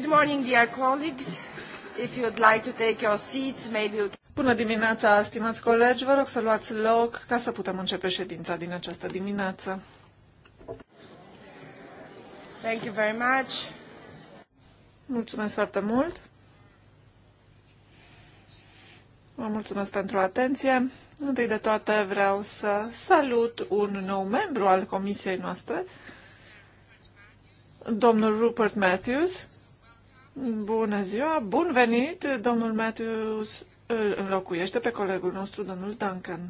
Good morning, dear colleagues. If you'd like to take your seats, maybe Bună dimineața, stimați colegi, vă rog să luați loc ca să putem începe ședința din această dimineață. Thank you very much. Mulțumesc foarte mult. Vă mulțumesc pentru atenție. Întâi de toate vreau să salut un nou membru al comisiei noastre, domnul Rupert Matthews, Bună ziua, bun venit! Domnul Matthews îl înlocuiește pe colegul nostru, domnul Duncan.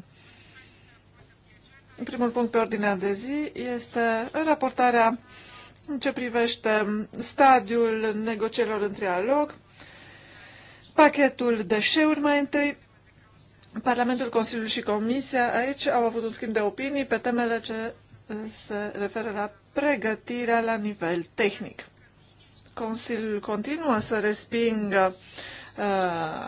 Primul punct pe ordinea de zi este raportarea în ce privește stadiul negocierilor în trialog, pachetul deșeuri mai întâi, Parlamentul, Consiliul și Comisia aici au avut un schimb de opinii pe temele ce se referă la pregătirea la nivel tehnic. Consiliul continuă să respingă uh,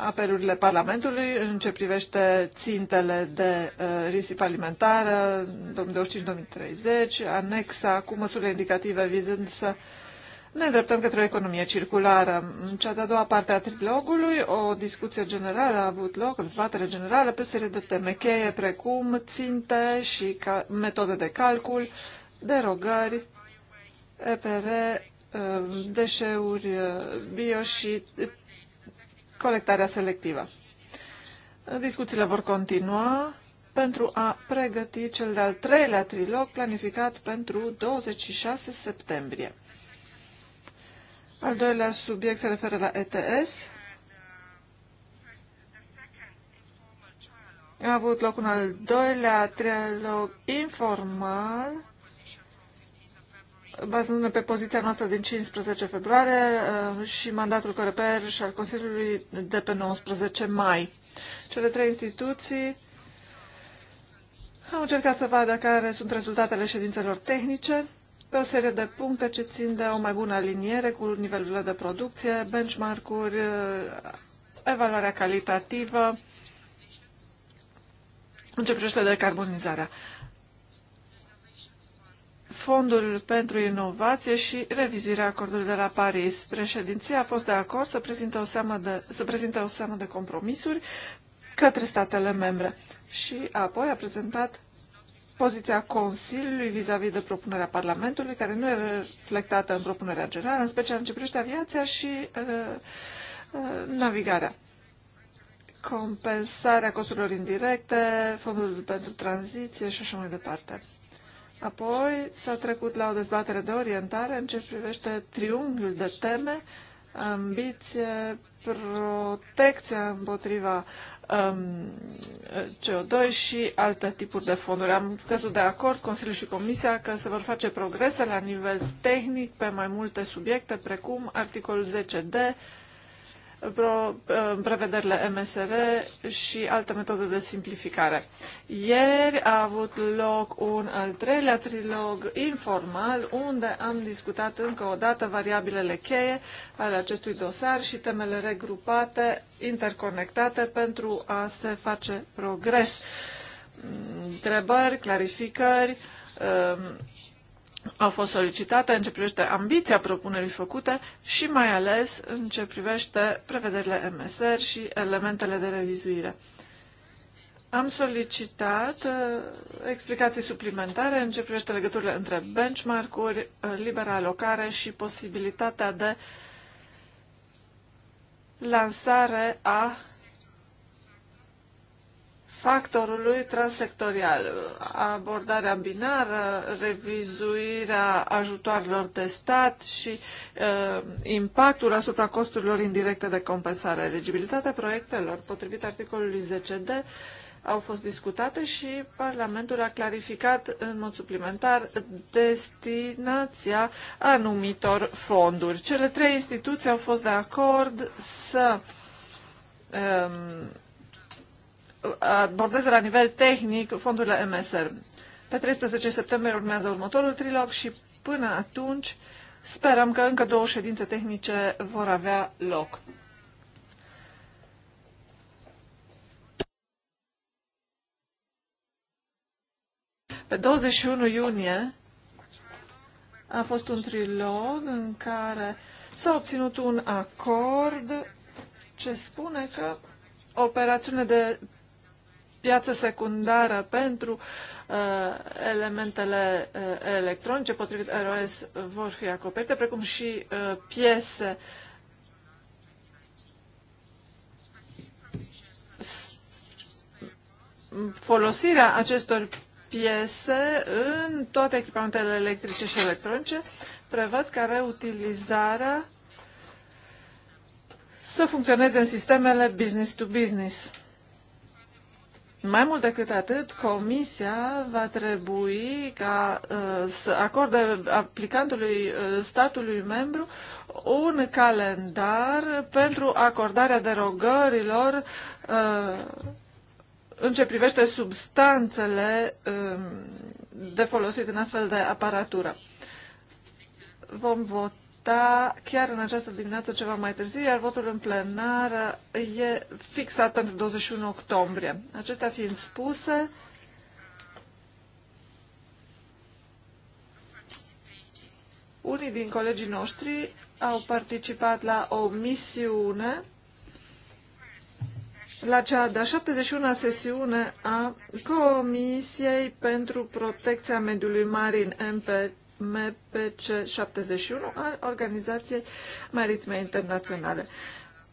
apelurile Parlamentului în ce privește țintele de uh, risipă alimentară 2025-2030, anexa cu măsurile indicative vizând să ne îndreptăm către o economie circulară. În cea de-a doua parte a trilogului, o discuție generală a avut loc, o dezbatere generală pe o serie de teme cheie, precum ținte și ca- metode de calcul, derogări, EPR, Uh, deșeuri uh, bio și uh, colectarea selectivă. Discuțiile vor continua pentru a pregăti cel de-al treilea trilog planificat pentru 26 septembrie. Al doilea subiect se referă la ETS. A avut loc un al doilea trilog informal bazându-ne pe poziția noastră din 15 februarie uh, și mandatul Coreper și al Consiliului de pe 19 mai. Cele trei instituții au încercat să vadă care sunt rezultatele ședințelor tehnice pe o serie de puncte ce țin de o mai bună aliniere cu nivelurile de producție, benchmark-uri, uh, evaluarea calitativă, în ce privește decarbonizarea fondul pentru inovație și revizuirea acordului de la Paris. Președinția a fost de acord să prezinte o seamă de, să prezinte o seamă de compromisuri către statele membre și apoi a prezentat poziția Consiliului vis-a-vis -vis de propunerea Parlamentului, care nu e reflectată în propunerea generală, în special în ce privește aviația și uh, uh, navigarea. Compensarea costurilor indirecte, fondul pentru tranziție și așa mai departe. Apoi s-a trecut la o dezbatere de orientare în ce privește triunghiul de teme, ambiție, protecția împotriva um, CO2 și alte tipuri de fonduri. Am căzut de acord Consiliul și Comisia că se vor face progrese la nivel tehnic pe mai multe subiecte, precum articolul 10D, Uh, prevederile MSR și alte metode de simplificare. Ieri a avut loc un al treilea trilog informal unde am discutat încă o dată variabilele cheie ale acestui dosar și temele regrupate, interconectate pentru a se face progres. Mm, întrebări, clarificări, um, au fost solicitate în ce privește ambiția propunerii făcute și mai ales în ce privește prevederile MSR și elementele de revizuire. Am solicitat uh, explicații suplimentare în ce privește legăturile între benchmark-uri, uh, libera alocare și posibilitatea de lansare a factorului transsectorial, abordarea binară, revizuirea ajutoarelor de stat și uh, impactul asupra costurilor indirecte de compensare. Eligibilitatea proiectelor, potrivit articolului 10d, au fost discutate și Parlamentul a clarificat în mod suplimentar destinația anumitor fonduri. Cele trei instituții au fost de acord să um, abordeze la nivel tehnic fondurile MSR. Pe 13 septembrie urmează următorul trilog și până atunci sperăm că încă două ședințe tehnice vor avea loc. Pe 21 iunie a fost un trilog în care s-a obținut un acord ce spune că operațiunile de piață secundară pentru uh, elementele uh, electronice potrivit ROS vor fi acoperite, precum și uh, piese folosirea acestor piese în toate echipamentele electrice și electronice prevăd ca reutilizarea să funcționeze în sistemele business to business. Mai mult decât atât, Comisia va trebui ca uh, să acorde aplicantului uh, statului membru un calendar pentru acordarea derogărilor uh, în ce privește substanțele um, de folosit în astfel de aparatură. Vom vota vota da, chiar în această dimineață ceva mai târziu, iar votul în plenar e fixat pentru 21 octombrie. Acestea fiind spuse, unii din colegii noștri au participat la o misiune la cea de-a 71-a sesiune a Comisiei pentru Protecția Mediului Marin, MP MPC 71 al Organizației Maritime Internaționale.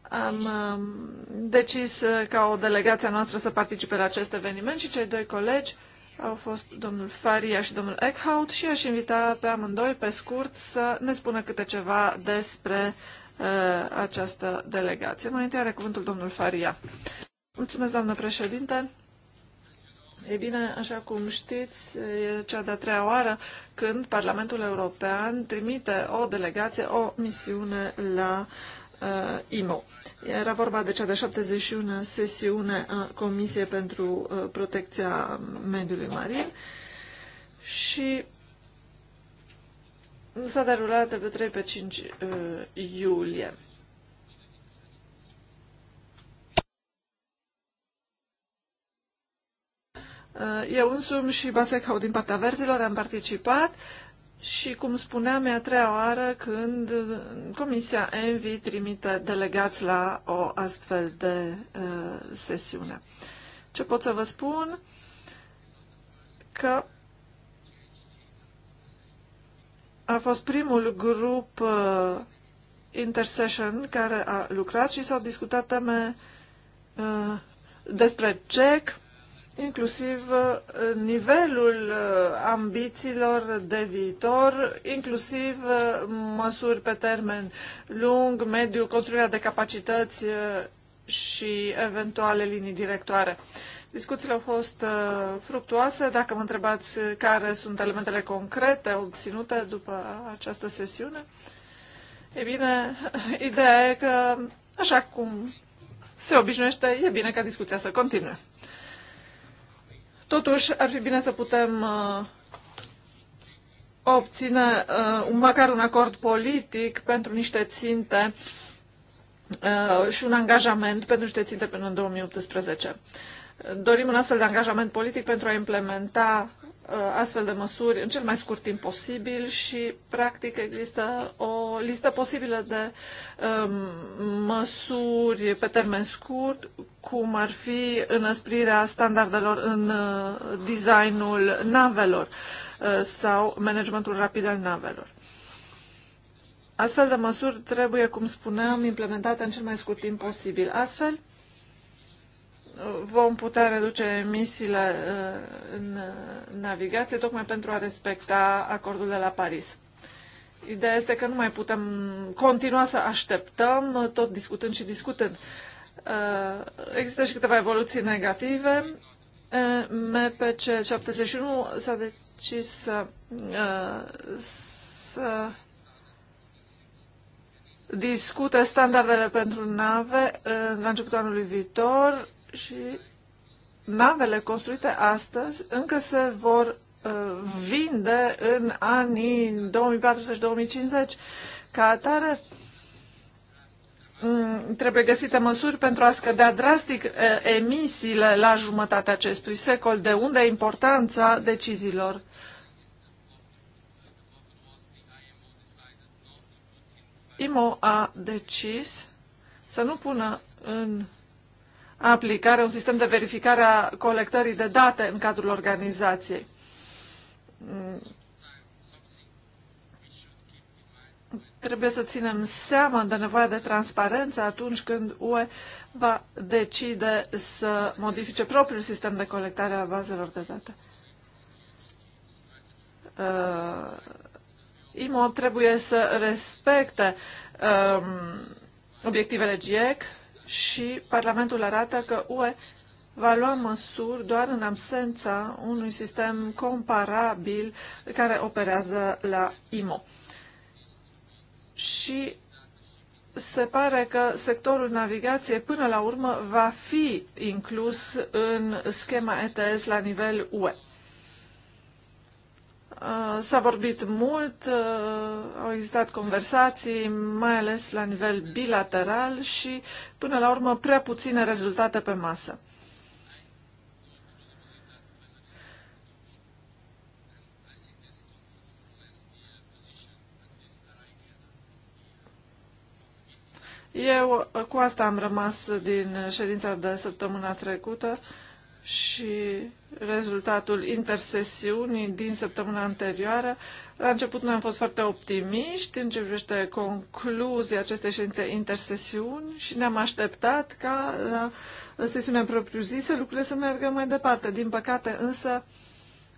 Am um, decis ca o delegație noastră să participe la acest eveniment și cei doi colegi au fost domnul Faria și domnul Eckhout și aș invita pe amândoi, pe scurt, să ne spună câte ceva despre uh, această delegație. Mai întâi are cuvântul domnul Faria. Mulțumesc, doamnă președinte. E bine, așa cum știți, e cea de-a treia oară când Parlamentul European trimite o delegație, o misiune la uh, IMO. Era vorba de cea de 71 sesiune a Comisiei pentru uh, Protecția Mediului Marin și s-a derulat de pe 3 pe 5 uh, iulie. Uh, eu însumi și Basecau din partea verzilor am participat și, cum spuneam, e a treia oară când Comisia Envi trimite delegați la o astfel de uh, sesiune. Ce pot să vă spun? Că a fost primul grup uh, Intersession care a lucrat și s-au discutat teme despre CEC, inclusiv uh, nivelul uh, ambițiilor de viitor, inclusiv uh, măsuri pe termen lung, mediu, construirea de capacități și eventuale linii directoare. Discuțiile au fost fructuoase. Dacă mă întrebați care sunt elementele concrete obținute după această sesiune, e bine, ideea e că, așa cum se obișnuiește, e bine ca discuția să continue. Totuși, ar fi bine să putem uh, obține uh, măcar un acord politic pentru niște ținte uh, și un angajament pentru niște ținte până în 2018. Dorim un astfel de angajament politic pentru a implementa Uh, astfel de măsuri în cel mai scurt timp posibil și, practic, există o listă posibilă de um, măsuri pe termen scurt, cum ar fi înăsprirea standardelor în uh, designul navelor uh, sau managementul rapid al navelor. Astfel de măsuri trebuie, cum spuneam, implementate în cel mai scurt timp posibil. Astfel, vom putea reduce emisiile uh, uh, în navigație tocmai pentru a respecta acordul de la Paris. Ideea este că nu mai putem continua să așteptăm, tot discutând și discutând. Uh, există și câteva evoluții negative. MPC 71 s-a decis să, să discute standardele pentru nave la începutul anului viitor și navele construite astăzi încă se vor uh, vinde în anii 2040-2050. Ca atare, mm, trebuie găsite măsuri pentru a scădea drastic uh, emisiile la jumătatea acestui secol, de unde importanța deciziilor. IMO a decis să nu pună în aplicare, un sistem de verificare a colectării de date în cadrul organizației. Trebuie să ținem seama de nevoia de transparență atunci când UE va decide să modifice propriul sistem de colectare a bazelor de date. Uh, IMO trebuie să respecte um, obiectivele GIEC, și Parlamentul arată că UE va lua măsuri doar în absența unui sistem comparabil care operează la IMO. Și se pare că sectorul navigației până la urmă va fi inclus în schema ETS la nivel UE. Uh, s-a vorbit mult, uh, au existat conversații, mai ales la nivel bilateral și, până la urmă, prea puține rezultate pe masă. Eu uh, cu asta am rămas din ședința de săptămâna trecută și rezultatul intersesiunii din săptămâna anterioară. La început noi am fost foarte optimiști în ce privește concluzia acestei ședințe intersesiuni și ne-am așteptat ca la sesiunea propriu-zisă lucrurile să meargă mai departe. Din păcate însă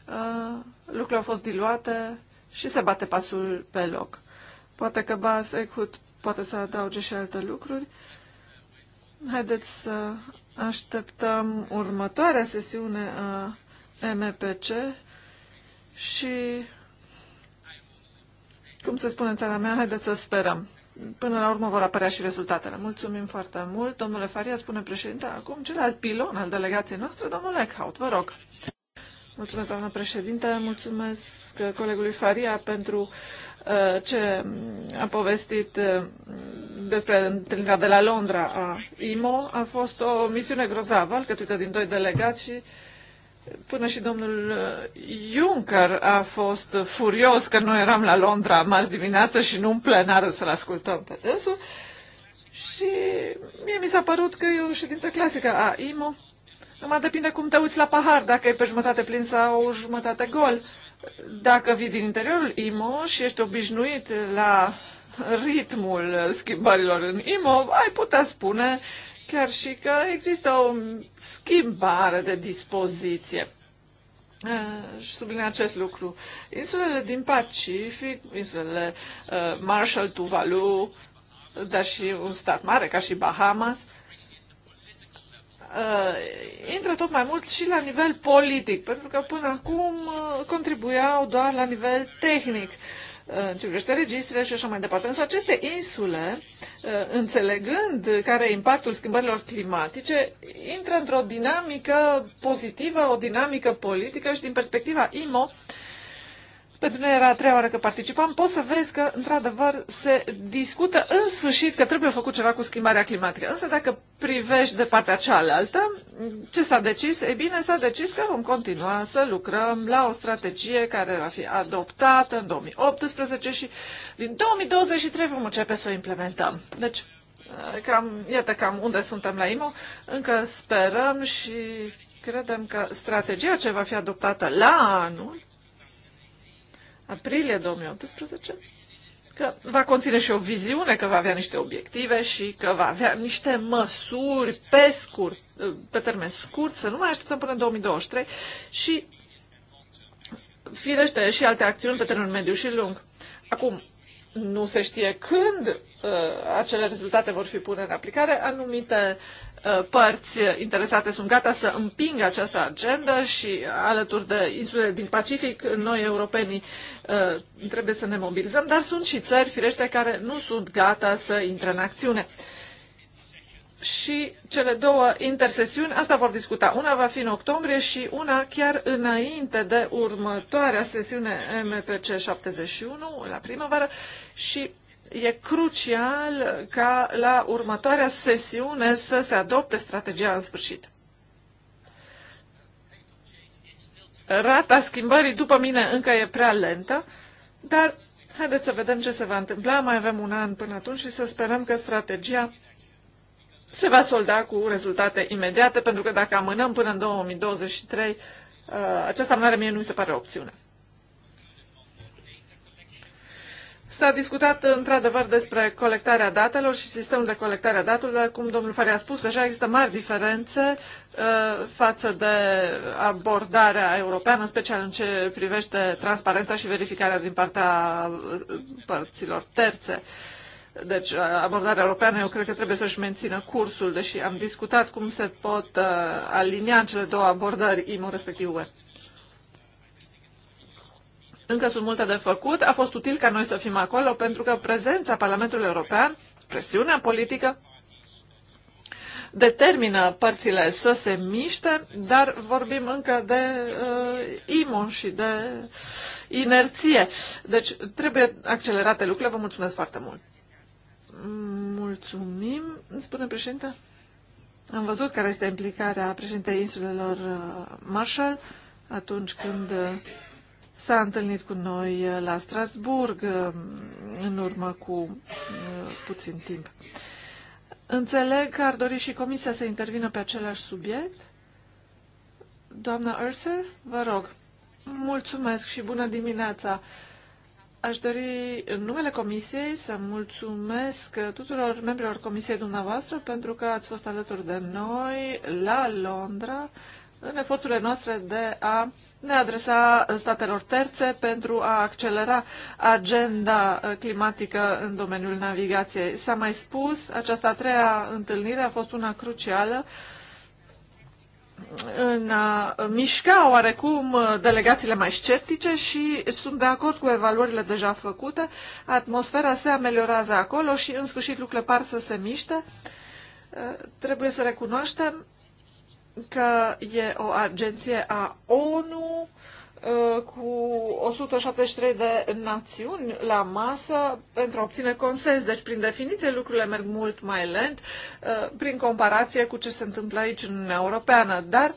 uh, lucrurile au fost diluate și se bate pasul pe loc. Poate că Bas Ecut poate să adauge și alte lucruri. Haideți să Așteptăm următoarea sesiune a MPC și, cum se spune în țara mea, haideți să sperăm. Până la urmă vor apărea și rezultatele. Mulțumim foarte mult. Domnule Faria, spune președinte, acum celălalt pilon al delegației noastre, domnule Eckhout, vă rog. Mulțumesc, doamnă președinte, mulțumesc uh, colegului Faria pentru uh, ce a povestit uh, despre întâlnirea de la Londra a IMO. A fost o misiune grozavă, alcătuită din doi delegați și până și domnul Juncker a fost furios că noi eram la Londra marți dimineață și nu în plenară să-l ascultăm pe dânsul. Și mie mi s-a părut că e o ședință clasică a IMO numai depinde cum te uiți la pahar, dacă e pe jumătate plin sau jumătate gol. Dacă vii din interiorul IMO și ești obișnuit la ritmul schimbărilor în IMO, ai putea spune chiar și că există o schimbare de dispoziție. Eh, și subline acest lucru. Insulele din Pacific, insulele eh, Marshall, Tuvalu, dar și un stat mare ca și Bahamas, uh, uh, intră tot mai mult și la nivel politic, pentru că până acum uh, contribuiau doar la nivel tehnic uh, în ce privește registrele și așa mai departe. Însă aceste insule, uh, înțelegând care e impactul schimbărilor climatice, intră într-o dinamică pozitivă, o dinamică politică și din perspectiva IMO, pentru noi era a treia oară că participam, poți să vezi că, într-adevăr, se discută în sfârșit că trebuie făcut ceva cu schimbarea climatică. Însă dacă privești de partea cealaltă, ce s-a decis? E bine, s-a decis că vom continua să lucrăm la o strategie care va fi adoptată în 2018 și din 2023 vom începe să o implementăm. Deci, cam, iată cam unde suntem la IMO. Încă sperăm și credem că strategia ce va fi adoptată la anul aprilie 2018 că va conține și o viziune, că va avea niște obiective și că va avea niște măsuri pe scurt, pe termen scurt, să nu mai așteptăm până în 2023 și firește și alte acțiuni pe termen mediu și lung. Acum, nu se știe când uh, acele rezultate vor fi pune în aplicare, anumite Uh, părți interesate sunt gata să împingă această agendă și alături de insulele din Pacific, noi europenii uh, trebuie să ne mobilizăm, dar sunt și țări, firește, care nu sunt gata să intre în acțiune. Și cele două intersesiuni, asta vor discuta. Una va fi în octombrie și una chiar înainte de următoarea sesiune MPC 71, la primăvară, și e crucial ca la următoarea sesiune să se adopte strategia în sfârșit. Rata schimbării, după mine, încă e prea lentă, dar haideți să vedem ce se va întâmpla. Mai avem un an până atunci și să sperăm că strategia se va solda cu rezultate imediate, pentru că dacă amânăm până în 2023, uh, această amânare mie nu mi se pare o opțiune. S-a discutat într-adevăr despre colectarea datelor și sistemul de colectare a datelor, dar cum domnul Fari a spus, deja există mari diferențe uh, față de abordarea europeană, în special în ce privește transparența și verificarea din partea uh, părților terțe. Deci uh, abordarea europeană eu cred că trebuie să-și mențină cursul, deși am discutat cum se pot uh, alinia cele două abordări IMO respectiv UE. Încă sunt multe de făcut. A fost util ca noi să fim acolo pentru că prezența Parlamentului European, presiunea politică, determină părțile să se miște, dar vorbim încă de uh, imon și de inerție. Deci trebuie accelerate lucrurile. Vă mulțumesc foarte mult. Mulțumim, spune președinte. Am văzut care este implicarea președintei insulelor uh, Marshall atunci când uh, s-a întâlnit cu noi uh, la Strasburg uh, în urmă cu uh, puțin timp. Înțeleg că ar dori și Comisia să intervină pe același subiect. Doamna Urser, vă rog, mulțumesc și bună dimineața! Aș dori, în numele Comisiei, să mulțumesc tuturor membrilor Comisiei dumneavoastră pentru că ați fost alături de noi la Londra în eforturile noastre de a ne adresa statelor terțe pentru a accelera agenda climatică în domeniul navigației. S-a mai spus, această a treia întâlnire a fost una crucială în a mișca oarecum delegațiile mai sceptice și sunt de acord cu evaluările deja făcute. Atmosfera se ameliorează acolo și în sfârșit lucrurile par să se miște. Trebuie să recunoaștem că e o agenție a ONU uh, cu 173 de națiuni la masă pentru a obține consens. Deci, prin definiție, lucrurile merg mult mai lent uh, prin comparație cu ce se întâmplă aici în Uniunea Europeană, dar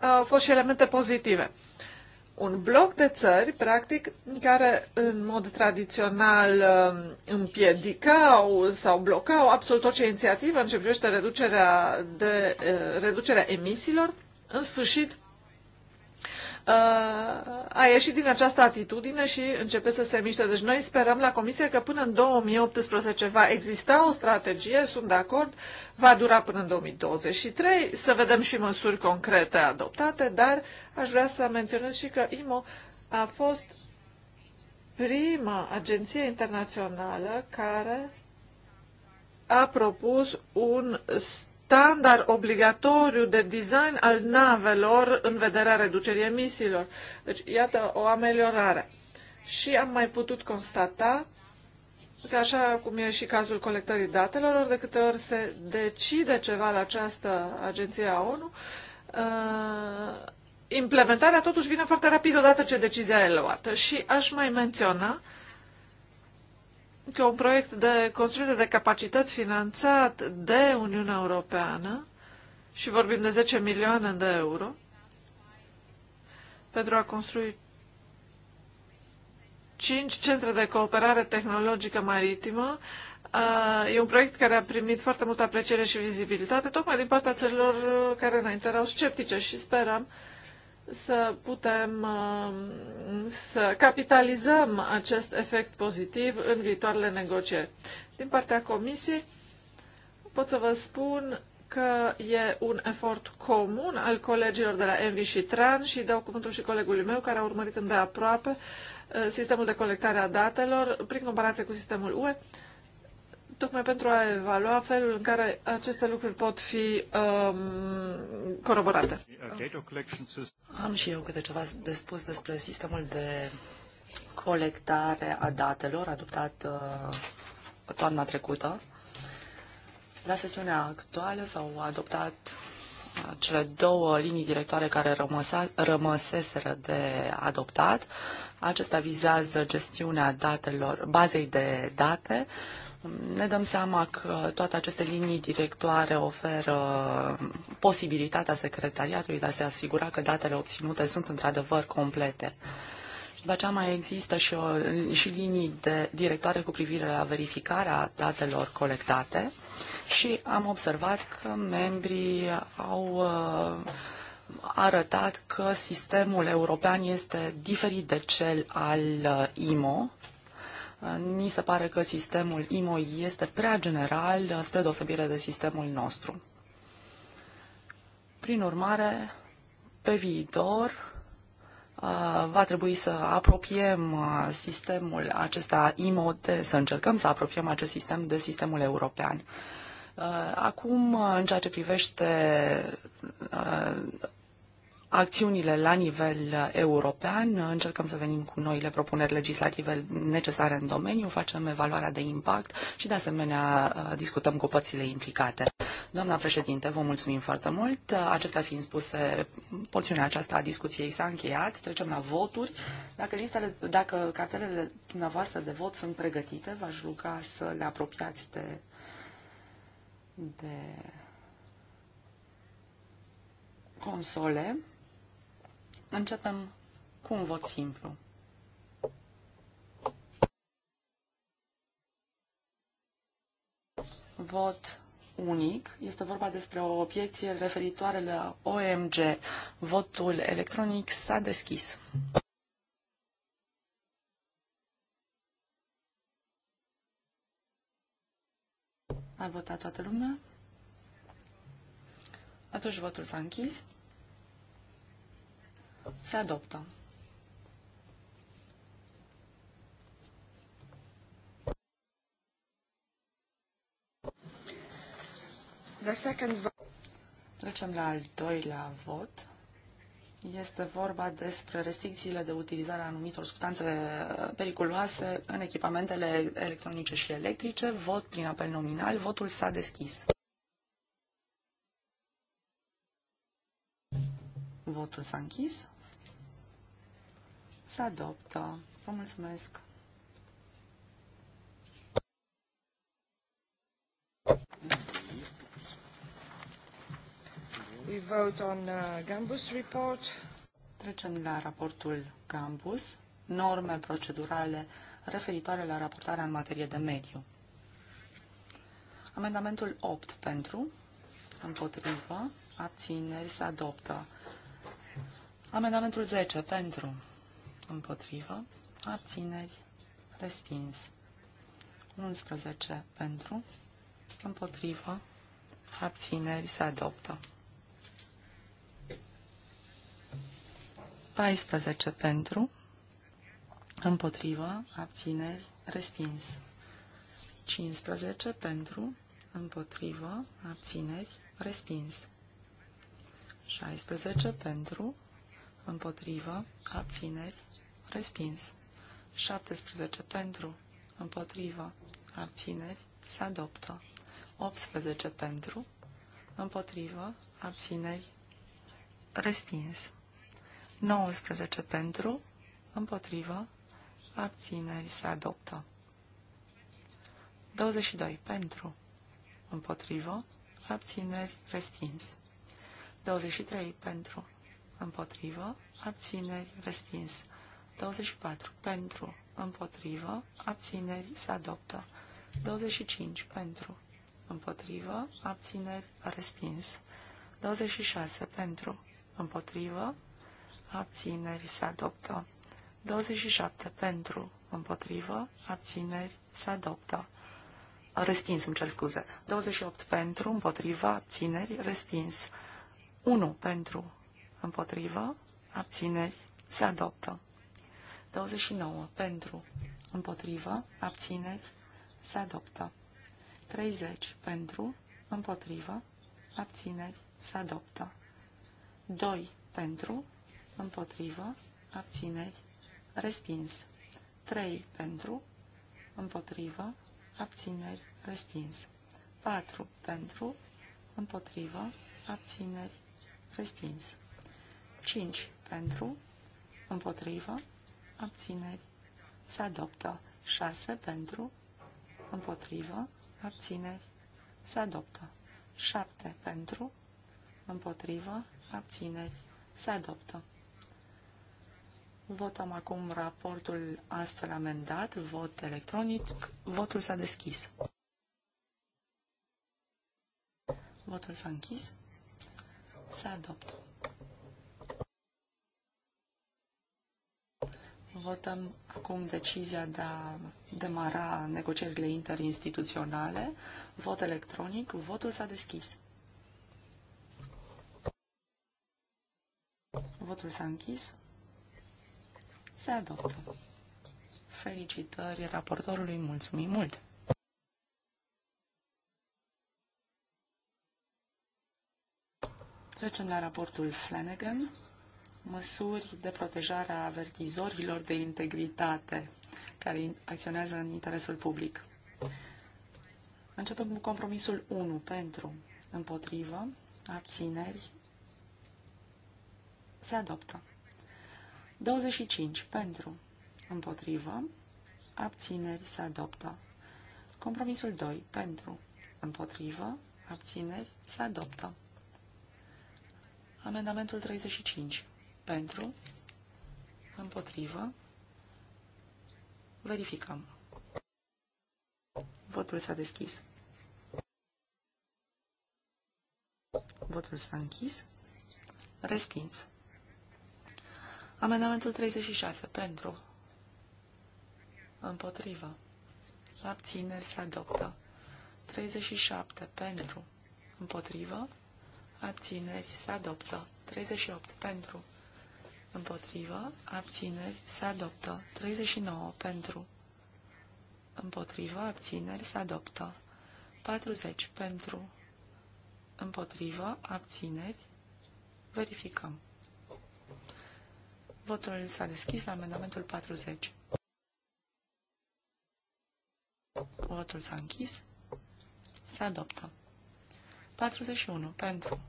uh, au fost și elemente pozitive un bloc de țări, practic, care în mod tradițional um, împiedicau sau blocau absolut orice inițiativă în ce privește reducerea, de, uh, reducerea emisiilor, în sfârșit Uh, a ieșit din această atitudine și începe să se miște. Deci noi sperăm la Comisie că până în 2018 va exista o strategie, sunt de acord, va dura până în 2023, să vedem și măsuri concrete adoptate, dar aș vrea să menționez și că IMO a fost prima agenție internațională care a propus un standard obligatoriu de design al navelor în vederea reducerii emisiilor. Deci, iată o ameliorare. Și am mai putut constata că așa cum e și cazul colectării datelor, ori de câte ori se decide ceva la această agenție a ONU, uh, implementarea totuși vine foarte rapid odată ce decizia e luată. Și aș mai menționa că un proiect de construire de capacități finanțat de Uniunea Europeană, și vorbim de 10 milioane de euro, pentru a construi 5 centre de cooperare tehnologică maritimă, uh, E un proiect care a primit foarte multă apreciere și vizibilitate, tocmai din partea țărilor uh, care înainte erau sceptice și sperăm să putem um, să capitalizăm acest efect pozitiv în viitoarele negocieri. Din partea Comisiei pot să vă spun că e un efort comun al colegilor de la Envi și Tran și dau cuvântul și colegului meu care a urmărit îndeaproape uh, sistemul de colectare a datelor prin comparație cu sistemul UE tocmai pentru a evalua felul în care aceste lucruri pot fi um, coroborate. Am și eu câte ceva de spus despre sistemul de colectare a datelor adoptat uh, toamna trecută. La sesiunea actuală s-au adoptat uh, cele două linii directoare care rămăsa, rămăseseră de adoptat. Acesta vizează gestiunea datelor, bazei de date uh, ne dăm seama că toate aceste linii directoare oferă posibilitatea secretariatului de a se asigura că datele obținute sunt într-adevăr complete. Și după aceea mai există și, o, și linii de directoare cu privire la verificarea datelor colectate și am observat că membrii au uh, arătat că sistemul european este diferit de cel al uh, IMO, Ni se pare că sistemul IMO este prea general uh, spre deosebire de sistemul nostru. Prin urmare, pe viitor, uh, va trebui să apropiem uh, sistemul acesta IMOT, să încercăm să apropiem acest sistem de sistemul european. Acum, în ceea ce privește acțiunile la nivel uh, european, încercăm să venim cu noile propuneri legislative necesare în domeniu, facem evaluarea de impact și de asemenea uh, discutăm cu părțile implicate. Doamna președinte, vă mulțumim foarte mult. Uh, acestea fiind spuse, porțiunea aceasta a discuției s-a încheiat. Trecem la voturi. Dacă, listele, dacă cartelele dumneavoastră de vot sunt pregătite, v-aș ruga să le apropiați de, de console. Începem cu un vot simplu. Vot unic. Este vorba despre o obiecție referitoare la OMG. Votul electronic s-a deschis. A votat toată lumea? Atunci votul s-a închis. Se adoptă. The second Trecem la al doilea vot. Este vorba despre restricțiile de utilizare a anumitor substanțe periculoase în echipamentele electronice și electrice. Vot prin apel nominal. Votul s-a deschis. votul s-a închis. Se adoptă. Vă mulțumesc. We vote on uh, Gambus report. Trecem la raportul Gambus, norme procedurale referitoare la raportarea în materie de mediu. Amendamentul 8 pentru, împotrivă, abțineri se adoptă. Amendamentul 10 pentru, împotrivă, abțineri, respins. 11 pentru, împotrivă, abțineri, se adoptă. 14 pentru, împotrivă, abțineri, respins. 15 pentru, împotrivă, abțineri, respins. 16 pentru, împotrivă, abțineri, respins. 17 pentru, împotrivă, abțineri, se adoptă. 18 pentru, împotrivă, abțineri, respins. 19 pentru, împotrivă, abțineri, se adoptă. 22 pentru, împotrivă, abțineri, respins. 23 pentru, împotrivă, abțineri, respins. 24 pentru, împotrivă, abțineri, se adoptă. 25 pentru, împotrivă, abțineri, respins. 26 pentru, împotrivă, abțineri, se adoptă. 27 pentru, împotrivă, abțineri, se adoptă. Respins, îmi cer scuze. 28 pentru, împotrivă, abțineri, respins. 1 pentru, împotrivă, abțineri, se adoptă. 29 pentru, împotrivă, abțineri, se adoptă. 30 pentru, împotrivă, abțineri, se adoptă. 2 pentru, împotrivă, abțineri, respins. 3 pentru, împotrivă, abțineri, respins. 4 pentru, împotrivă, abțineri, respins. 5 pentru, împotrivă, abțineri, se adoptă. 6 pentru, împotrivă, abțineri, se adoptă. 7 pentru, împotrivă, abțineri, se adoptă. Votăm acum raportul astfel amendat, vot electronic, votul s-a deschis. Votul s-a închis, se adoptă. Votăm acum decizia de a demara negocierile interinstituționale. Vot electronic. Votul s-a deschis. Votul s-a închis. Se adoptă. Felicitări raportorului. Mulțumim mult! Trecem la raportul Flanagan măsuri de protejare a avertizorilor de integritate care acționează în interesul public. Începem cu compromisul 1 pentru, împotrivă, abțineri, se adoptă. 25 pentru, împotrivă, abțineri, se adoptă. Compromisul 2 pentru, împotrivă, abțineri, se adoptă. Amendamentul 35 pentru, împotrivă, verificăm. Votul s-a deschis. Votul s-a închis. Respins. Amendamentul 36. Pentru. Împotrivă. Abțineri se adoptă. 37. Pentru. Împotrivă. Abțineri se adoptă. 38. Pentru împotrivă, abțineri, se adoptă. 39 pentru, împotrivă, abțineri, se adoptă. 40 pentru, împotrivă, abțineri, verificăm. Votul s-a deschis la amendamentul 40. Votul s-a închis. Se adoptă. 41. Pentru.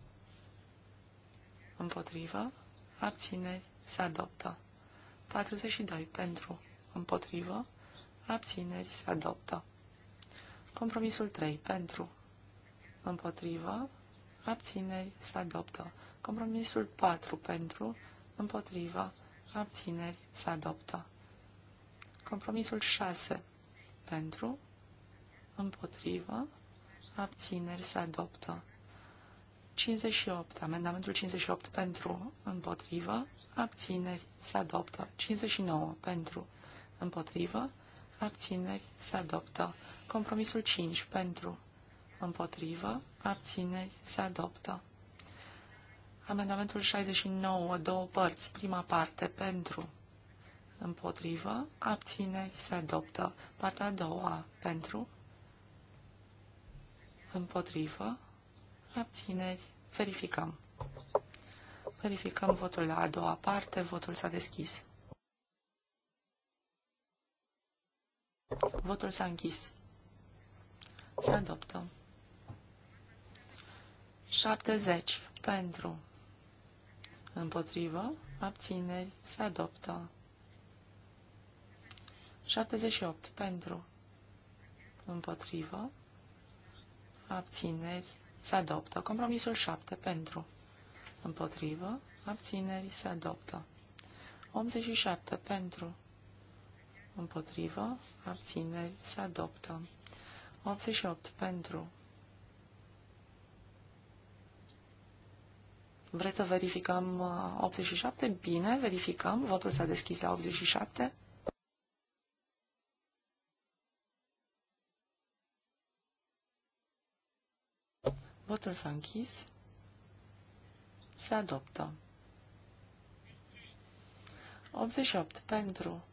Împotrivă. Abțineri se adoptă. 42 pentru, împotrivă, abțineri, se adoptă. Compromisul 3 pentru, împotrivă, abțineri, se adoptă. Compromisul 4 pentru, împotrivă, abțineri, se adoptă. Compromisul 6 pentru, împotrivă, abțineri, se adoptă. 58. Amendamentul 58 pentru, împotrivă, abțineri, se adoptă. 59 pentru, împotrivă, abțineri, se adoptă. Compromisul 5 pentru, împotrivă, abțineri, se adoptă. Amendamentul 69, două părți, prima parte, pentru, împotrivă, abțineri, se adoptă. Partea a doua, pentru, împotrivă, abțineri, verificăm. Verificăm votul la a doua parte, votul s-a deschis. Votul s-a închis. Se adoptă. 70 pentru. Împotrivă. Abțineri. Se adoptă. 78 pentru. Împotrivă. Abțineri se adoptă. Compromisul 7 pentru, împotrivă, abțineri, se adoptă. 87 pentru, împotrivă, abțineri, se adoptă. 88 pentru. Vreți să verificăm 87? Uh, Bine, verificăm. Votul s-a deschis la 87. Votul s-a închis. Se adoptă. 88. Pentru.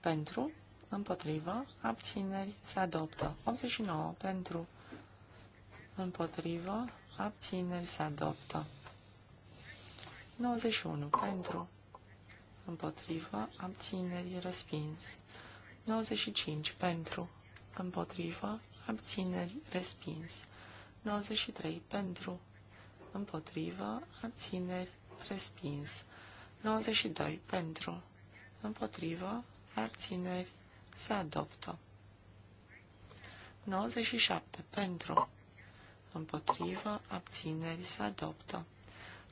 Pentru. Împotrivă. Abțineri. Se adoptă. 89. Pentru. Împotrivă. Abțineri. Se adoptă. 91. Pentru. Împotrivă. Abțineri. Respins. 95. Pentru împotrivă, abțineri, respins. 93 pentru, împotrivă, abțineri, respins. 92 pentru, împotrivă, abțineri, se adoptă. 97 pentru, împotrivă, abțineri, se adoptă.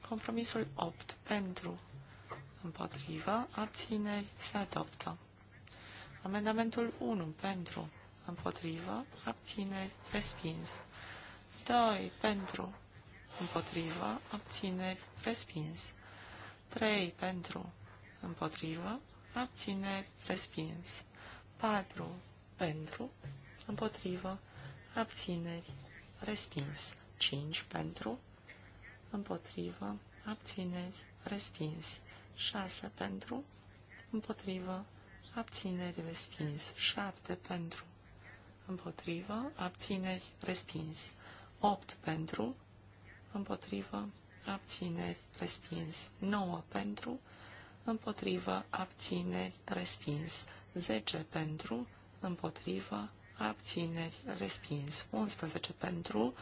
Compromisul 8 pentru, împotrivă, abțineri, se adoptă. Amendamentul 1 pentru, împotrivă, abțineri, respins. 2 pentru, împotrivă, abțineri, respins. 3 pentru, împotrivă, abțineri, respins. 4 pentru, împotrivă, abțineri, respins. 5 pentru, împotrivă, abțineri, respins. 6 pentru, împotrivă, abțineri, respins. 7 pentru, împotrivă, abțineri, respins. 8 pentru, împotrivă, abțineri, respins. 9 pentru, împotrivă, abțineri, respins. 10 pentru, împotrivă, abțineri, respins. 11 pentru,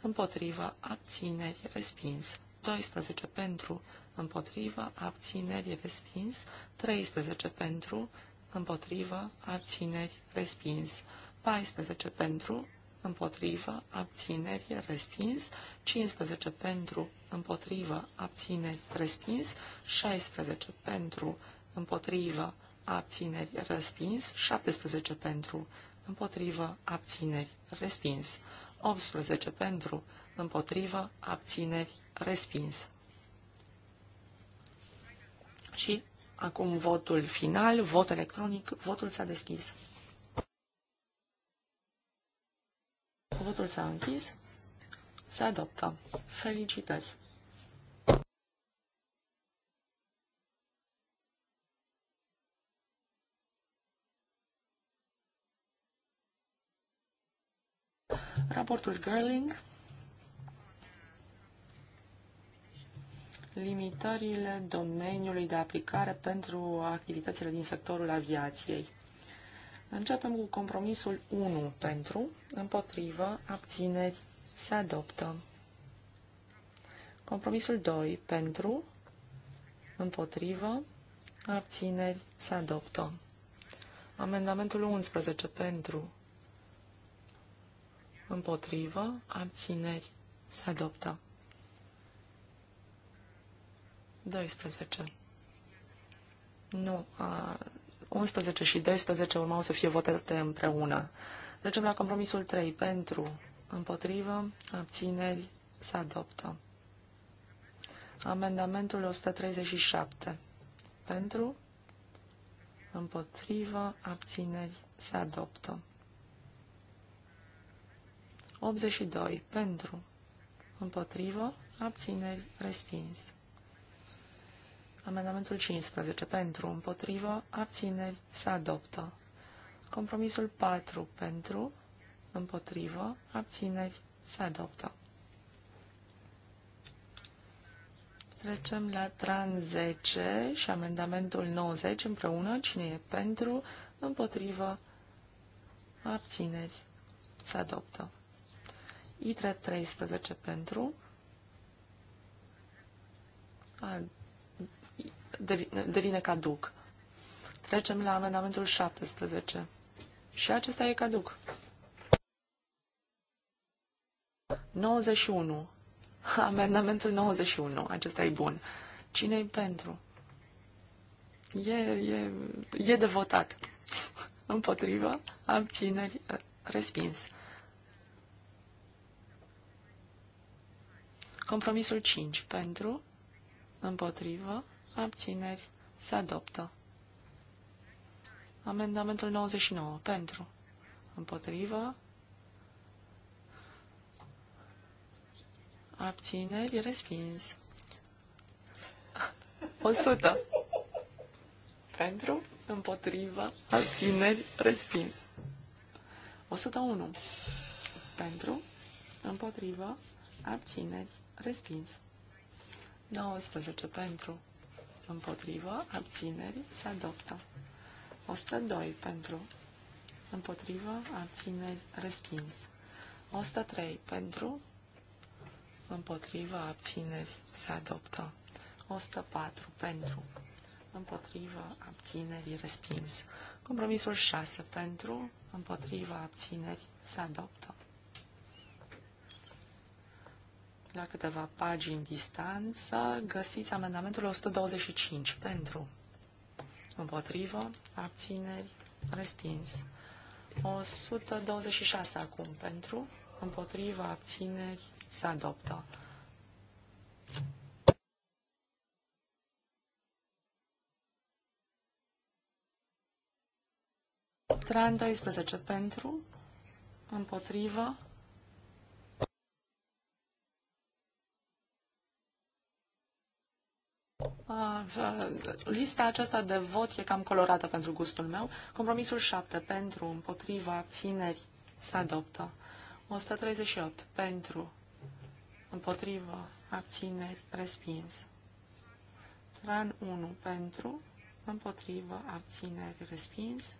împotrivă, abțineri, respins. 12 pentru, împotrivă, abțineri, respins. 13 pentru, împotrivă, abțineri, respins. 14 pentru, împotrivă, abțineri, respins, 15 pentru, împotrivă, abțineri, respins, 16 pentru, împotrivă, abțineri, respins, 17 pentru, împotrivă, abțineri, respins, 18 pentru, împotrivă, abțineri, respins. Și acum votul final, vot electronic, votul s-a deschis. Votul s-a închis. Se adoptă. Felicitări! Raportul Girling. Limitările domeniului de aplicare pentru activitățile din sectorul aviației. Începem cu compromisul 1 pentru, împotrivă, abțineri, se adoptă. Compromisul 2 pentru, împotrivă, abțineri, se adoptă. Amendamentul 11 pentru, împotrivă, abțineri, se adoptă. 12. Nu, a, 11 și 12 urmau să fie votate împreună. Trecem la compromisul 3. Pentru, împotrivă, abțineri, se adoptă. Amendamentul 137. Pentru, împotrivă, abțineri, se adoptă. 82. Pentru, împotrivă, abțineri, respins. Amendamentul 15 pentru, împotrivă, abțineri, se adoptă. Compromisul 4 pentru, împotrivă, abțineri, se adoptă. Trecem la tran 10 și amendamentul 90 împreună. Cine e pentru, împotrivă, abțineri, se adoptă. ITRE 13 pentru, devine caduc. Trecem la amendamentul 17. Și acesta e caduc. 91. Amendamentul 91. Acesta e bun. cine e pentru? E, e, e de votat. Împotrivă, abțineri, respins. Compromisul 5. Pentru, împotrivă, abțineri, se adoptă. Amendamentul 99, pentru, împotrivă, abțineri, respins. 100. Pentru, Împotrivă. abțineri, respins. 101. Pentru, Împotrivă. abțineri, respins. 19. Pentru, împotrivă, abțineri, se adoptă. 102 pentru, împotrivă, abțineri, respins. 103 pentru, împotrivă, abțineri, se adoptă. 104 pentru, împotrivă, abțineri, respins. Compromisul 6 pentru, împotrivă, abțineri, se adoptă. la câteva pagini distanță, găsiți amendamentul 125 pentru, împotrivă, abțineri, respins. 126 acum pentru, împotrivă, abțineri, se adoptă. Tran 12 pentru, împotrivă, Ah, lista aceasta de vot e cam colorată pentru gustul meu. Compromisul 7 pentru, împotriva, țineri, se adoptă. 138 pentru, împotriva, abțineri, respins. Tran 1 pentru, împotriva, abțineri, respins.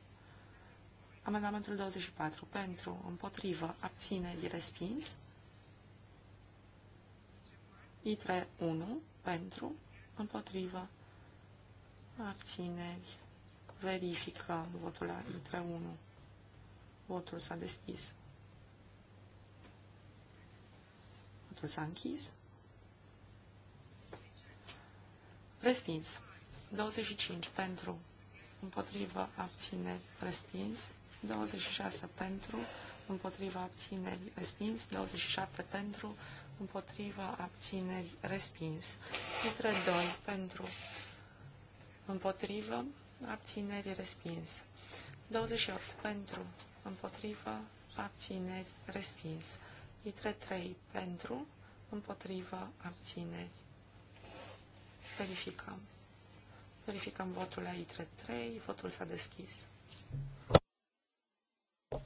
Amendamentul 24 pentru, împotriva, abțineri, respins. ITRE 1 pentru, împotrivă, abțineri, verifică votul la intră 1. Votul s-a deschis. Votul s-a închis. Respins. 25 pentru, împotrivă, abțineri, respins. 26 pentru, împotriva abțineri, respins. 27 pentru, împotriva, abțineri, respins. Litre 2, pentru, împotrivă, abțineri, respins. 28, pentru, împotrivă, abțineri, respins. Litre 3, pentru, împotrivă, abțineri. Verificăm. Verificăm votul la ITRE 3. Votul s-a deschis.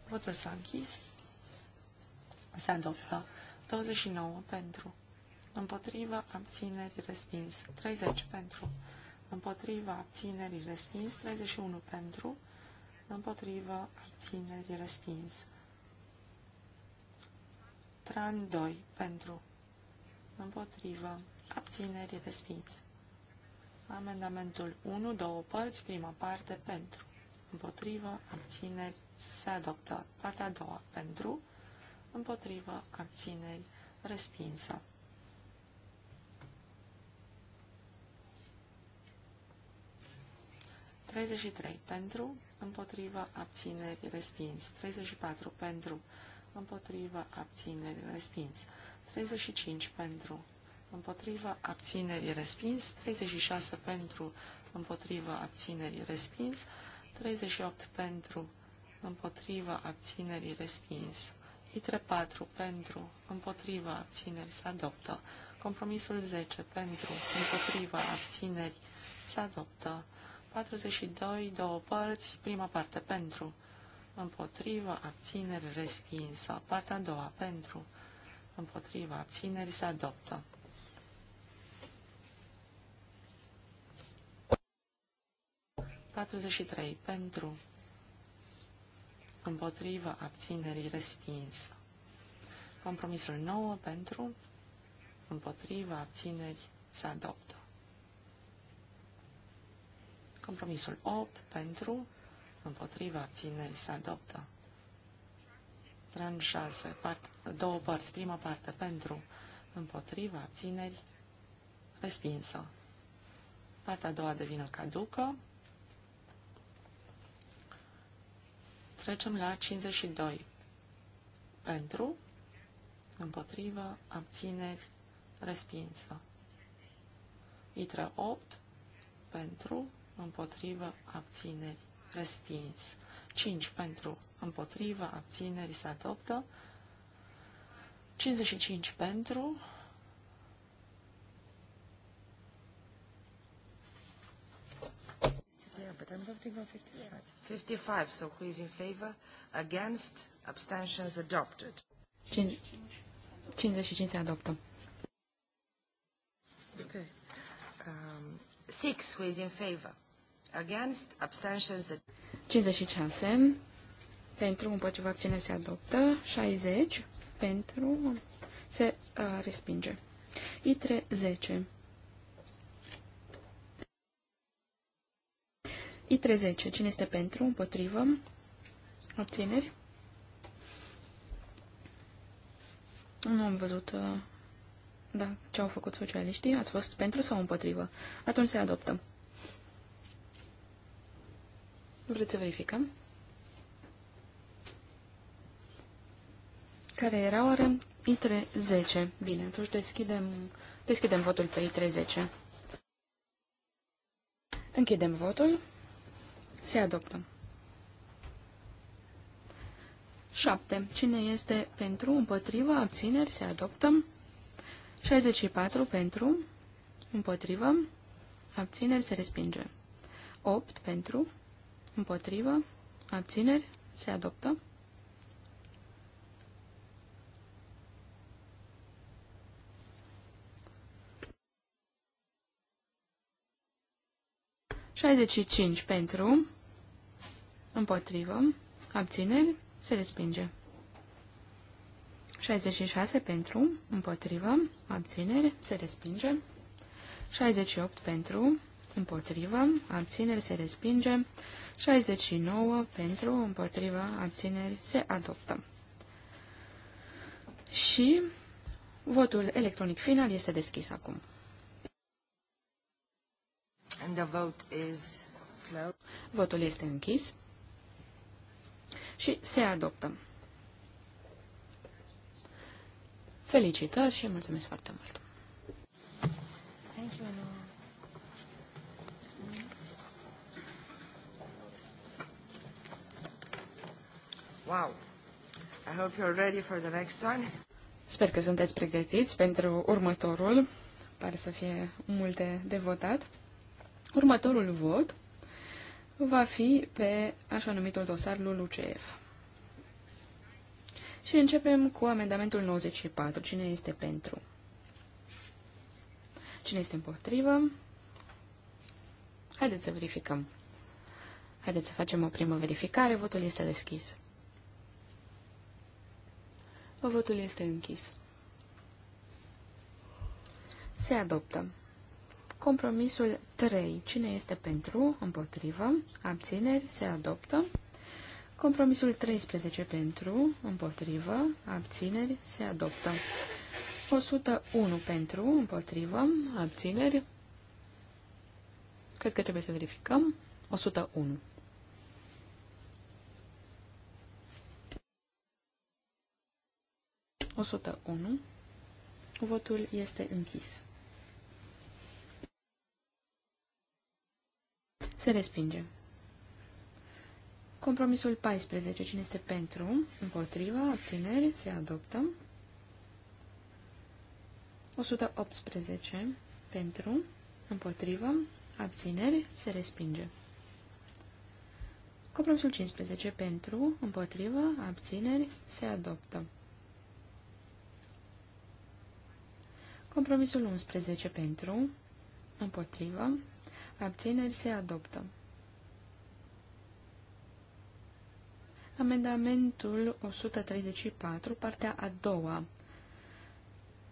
Votul s-a închis. a adoptat. 29 pentru. Împotriva abținerii respins. 30 pentru. Împotriva abținerii respins. 31 pentru. Împotriva abținerii respins. Tran 2 pentru. Împotriva abținerii respins. Amendamentul 1, două părți, prima parte pentru. Împotriva abțineri se adoptă. Partea a doua pentru împotrivă, abțineri, respinsă. Treizeci trei pentru, împotrivă, abțineri, respins. Treizeci patru pentru, împotrivă, abțineri, respins. Treizeci cinci pentru, împotrivă, abțineri, respins. Treizeci pentru, împotrivă, abțineri, respins. 38 pentru, împotrivă, abținerii, respins. ITRE 4 pentru, împotriva, abțineri, se adoptă. Compromisul 10 pentru, împotriva, abțineri, se adoptă. 42, două părți, prima parte pentru, împotriva, abțineri, respinsă. Partea a doua pentru, împotriva, abțineri, se adoptă. Patruzeci și trei pentru împotrivă, abținerii, respinsă. Compromisul 9 pentru, împotrivă, abțineri, se adoptă. Compromisul 8 pentru, împotrivă abținerii se adoptă. Rând 6, part, două părți, prima parte pentru, împotrivă abțineri, respinsă. Partea a doua devine caducă. Trecem la 52. Pentru, împotrivă, abțineri, respinsă. Litra 8, pentru, împotrivă, abțineri, respins. 5 pentru, împotrivă, abțineri, se adoptă. 55 pentru, Yeah, but I'm voting on 55. 55, so who is in favor? Against? Abstentions adopted. 55 se adoptă. Okay. Um, six, who is in favor? Against? Abstentions adopted. 56. Pentru, împotriva, abține, se adoptă. 60. Pentru, se uh, respinge. I3, I30. Cine este pentru? Împotrivă. Obțineri. Nu am văzut uh, da, ce au făcut socialiștii. Ați fost pentru sau împotrivă? Atunci se adoptă. Vreți să verificăm? Care era oare? I30. Bine, atunci deschidem, deschidem votul pe I30. Închidem votul. Se adoptă. 7. Cine este pentru, împotrivă, abțineri, se adoptă. 64. Pentru, împotrivă, abțineri, se respinge. 8. Pentru, împotrivă, abțineri, se adoptă. 65 pentru, Împotrivă. Abțineri. Se respinge. 66 pentru. Împotrivă. Abțineri. Se respinge. 68 pentru. Împotrivă. Abțineri. Se respinge. 69 pentru. Împotrivă. Abțineri. Se adoptă. Și votul electronic final este deschis acum. And the vote is closed. Votul este închis și se adoptă. Felicitări și mulțumesc foarte mult! Wow! I hope you're ready for the next one. Sper că sunteți pregătiți pentru următorul. Pare să fie multe de votat. Următorul vot va fi pe așa numitul dosar LULUCF. Și începem cu amendamentul 94. Cine este pentru? Cine este împotrivă? Haideți să verificăm. Haideți să facem o primă verificare. Votul este deschis. Votul este închis. Se adoptă. Compromisul 3. Cine este pentru? Împotrivă. Abțineri. Se adoptă. Compromisul 13 pentru, împotrivă, abțineri, se adoptă. 101 pentru, împotrivă, abțineri. Cred că trebuie să verificăm. 101. Osută unu. Votul este închis. Se respinge. Compromisul 14. Cine este pentru? Împotriva? Abțineri? Se adoptă. 118. Pentru? Împotriva? Abțineri? Se respinge. Compromisul 15. Pentru? Împotriva? Abțineri? Se adoptă. Compromisul 11. Pentru? Împotriva? abțineri, se adoptă. Amendamentul 134, partea a doua.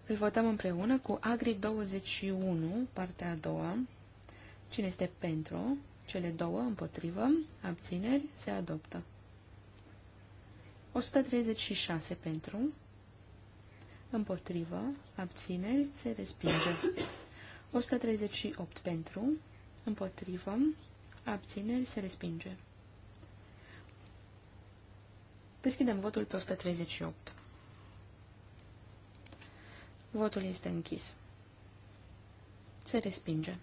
Îl votăm împreună cu Agri 21, partea a doua. Cine este pentru? Cele două împotrivă, abțineri, se adoptă. 136 pentru, împotrivă, abțineri, se respinge. 138 pentru, împotrivă, abțineri, se respinge. Deschidem votul pe 138. Votul este închis. Se respinge.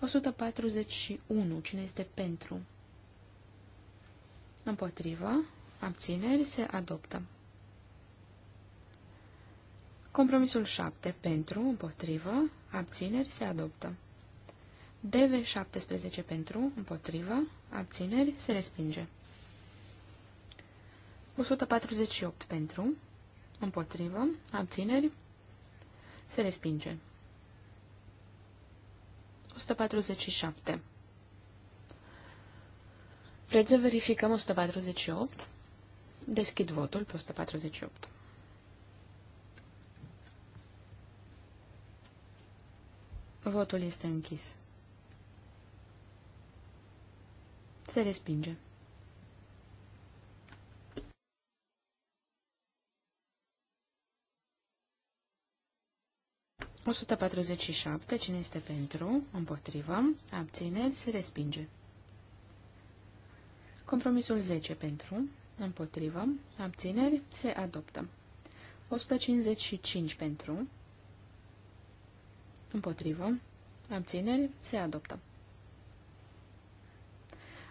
141. Cine este pentru? Împotrivă. Abțineri se adoptă. Compromisul 7. Pentru, împotrivă, abțineri se adoptă. DV17 pentru, împotrivă, abțineri, se respinge. 148 pentru, împotrivă, abțineri, se respinge. 147. Vreți să verificăm 148? Deschid votul pe 148. Votul este închis. Se respinge. O 147. Cine este pentru? Împotrivă. Abțineri. Se respinge. Compromisul 10 pentru. Împotrivă. Abțineri. Se adoptă. 155 pentru. Împotrivă. Abțineri. Se adoptă.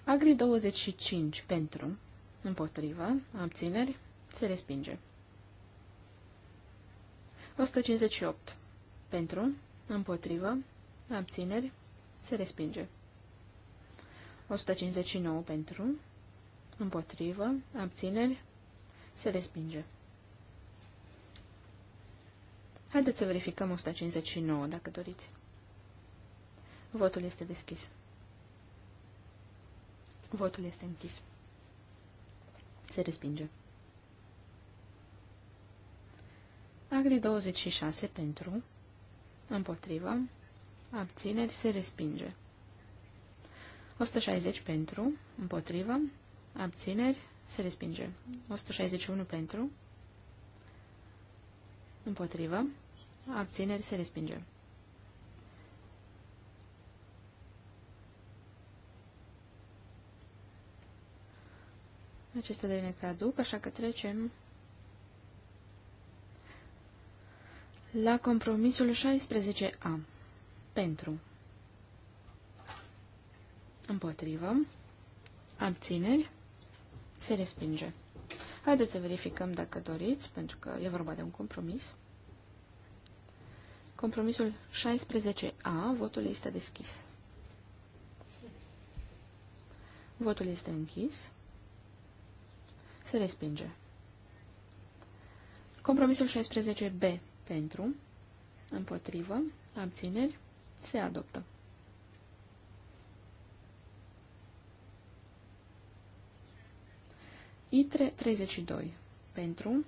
Agri 25 pentru, împotrivă, abțineri, se respinge. 158 pentru, împotrivă, abțineri, se respinge. 159 pentru, împotrivă, abțineri, se respinge. Haideți să verificăm 159, dacă doriți. Votul este deschis. Votul este închis. Se respinge. Agri 26 pentru, împotrivă, abțineri, se respinge. 160 pentru, împotrivă, abțineri, se respinge. 161 pentru, împotrivă, abțineri, se respinge. de devine caduc, așa că trecem la compromisul 16A. Pentru. Împotrivă. Abțineri. Se respinge. Haideți să verificăm dacă doriți, pentru că e vorba de un compromis. Compromisul 16A, votul este deschis. Votul este închis. Se respinge. Compromisul 16B pentru, împotrivă, abțineri, se adoptă. i 32 pentru,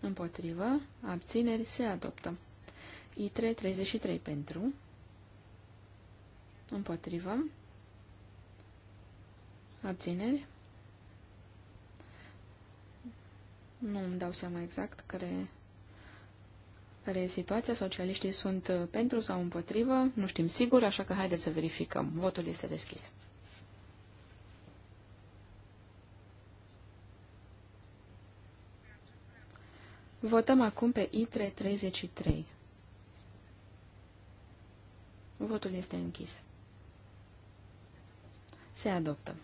împotrivă, abțineri, se adoptă. i 33 pentru, împotrivă, abțineri, Nu îmi dau seama exact care, care e situația. Socialiștii sunt pentru sau împotrivă. Nu știm sigur, așa că haideți să verificăm. Votul este deschis. Votăm acum pe I333. Votul este închis. Se adoptă.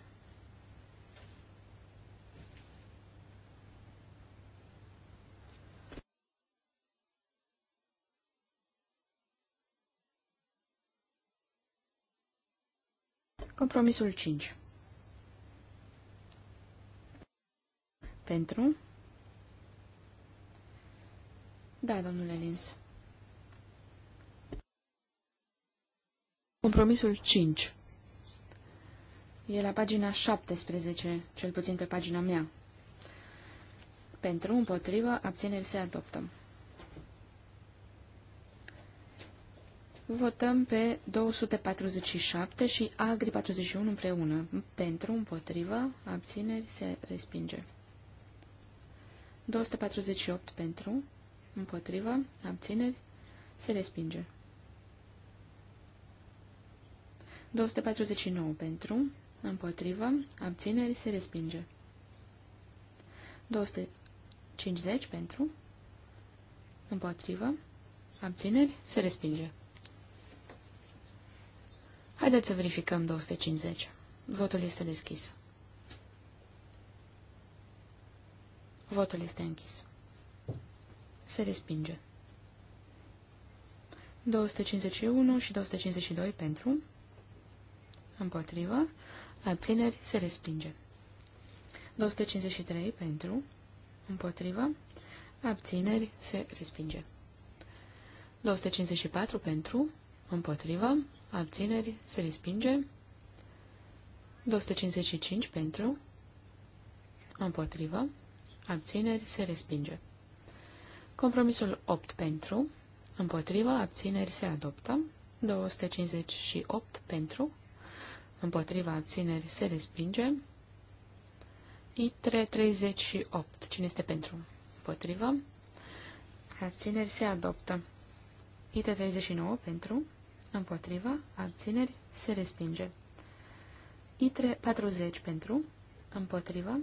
Compromisul 5. Pentru? Da, domnule Lins. Compromisul 5. E la pagina 17, cel puțin pe pagina mea. Pentru, împotrivă, abțineri se adoptă. Votăm pe 247 și Agri 41 împreună. Pentru, împotrivă, abțineri, se respinge. 248 pentru, împotrivă, abțineri, se respinge. 249 pentru, împotrivă, abțineri, se respinge. 250 pentru, împotrivă, abțineri, se respinge. Haideți să verificăm 250. Votul este deschis. Votul este închis. Se respinge. 251 și 252 pentru. Împotrivă. Abțineri. Se respinge. 253 pentru. Împotrivă. Abțineri. Se respinge. 254 pentru. Împotrivă abțineri, se respinge. 255 pentru, împotrivă, abțineri, se respinge. Compromisul 8 pentru, împotrivă, abțineri, se adoptă. 258 pentru, împotriva abțineri, se respinge. i 38. Cine este pentru? Împotrivă. Abțineri se adoptă. i 39 pentru împotriva, abțineri, se respinge. ITRE 40 pentru, împotriva.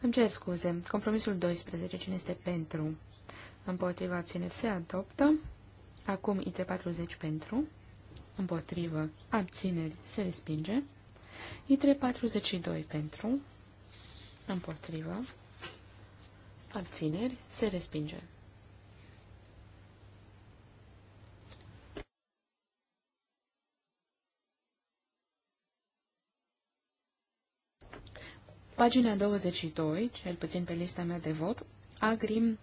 Îmi cer scuze, compromisul 12, cine este pentru, împotriva, abțineri, se adoptă. Acum ITRE 40 pentru, împotrivă, abțineri, se respinge. ITRE 42 pentru, împotrivă, abțineri, se respinge. Pagina 22, cel puțin pe lista mea de vot, Agrim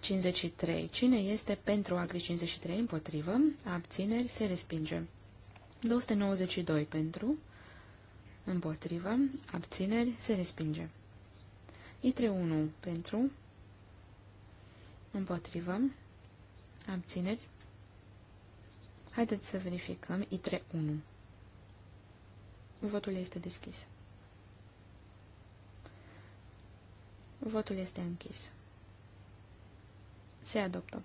53. Cine este pentru Agri 53 împotrivă? Abțineri se respinge. 292 pentru, împotrivă, abțineri se respinge. I31 pentru, împotrivă, abțineri. Haideți să verificăm I31. Votul este deschis. Votul este închis. Se adoptă.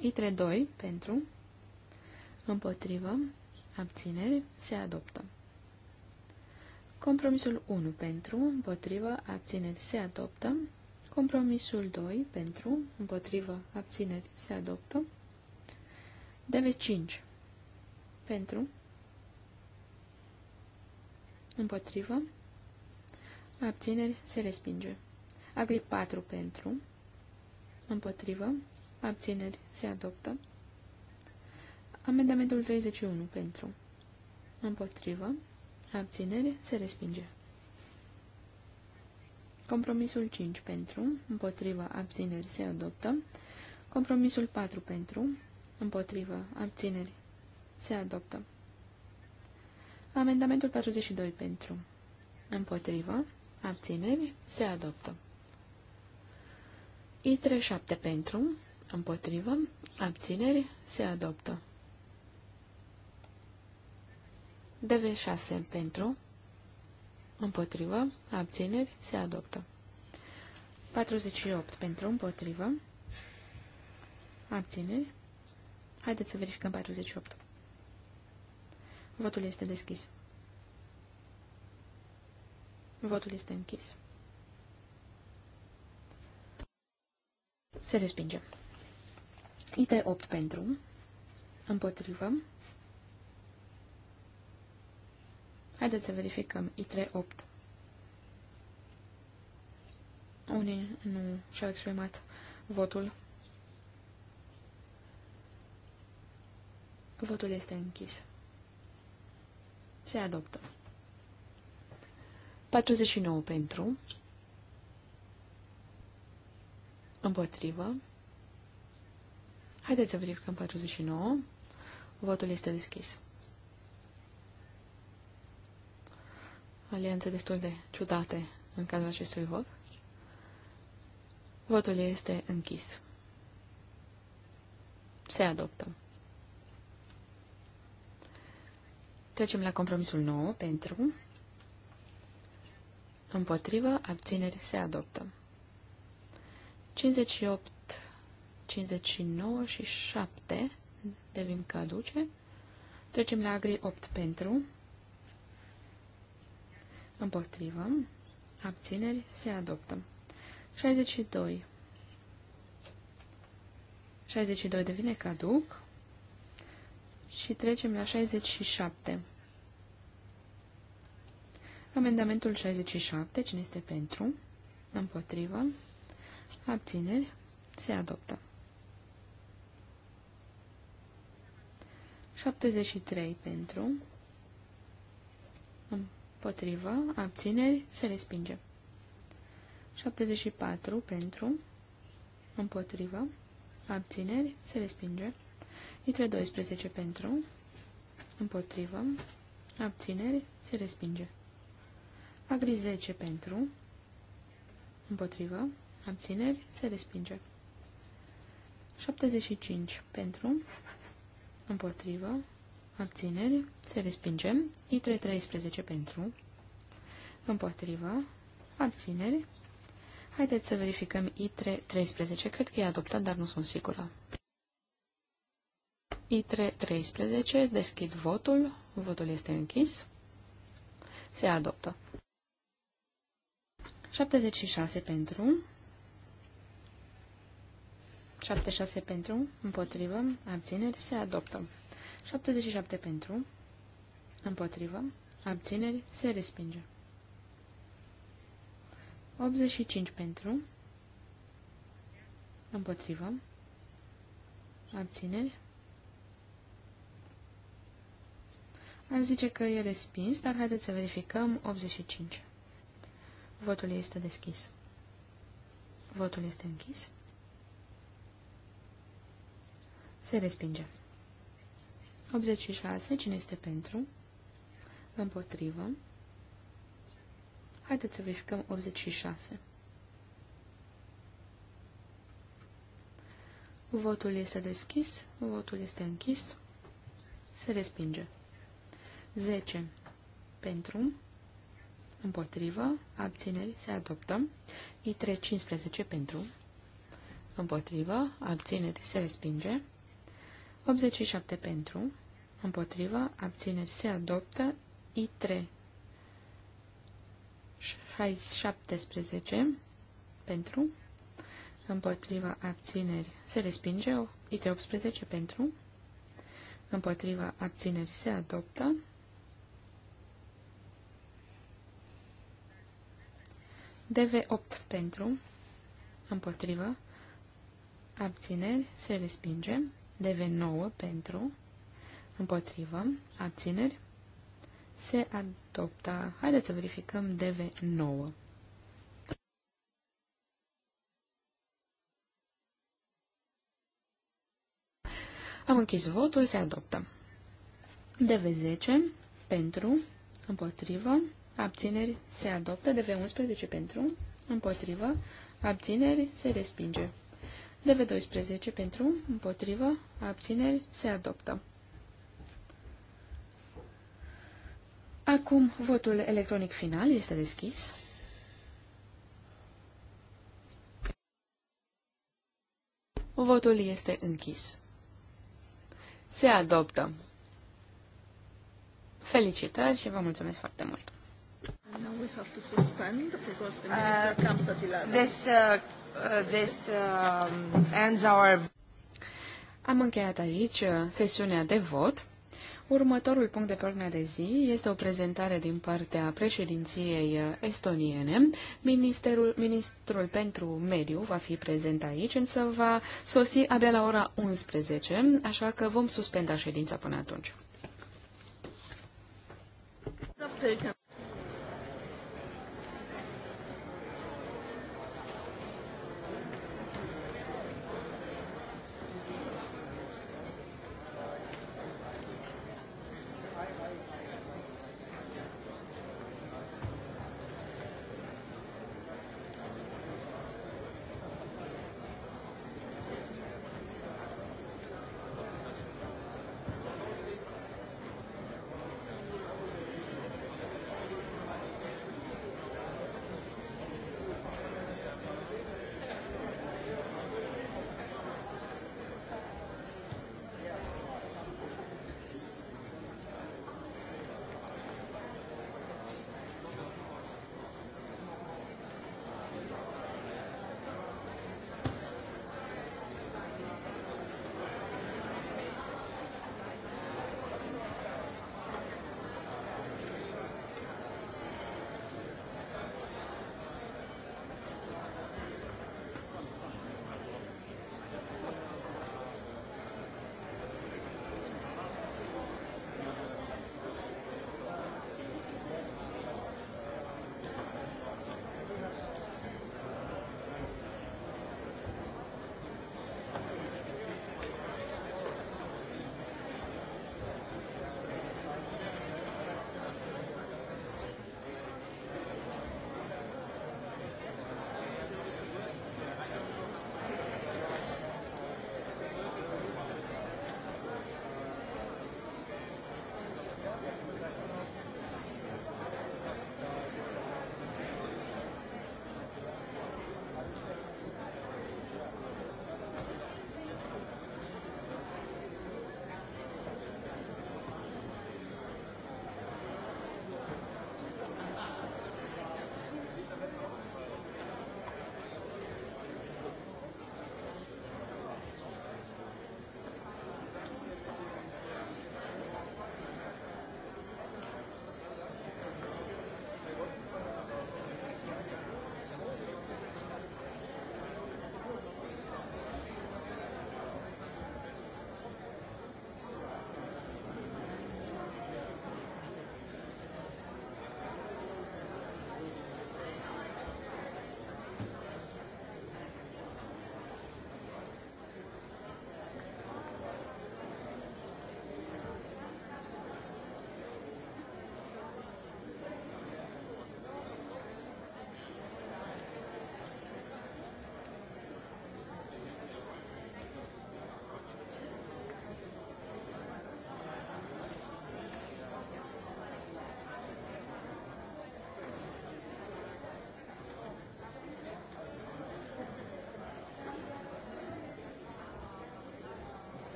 ITRE 2 pentru, împotrivă, abțineri, se adoptă. Compromisul 1 pentru, împotrivă, abțineri, se adoptă. Compromisul 2 pentru, împotrivă, abțineri, se adoptă. DV5 pentru, împotrivă, abțineri, se respinge. Agri 4 pentru, împotrivă, abțineri, se adoptă. Amendamentul 31 pentru, împotrivă, abțineri, se respinge. Compromisul 5 pentru, împotrivă, abțineri, se adoptă. Compromisul 4 pentru, împotrivă, abțineri, se adoptă. Amendamentul 42 pentru, împotrivă, abțineri, se adoptă. I37 pentru, împotrivă, abțineri, se adoptă. DV6 pentru, împotrivă, abțineri, se adoptă. 48 pentru, împotrivă, abțineri. Haideți să verificăm 48. Votul este deschis. Votul este închis. Se respinge. IT 8 pentru. Împotrivă. Haideți să verificăm. IT 8. Unii nu și-au exprimat votul. Votul este închis. Se adoptă. 49 pentru, împotrivă. Haideți să verificăm 49. Votul este deschis. Alianțe destul de ciudate în cazul acestui vot. Votul este închis. Se adoptă. Trecem la compromisul 9 pentru Împotrivă, abțineri se adoptă. 58, 59 și 7 devin caduce. Trecem la agri 8 pentru. Împotrivă, abțineri se adoptă. 62. 62 devine caduc. Și trecem la 67. Amendamentul 67. Cine este pentru? Împotrivă. Abțineri. Se adoptă. 73 pentru. Împotrivă. Abțineri. Se respinge. 74 pentru. Împotrivă. Abțineri. Se respinge. Litre 12 pentru. Împotrivă. Abțineri. Se respinge. Agri 10 pentru, împotrivă, abțineri, se respinge. 75 pentru, împotrivă, abțineri, se respinge. I3 13 pentru, împotrivă, abțineri. Haideți să verificăm I3 13. Cred că e adoptat, dar nu sunt sigură. I3 13. Deschid votul. Votul este închis. Se adoptă. 76 pentru. 76 pentru, împotrivă, abțineri, se adoptă. 77 pentru, împotrivă, abțineri, se respinge. 85 pentru, împotrivă, abțineri. Aș zice că e respins, dar haideți să verificăm 85. Votul este deschis. Votul este închis. Se respinge. 86. Cine este pentru? Împotrivă. Haideți să verificăm 86. Votul este deschis, votul este închis, se respinge. 10 pentru, Împotrivă. Abțineri. Se adoptă. I3 15 pentru. Împotrivă. Abțineri. Se respinge. 87 pentru. Împotrivă. Abțineri. Se adoptă. I3 17 pentru. Împotriva abțineri se respinge. I3 18 pentru. Împotriva abțineri se adoptă. DV8 pentru, împotrivă, abțineri, se respinge. DV9 pentru, împotrivă, abțineri, se adoptă. Haideți să verificăm DV9. Am închis votul, se adoptă. DV10 pentru, împotrivă, abțineri, se adoptă. DV11 pentru, împotrivă, abțineri, se respinge. DV12 pentru, împotrivă, abțineri, se adoptă. Acum, votul electronic final este deschis. Votul este închis. Se adoptă. Felicitări și vă mulțumesc foarte mult! Uh, uh, uh, um, Am încheiat aici sesiunea de vot. Următorul punct de pe ordinea de zi este o prezentare din partea președinției estoniene. Ministerul, ministrul pentru mediu va fi prezent aici, însă va sosi abia la ora 11, așa că vom suspenda ședința până atunci.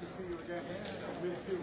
to see you again. I missed you.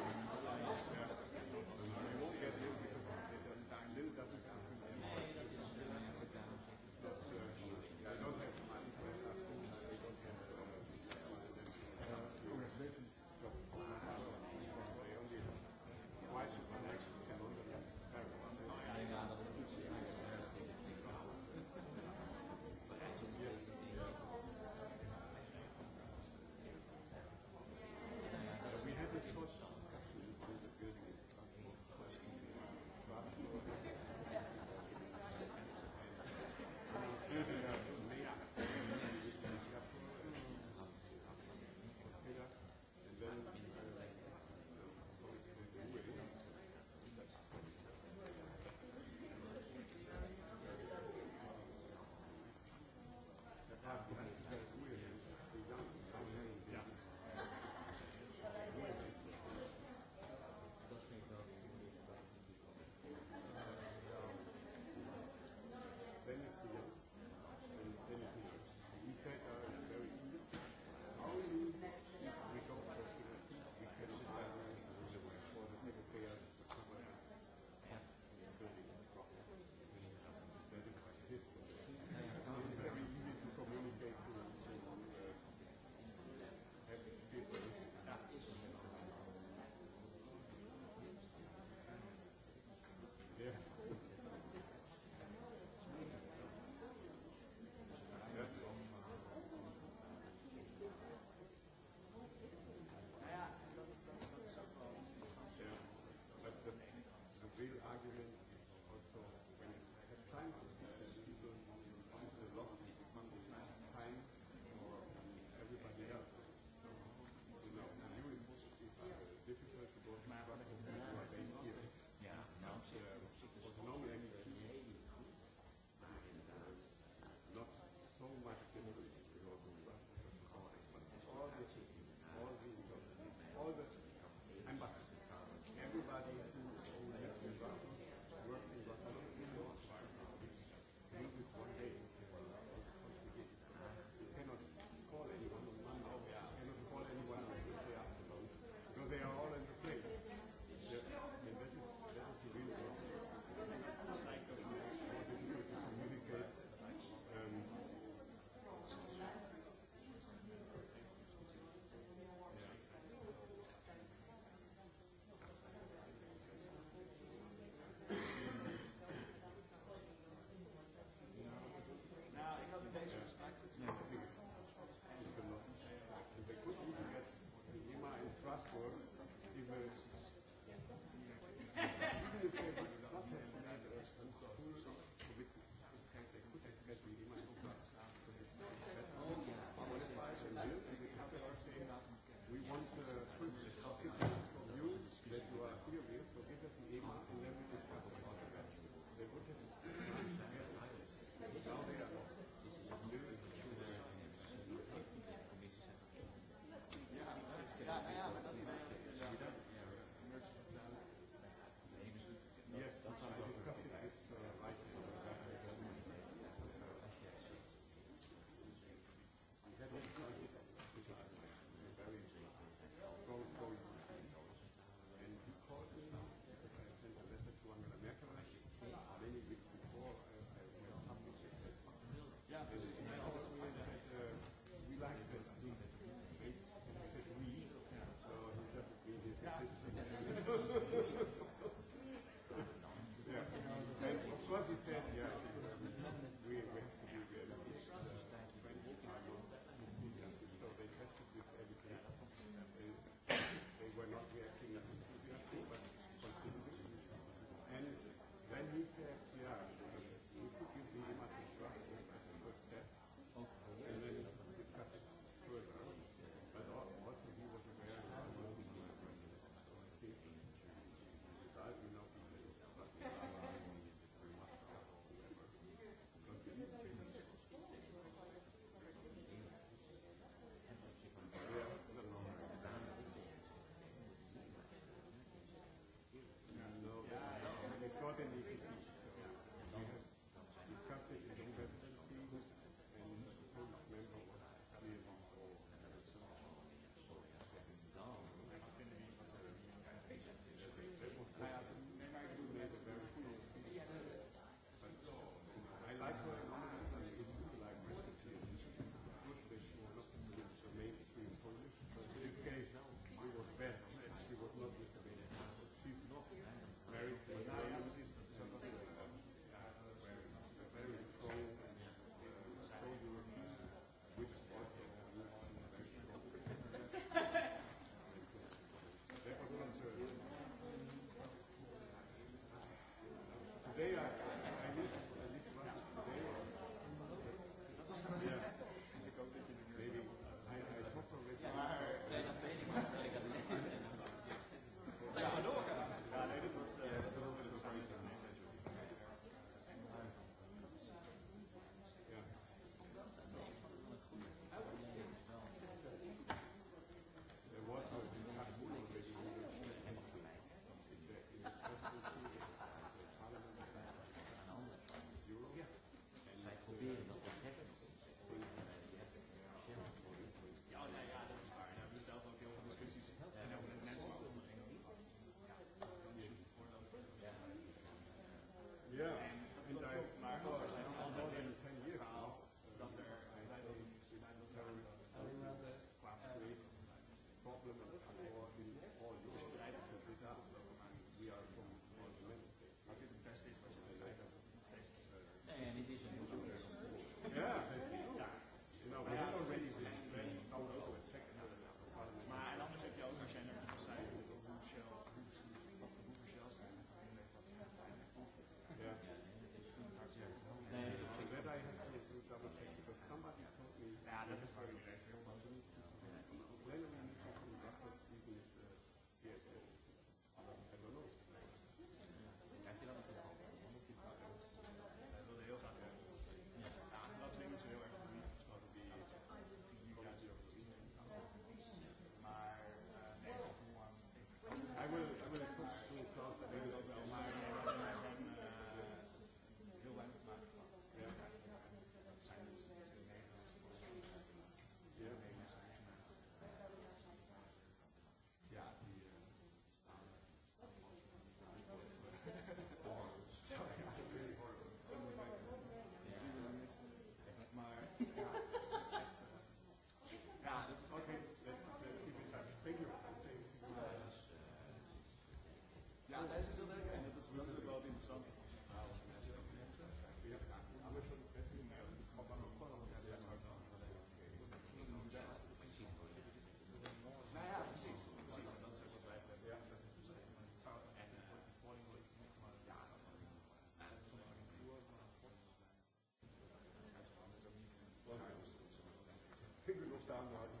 Anhalt.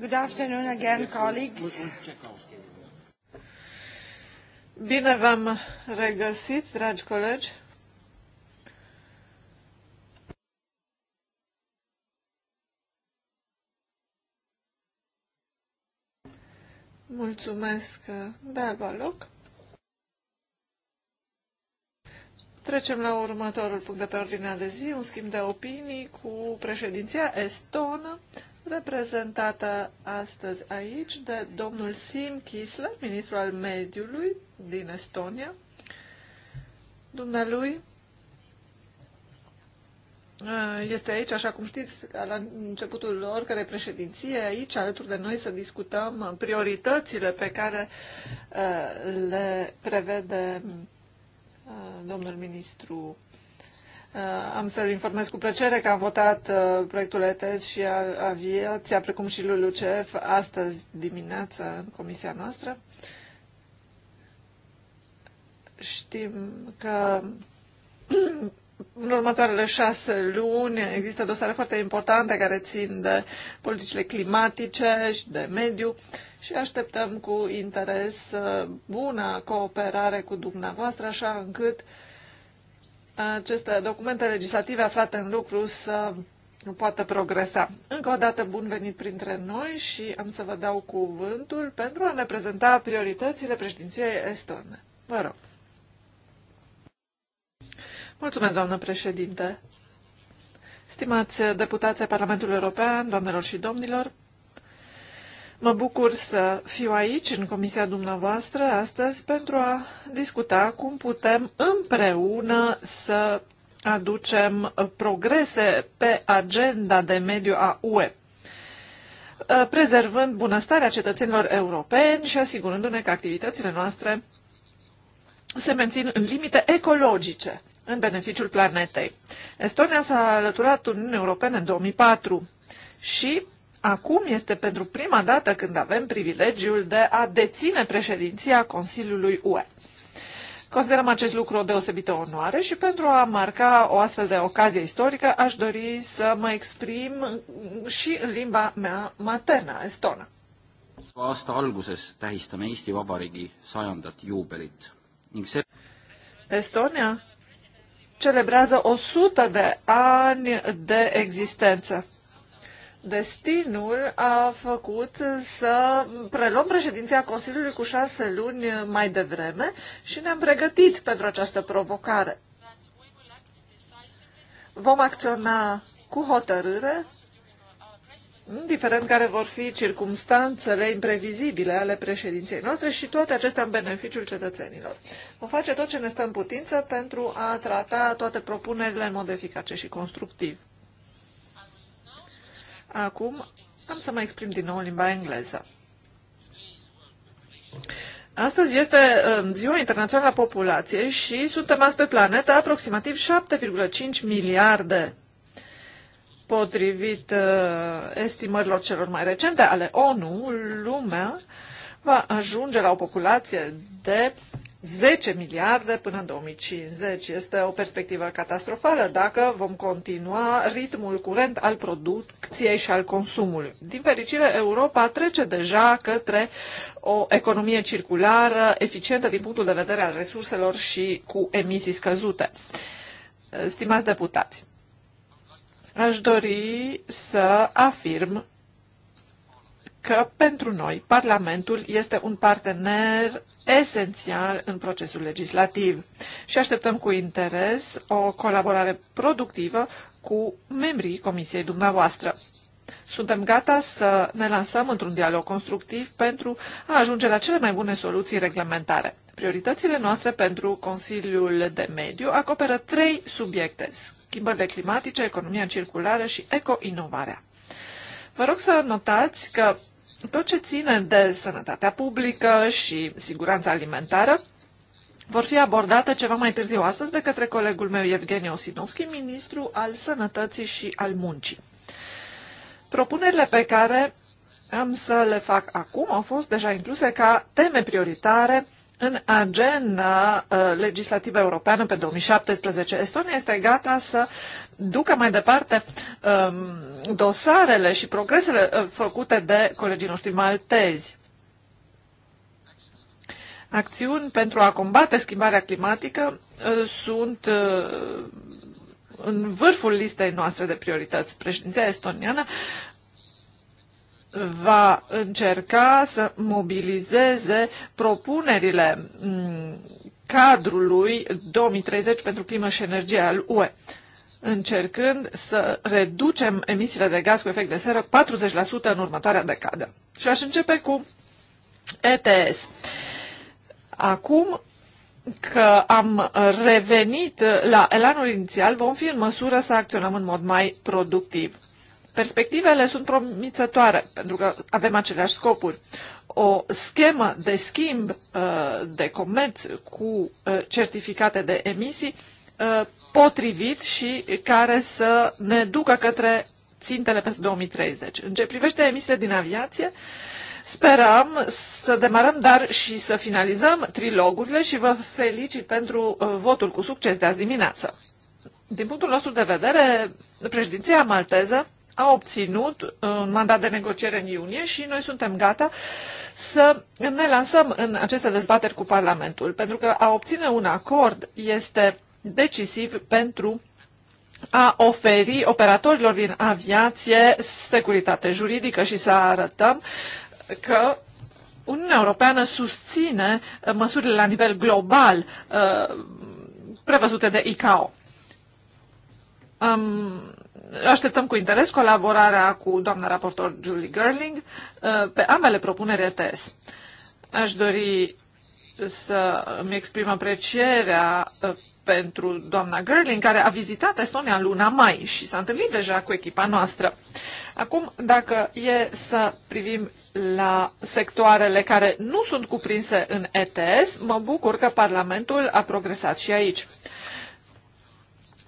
Good afternoon again, colleagues. Bine v-am regăsit, dragi colegi. Mulțumesc de alba loc. Trecem la următorul punct de pe ordinea de zi, un schimb de opinii cu președinția estonă reprezentată astăzi aici de domnul Sim Kisler, ministru al mediului din Estonia. Dumnealui uh, este aici, așa cum știți, la începutul oricărei președinție, aici, alături de noi, să discutăm prioritățile pe care uh, le prevede uh, domnul ministru Uh, am să-l informez cu plăcere că am votat uh, proiectul ETS și aviația, precum și lui LUCF, astăzi dimineață în comisia noastră. Știm că în următoarele șase luni există dosare foarte importante care țin de politicile climatice și de mediu și așteptăm cu interes uh, bună cooperare cu dumneavoastră, așa încât uh, aceste documente legislative aflate în lucru să poată progresa. Încă o dată bun venit printre noi și am să vă dau cuvântul pentru a ne prezenta prioritățile președinției estone. Vă rog. Mulțumesc, doamnă președinte. Stimați deputații Parlamentului European, doamnelor și domnilor, Mă bucur să fiu aici, în comisia dumneavoastră, astăzi, pentru a discuta cum putem împreună să aducem progrese pe agenda de mediu a UE, prezervând bunăstarea cetățenilor europeni și asigurându-ne că activitățile noastre se mențin în limite ecologice în beneficiul planetei. Estonia s-a alăturat Uniunii Europene în 2004 și Acum este pentru prima dată când avem privilegiul de a deține președinția Consiliului UE. Considerăm acest lucru o deosebită onoare și pentru a marca o astfel de ocazie istorică aș dori să mă exprim și în limba mea maternă, estonă. Aasta alguses tähistame Eesti Vabariigi sajandat juubelit ning see Estonia celebrează 100 de ani de existență destinul a făcut să preluăm președinția Consiliului cu șase luni mai devreme și ne-am pregătit pentru această provocare. Vom acționa cu hotărâre, indiferent care vor fi circumstanțele imprevizibile ale președinției noastre și toate acestea în beneficiul cetățenilor. Vom face tot ce ne stă în putință pentru a trata toate propunerile în mod eficace și constructiv. Acum am să mă exprim din nou în limba engleză. Astăzi este uh, Ziua Internațională a Populației și suntem azi pe planetă aproximativ 7,5 miliarde potrivit uh, estimărilor celor mai recente ale ONU, lumea va ajunge la o populație de 10 miliarde până în 2050. Este o perspectivă catastrofală dacă vom continua ritmul curent al producției și al consumului. Din fericire, Europa trece deja către o economie circulară eficientă din punctul de vedere al resurselor și cu emisii scăzute. Stimați deputați, aș dori să afirm că pentru noi Parlamentul este un partener esențial în procesul legislativ și așteptăm cu interes o colaborare productivă cu membrii Comisiei dumneavoastră. Suntem gata să ne lansăm într-un dialog constructiv pentru a ajunge la cele mai bune soluții reglementare. Prioritățile noastre pentru Consiliul de Mediu acoperă trei subiecte, schimbările climatice, economia circulară și eco-inovarea. Vă rog să notați că tot ce ține de sănătatea publică și siguranța alimentară vor fi abordate ceva mai târziu astăzi de către colegul meu Evgeni Osinovski, ministru al Sănătății și al Muncii. Propunerile pe care am să le fac acum au fost deja incluse ca teme prioritare în agenda uh, legislativă europeană pe 2017. Estonia este gata să ducă mai departe um, dosarele și progresele uh, făcute de colegii noștri maltezi. Acțiuni pentru a combate schimbarea climatică uh, sunt uh, în vârful listei noastre de priorități. Președinția estoniană va încerca să mobilizeze propunerile mm, cadrului 2030 pentru climă și energie al UE, încercând să reducem emisiile de gaz cu efect de seră 40% în următoarea decadă. Și aș începe cu ETS. Acum că am revenit la elanul inițial, vom fi în măsură să acționăm în mod mai productiv. Perspectivele sunt promițătoare, pentru că avem aceleași scopuri. O schemă de schimb uh, de comerț cu uh, certificate de emisii uh, potrivit și care să ne ducă către țintele pentru 2030. În ce privește emisiile din aviație, sperăm să demarăm, dar și să finalizăm trilogurile și vă felicit pentru votul cu succes de azi dimineață. Din punctul nostru de vedere, președinția malteză a obținut uh, un mandat de negociere în iunie și noi suntem gata să ne lansăm în aceste dezbateri cu Parlamentul, pentru că a obține un acord este decisiv pentru a oferi operatorilor din aviație securitate juridică și să arătăm că Uniunea Europeană susține uh, măsurile la nivel global uh, prevăzute de ICAO. Am așteptăm cu interes colaborarea cu doamna raportor Julie Gerling uh, pe ambele propuneri ETS. Aș dori să îmi exprim aprecierea uh, pentru doamna Gerling, care a vizitat Estonia în luna mai și s-a întâlnit deja cu echipa noastră. Acum, dacă e să privim la sectoarele care nu sunt cuprinse în ETS, mă bucur că Parlamentul a progresat și aici.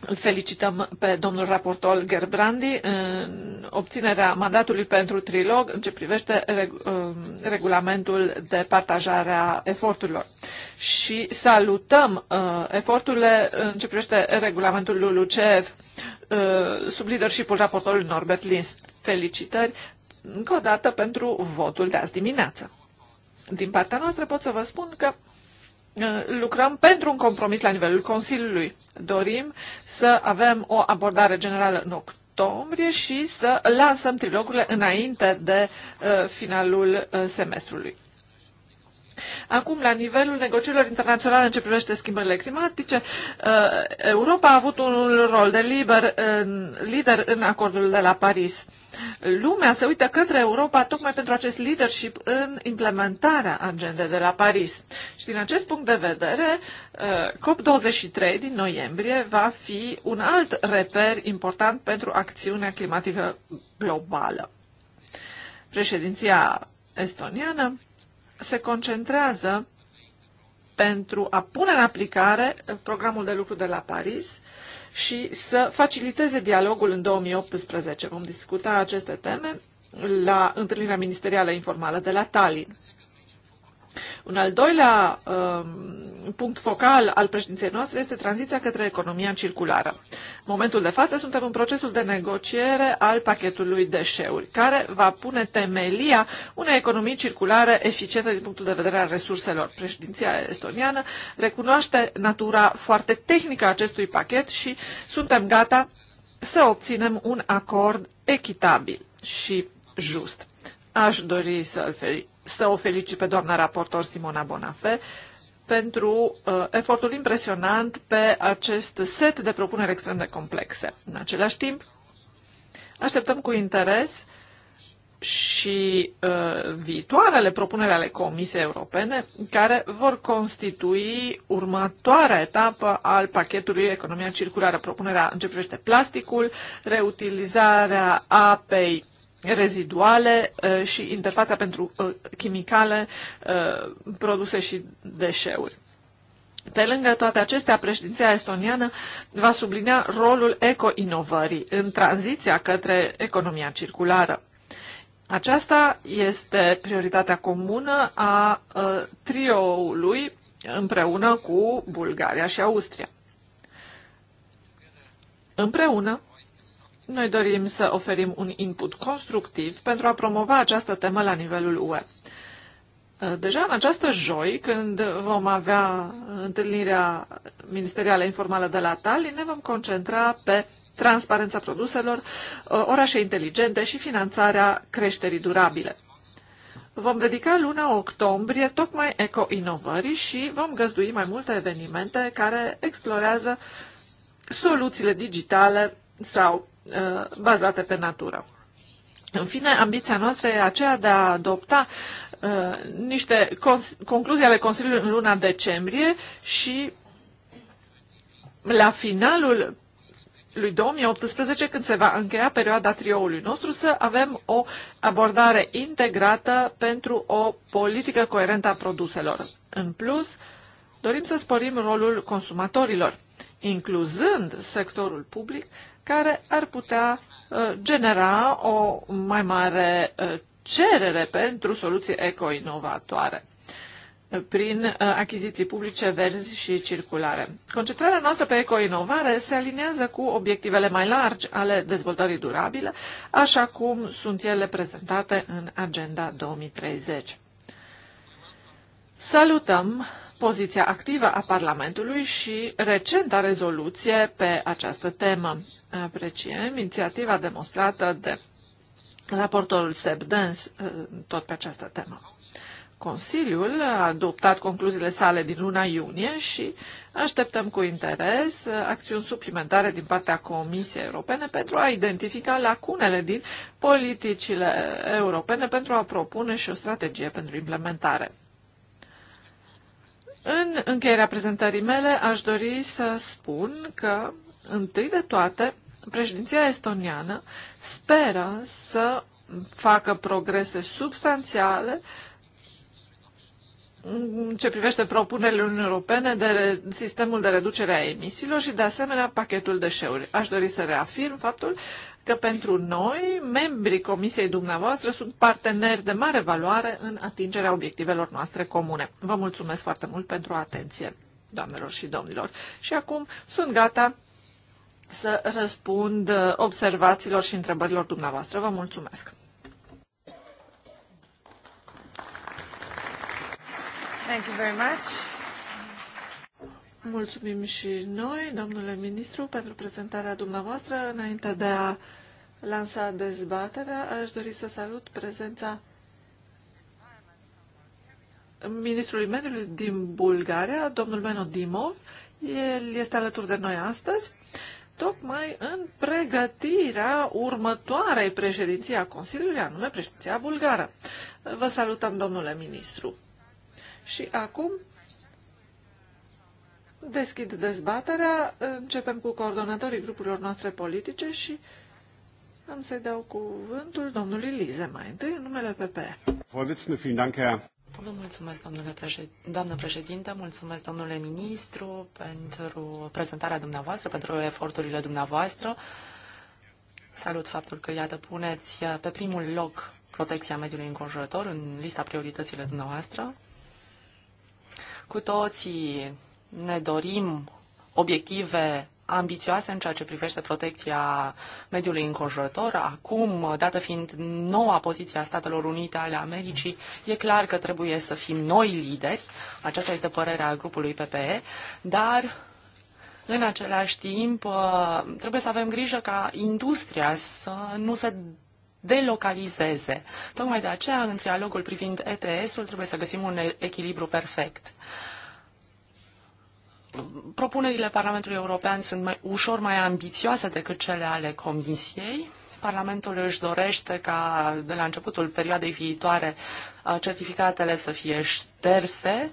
Îl felicităm pe domnul raportor Gerbrandi în obținerea mandatului pentru trilog în ce privește um, regulamentul de partajare a eforturilor. Și salutăm uh, eforturile în ce privește regulamentul LULUCEF uh, sub leadership raportorului Norbert Lins. Felicitări încă o dată pentru votul de azi dimineață. Din partea noastră pot să vă spun că Uh, lucrăm pentru un compromis la nivelul Consiliului. Dorim să avem o abordare generală în octombrie și să lansăm trilogurile înainte de uh, finalul uh, semestrului. Acum, la nivelul negocierilor internaționale în ce privește schimbările climatice, Europa a avut un rol de liber, lider în acordul de la Paris. Lumea se uită către Europa tocmai pentru acest leadership în implementarea agendei de la Paris. Și din acest punct de vedere, uh, COP23 din noiembrie va fi un alt reper important pentru acțiunea climatică globală. Președinția estoniană se concentrează pentru a pune în aplicare programul de lucru de la Paris și să faciliteze dialogul în 2018. Vom discuta aceste teme la întâlnirea ministerială informală de la Tallinn. Un al doilea uh, punct focal al președinției noastre este tranziția către economia circulară. În momentul de față suntem în procesul de negociere al pachetului deșeuri, care va pune temelia unei economii circulare eficiente din punctul de vedere al resurselor. Președinția estoniană recunoaște natura foarte tehnică a acestui pachet și suntem gata să obținem un acord echitabil și just. Aș dori să-l felicit să o felicit pe doamna raportor Simona Bonafe pentru uh, efortul impresionant pe acest set de propuneri extrem de complexe. În același timp, așteptăm cu interes și uh, viitoarele propuneri ale Comisiei Europene, care vor constitui următoarea etapă al pachetului Economia Circulară, propunerea în ce privește plasticul, reutilizarea apei reziduale uh, și interfața pentru uh, chimicale, uh, produse și deșeuri. Pe lângă toate acestea, președinția estoniană va sublinia rolul eco-inovării în tranziția către economia circulară. Aceasta este prioritatea comună a trioului împreună cu Bulgaria și Austria. Împreună noi dorim să oferim un input constructiv pentru a promova această temă la nivelul UE. Uh, deja în această joi, când vom avea întâlnirea ministerială informală de la Tallinn, ne vom concentra pe transparența produselor, uh, orașe inteligente și finanțarea creșterii durabile. Vom dedica luna octombrie tocmai eco-inovării și vom găzdui mai multe evenimente care explorează soluțiile digitale sau Uh, bazate pe natură. În fine, ambiția noastră e aceea de a adopta uh, niște concluzii ale Consiliului în luna decembrie și la finalul lui 2018, când se va încheia perioada trioului nostru, să avem o abordare integrată pentru o politică coerentă a produselor. În plus, dorim să sporim rolul consumatorilor, incluzând sectorul public, uh, care ar putea uh, genera o mai mare uh, cerere pentru soluții eco-inovatoare uh, prin achiziții publice verzi și circulare. Concentrarea noastră pe eco-inovare se aliniază cu obiectivele mai largi ale dezvoltării durabile, așa cum sunt ele prezentate în Agenda 2030. Salutăm poziția activă a Parlamentului și recenta rezoluție pe această temă. Apreciem inițiativa demonstrată de raportorul Seb Dens eh, tot pe această temă. Consiliul a adoptat concluziile sale din luna iunie și așteptăm cu interes eh, acțiuni suplimentare din partea Comisiei Europene pentru a identifica lacunele din politicile europene pentru a propune și o strategie pentru implementare. În încheierea prezentării mele aș dori să spun că, întâi de toate, președinția estoniană speră să facă progrese substanțiale în ce privește propunerile Uniunii Europene de sistemul de reducere a emisiilor și, de asemenea, pachetul deșeuri. Aș dori să reafirm faptul că pentru noi, membrii comisiei dumneavoastră sunt parteneri de mare valoare în atingerea obiectivelor noastre comune. Vă mulțumesc foarte mult pentru atenție, doamnelor și domnilor. Și acum sunt gata să răspund uh, observațiilor și întrebărilor dumneavoastră. Vă mulțumesc! Thank you very much. Mulțumim și noi, domnule ministru, pentru prezentarea dumneavoastră. Înainte de a lansa dezbaterea, aș dori să salut prezența ministrului mediului din Bulgaria, domnul Meno Dimov. El este alături de noi astăzi, tocmai în pregătirea următoarei președinții a Consiliului, anume președinția bulgară. Vă salutăm, domnule ministru. Și acum Deschid dezbaterea, începem cu coordonatorii grupurilor noastre politice și am să-i dau cuvântul domnului Lize mai întâi, în numele PP. Vă mulțumesc, domnule președinte, doamnă președinte, mulțumesc, domnule ministru, pentru prezentarea dumneavoastră, pentru eforturile dumneavoastră. Salut faptul că, iată, puneți pe primul loc protecția mediului înconjurător în lista priorităților dumneavoastră. Cu toții ne dorim obiective ambițioase în ceea ce privește protecția mediului înconjurător. Acum, dată fiind noua poziție a Statelor Unite ale Americii, e clar că trebuie să fim noi lideri. Aceasta este părerea grupului PPE, dar în același timp trebuie să avem grijă ca industria să nu se delocalizeze. Tocmai de aceea, în trialogul privind ETS-ul, trebuie să găsim un echilibru perfect. Uh, Propunerile Parlamentului European sunt mai, ușor mai ambițioase decât cele ale Comisiei. Parlamentul își dorește ca de la începutul perioadei viitoare uh, certificatele să fie șterse.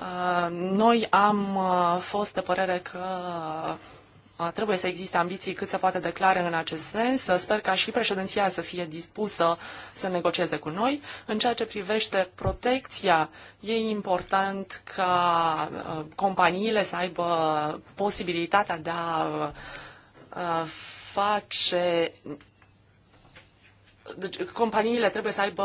Uh, noi am uh, fost de părere că Trebuie să existe ambiții cât se poate declare în acest sens. Sper ca și președinția să fie dispusă să negocieze cu noi. În ceea ce privește protecția, e important ca uh, companiile să aibă posibilitatea de a uh, face deci, companiile trebuie să aibă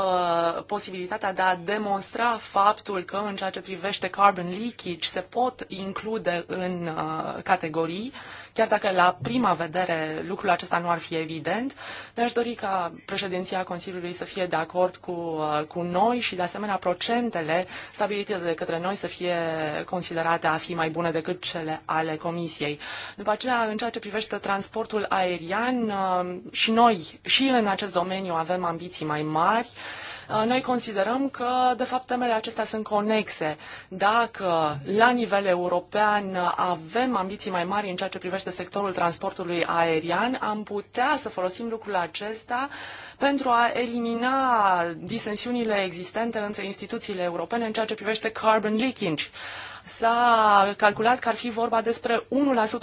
posibilitatea de a demonstra faptul că în ceea ce privește carbon leakage se pot include în uh, categorii Chiar dacă la prima vedere lucrul acesta nu ar fi evident, ne aș dori ca președinția Consiliului să fie de acord cu, uh, cu noi și, de asemenea, procentele stabilite de către noi să fie considerate a fi mai bune decât cele ale Comisiei. După aceea, în ceea ce privește transportul aerian, uh, și noi, și în acest domeniu avem ambiții mai mari. Uh, noi considerăm că, de fapt, temele acestea sunt conexe. Dacă la nivel european avem ambiții mai mari în ceea ce privește sectorul transportului aerian, am putea să folosim lucrul acesta pentru a elimina disensiunile existente între instituțiile europene în ceea ce privește carbon leakage s-a calculat că ar fi vorba despre 1%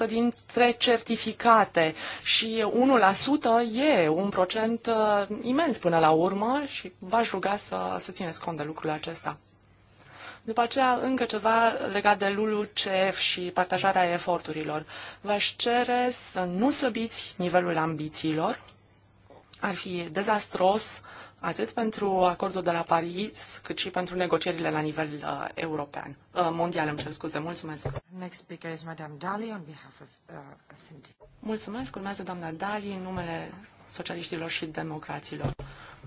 dintre certificate și 1% e un procent uh, imens până la urmă și v-aș ruga să, să țineți cont de lucrul acesta. După aceea, încă ceva legat de LULUCF și partajarea eforturilor. V-aș cere să nu slăbiți nivelul ambițiilor, ar fi dezastros atât pentru acordul de la Paris, cât și pentru negocierile la nivel uh, european, uh, mondial, îmi cer scuze. Mulțumesc. Next speaker is Madame Dali on behalf of uh, Mulțumesc. Urmează doamna Dali în numele socialiștilor și democraților.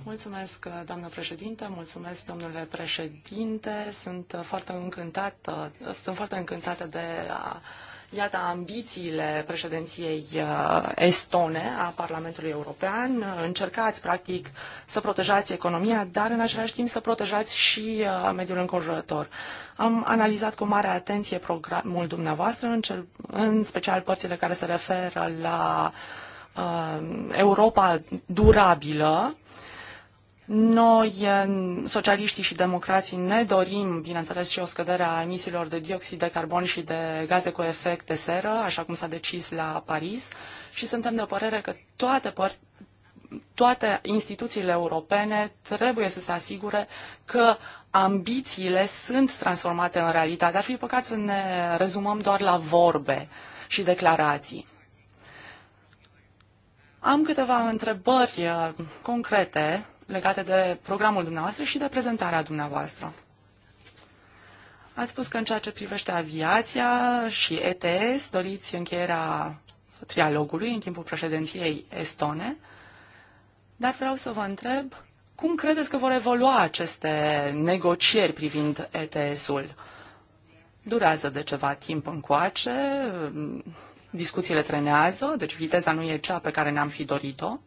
Mulțumesc, uh, doamnă președinte, mulțumesc, domnule președinte. Sunt uh, foarte încântată, uh, sunt foarte încântată de a, Iată ambițiile președinției uh, estone a Parlamentului European. Încercați, practic, să protejați economia, dar în același timp să protejați și uh, mediul înconjurător. Am analizat cu mare atenție programul dumneavoastră, în, cel, în special părțile care se referă la uh, Europa durabilă. Uh, noi, socialiștii și democrații, ne dorim, bineînțeles, și o scădere a emisiilor de dioxid de carbon și de gaze cu efect de seră, așa cum s-a decis la Paris, și suntem de părere că toate păr- toate instituțiile europene trebuie să se asigure că ambițiile sunt transformate în realitate. Ar fi păcat să ne rezumăm doar la vorbe și declarații. Am câteva întrebări uh, concrete legate de programul dumneavoastră și de prezentarea dumneavoastră. Ați spus că în ceea ce privește aviația și ETS doriți încheierea trialogului în timpul președinției estone, dar vreau să vă întreb cum credeți că vor evolua aceste negocieri privind ETS-ul? Durează de ceva timp încoace, discuțiile trenează, deci viteza nu e cea pe care ne-am fi dorit-o.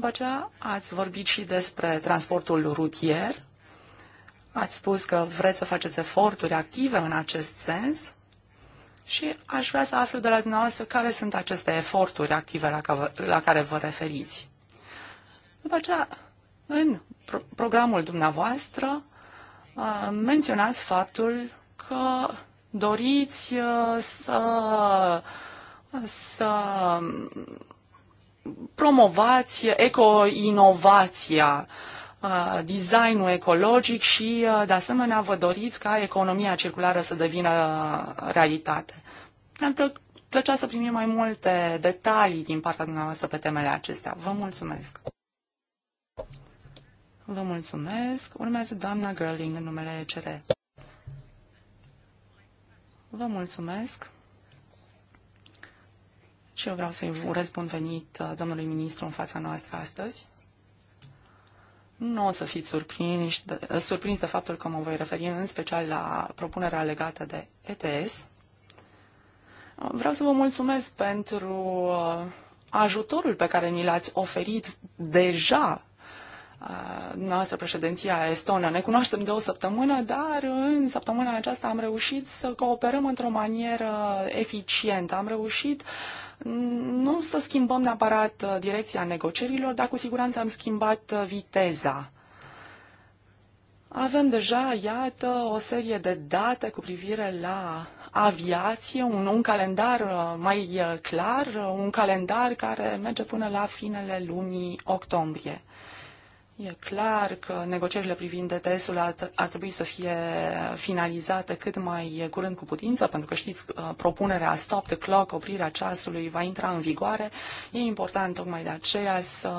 După aceea ați vorbit și despre transportul rutier. Ați spus că vreți să faceți eforturi active în acest sens și aș vrea să aflu de la dumneavoastră care sunt aceste eforturi active la, ca, la care vă referiți. După aceea, în pro- programul dumneavoastră, uh, menționați faptul că doriți uh, să, să promovați eco-inovația, uh, designul ecologic și, uh, de asemenea, vă doriți ca economia circulară să devină realitate. Ne-ar plăcea să primim mai multe detalii din partea dumneavoastră pe temele acestea. Vă mulțumesc! Vă mulțumesc. Urmează doamna Girling în numele CR. Vă mulțumesc și eu vreau să-i urez bun venit uh, domnului ministru în fața noastră astăzi. Nu o să fiți surprinși de, uh, surprins de faptul că mă voi referi în special la propunerea legată de ETS. Vreau să vă mulțumesc pentru uh, ajutorul pe care ni l-ați oferit deja noastră președinția estonă. Ne cunoaștem de o săptămână, dar în săptămâna aceasta am reușit să cooperăm într-o manieră eficientă. Am reușit uh, nu să schimbăm neapărat uh, direcția negocierilor, dar cu siguranță am schimbat uh, viteza. Avem deja, iată, o serie de date cu privire la aviație, un, un calendar uh, mai clar, un calendar care merge până la finele lunii octombrie. E clar că negocierile privind DTS-ul ar, ar trebui să fie finalizate cât mai curând cu putință, pentru că știți, uh, propunerea Stop the Clock, oprirea ceasului, va intra în vigoare. E important tocmai de aceea să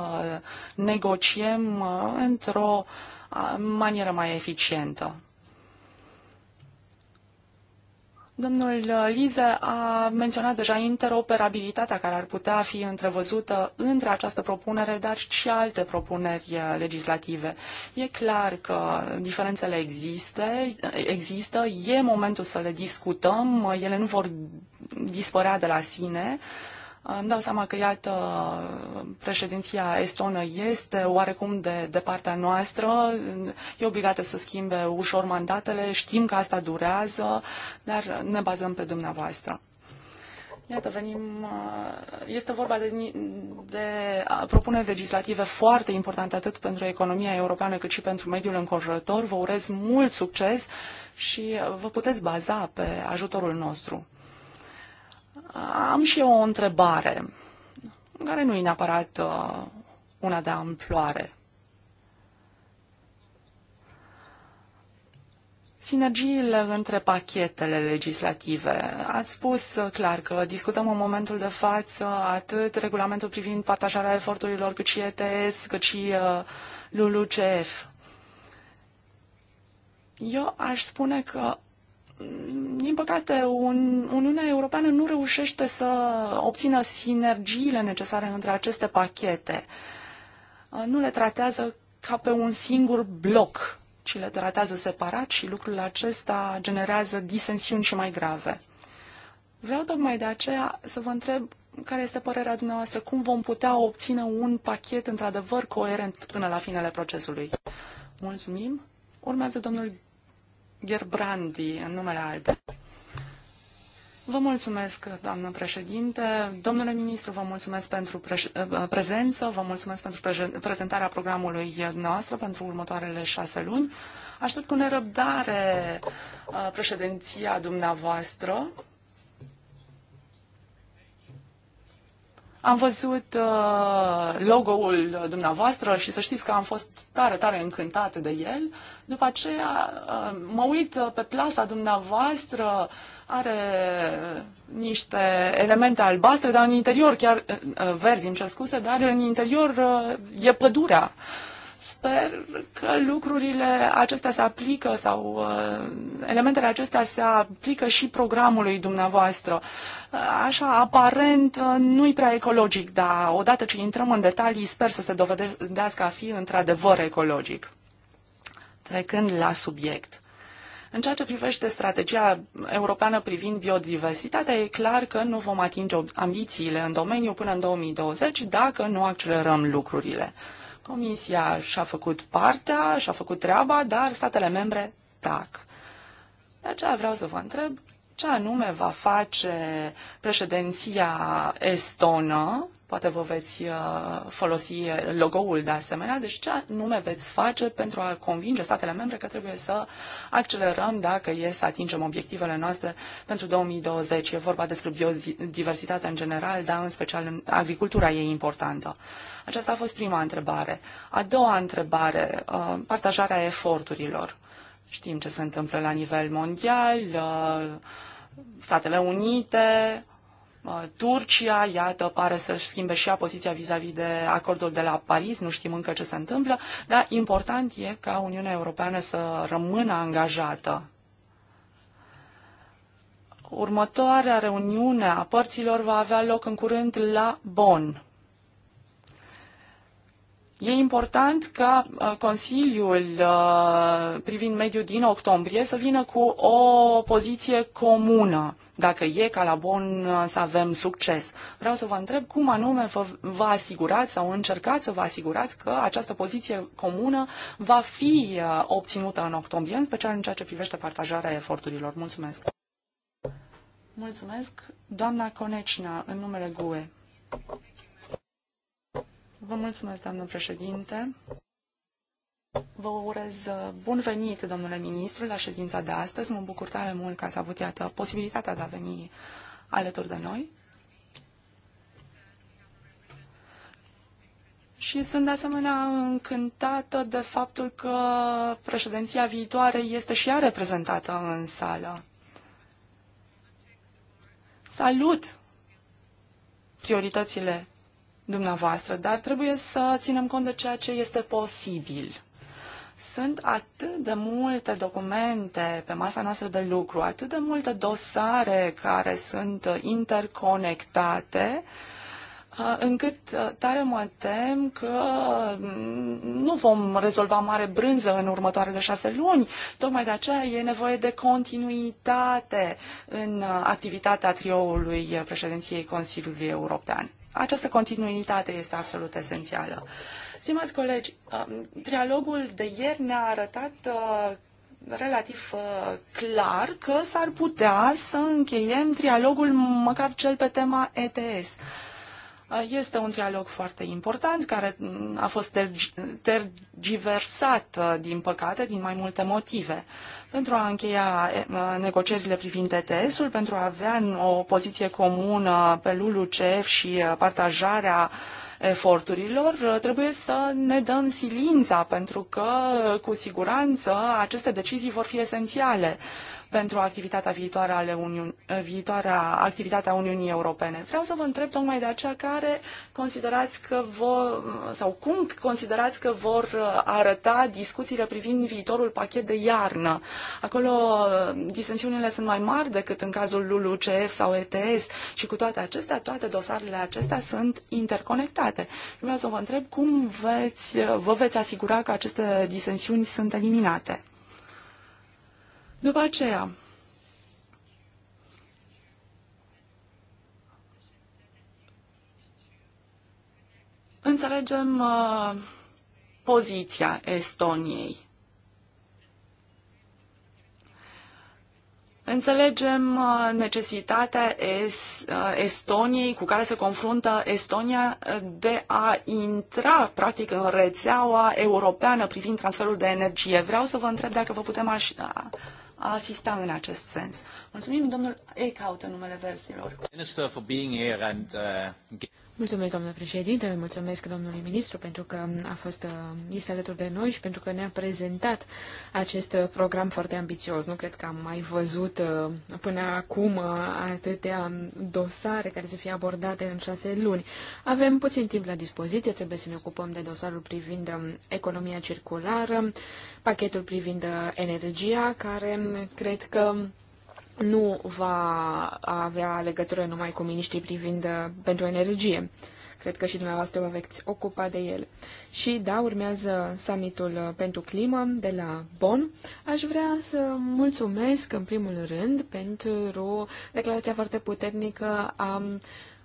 negociem uh, într-o uh, manieră mai eficientă. Domnul uh, Lize a menționat deja interoperabilitatea care ar putea fi întrevăzută între această propunere, dar și alte propuneri uh, legislative. E clar că diferențele existe, există, e momentul să le discutăm, uh, ele nu vor dispărea de la sine. Uh, îmi dau seama că, iată, președinția estonă este oarecum de, de partea noastră, e obligată să schimbe ușor mandatele, știm că asta durează, dar ne bazăm pe dumneavoastră. Iată, venim, este vorba de, de propuneri legislative foarte importante atât pentru economia europeană cât și pentru mediul înconjurător. Vă urez mult succes și vă puteți baza pe ajutorul nostru. Am și eu o întrebare, care nu e neapărat uh, una de amploare. Sinergiile între pachetele legislative. Ați spus uh, clar că discutăm în momentul de față atât regulamentul privind partajarea eforturilor, cât și ETS, cât și uh, LULUCF. Eu aș spune că din păcate, un, Uniunea Europeană nu reușește să obțină sinergiile necesare între aceste pachete. Uh, nu le tratează ca pe un singur bloc, ci le tratează separat și lucrul acesta generează disensiuni și mai grave. Vreau tocmai de aceea să vă întreb care este părerea dumneavoastră, cum vom putea obține un pachet într-adevăr coerent până la finele procesului. Mulțumim. Urmează domnul Gerbrandi, în numele ALDE. Vă mulțumesc, doamnă președinte. Domnule ministru, vă mulțumesc pentru eh, prezență, vă mulțumesc pentru prezentarea programului noastră pentru următoarele șase luni. Aștept cu nerăbdare eh, președinția dumneavoastră Am văzut uh, logo-ul dumneavoastră și să știți că am fost tare, tare încântată de el. După aceea uh, mă uit uh, pe plasa dumneavoastră, are niște elemente albastre, dar în interior, chiar uh, uh verzi, îmi cer scuze, dar în interior uh, e pădurea. Uh, Sper că lucrurile acestea se aplică sau uh, elementele acestea se aplică și programului dumneavoastră. Uh, așa, aparent, uh, nu-i prea ecologic, dar odată ce intrăm în detalii, sper să se dovedească a fi într-adevăr ecologic. Trecând la subiect. În ceea ce privește strategia europeană privind biodiversitatea, e clar că nu vom atinge ambițiile în domeniu până în 2020 dacă nu accelerăm lucrurile. Comisia și-a făcut partea, și-a făcut treaba, dar statele membre tac. De aceea vreau să vă întreb ce anume va face președinția estonă Poate vă veți uh, folosi uh, logo-ul de asemenea. Deci ce nume veți face pentru a convinge statele membre că trebuie să accelerăm dacă e să atingem obiectivele noastre pentru 2020? E vorba despre biodiversitate în general, dar în special în agricultura e importantă. Aceasta a fost prima întrebare. A doua întrebare, uh, partajarea eforturilor. Știm ce se întâmplă la nivel mondial, Statele Unite Uh, Turcia, iată, pare să-și schimbe și ea poziția vis-a-vis de acordul de la Paris, nu știm încă ce se întâmplă, dar important e ca Uniunea Europeană să rămână angajată. Următoarea reuniune a părților va avea loc în curând la Bonn. E important ca uh, Consiliul uh, privind mediul din octombrie să vină cu o poziție comună, dacă e ca la bun uh, să avem succes. Vreau să vă întreb cum anume vă, vă asigurați sau încercați să vă asigurați că această poziție comună va fi obținută în octombrie, în special în ceea ce privește partajarea eforturilor. Mulțumesc! Mulțumesc, doamna Conecina, în numele GUE. Vă mulțumesc, doamnă președinte. Vă urez uh, bun venit, domnule ministru, la ședința de astăzi. Mă bucur tare mult că ați avut, iată, posibilitatea de a veni alături de noi. Și sunt de asemenea încântată de faptul că președinția viitoare este și ea reprezentată în sală. Salut prioritățile dumneavoastră, dar trebuie să ținem cont de ceea ce este posibil. Sunt atât de multe documente pe masa noastră de lucru, atât de multe dosare care sunt interconectate, uh, încât uh, tare mă tem că mm, nu vom rezolva mare brânză în următoarele șase luni. Tocmai de aceea e nevoie de continuitate în uh, activitatea trioului președinției Consiliului European această continuitate este absolut esențială. Stimați colegi, trialogul de ieri ne-a arătat uh, relativ uh, clar că s-ar putea să încheiem trialogul măcar cel pe tema ETS. Este un dialog foarte important care a fost tergiversat, uh, din păcate, din mai multe motive. Pentru a încheia eh, uh, negocierile privind ETS-ul, pentru a avea o poziție comună pe LULUCEF și uh, partajarea eforturilor, trebuie să ne dăm silința, pentru că, cu siguranță, aceste decizii vor fi esențiale pentru activitatea viitoare, ale Uniun, eh, viitoarea activitatea Uniunii Europene. Vreau să vă întreb tocmai de aceea care considerați că vor, sau cum considerați că vor eh, arăta discuțiile privind viitorul pachet de iarnă. Acolo eh, disensiunile sunt mai mari decât în cazul LULUCF sau ETS și cu toate acestea, toate dosarele acestea sunt interconectate. Vreau să vă întreb cum veți, vă veți asigura că aceste disensiuni sunt eliminate. După aceea, înțelegem uh, poziția Estoniei. Înțelegem uh, necesitatea uh, Estoniei cu care se confruntă Estonia uh, de a intra practic în rețeaua europeană privind transferul de energie. Vreau să vă întreb dacă vă putem asista în acest sens. Mulțumim, domnul Eichhout, în numele verzilor. Mulțumesc, doamnă președinte, mulțumesc domnului ministru pentru că a fost, uh, este alături de noi și pentru că ne-a prezentat acest uh, program foarte ambițios. Nu cred că am mai văzut uh, până acum atâtea dosare care să fie abordate în șase luni. Avem puțin timp la dispoziție, trebuie să ne ocupăm de dosarul privind um, economia circulară, pachetul privind energia, care cred că nu va avea legătură numai cu miniștrii privind uh, pentru energie. Cred că și dumneavoastră vă veți ocupa de el. Și da, urmează summitul uh, pentru climă de la Bonn. Aș vrea să mulțumesc în primul rând pentru declarația foarte puternică a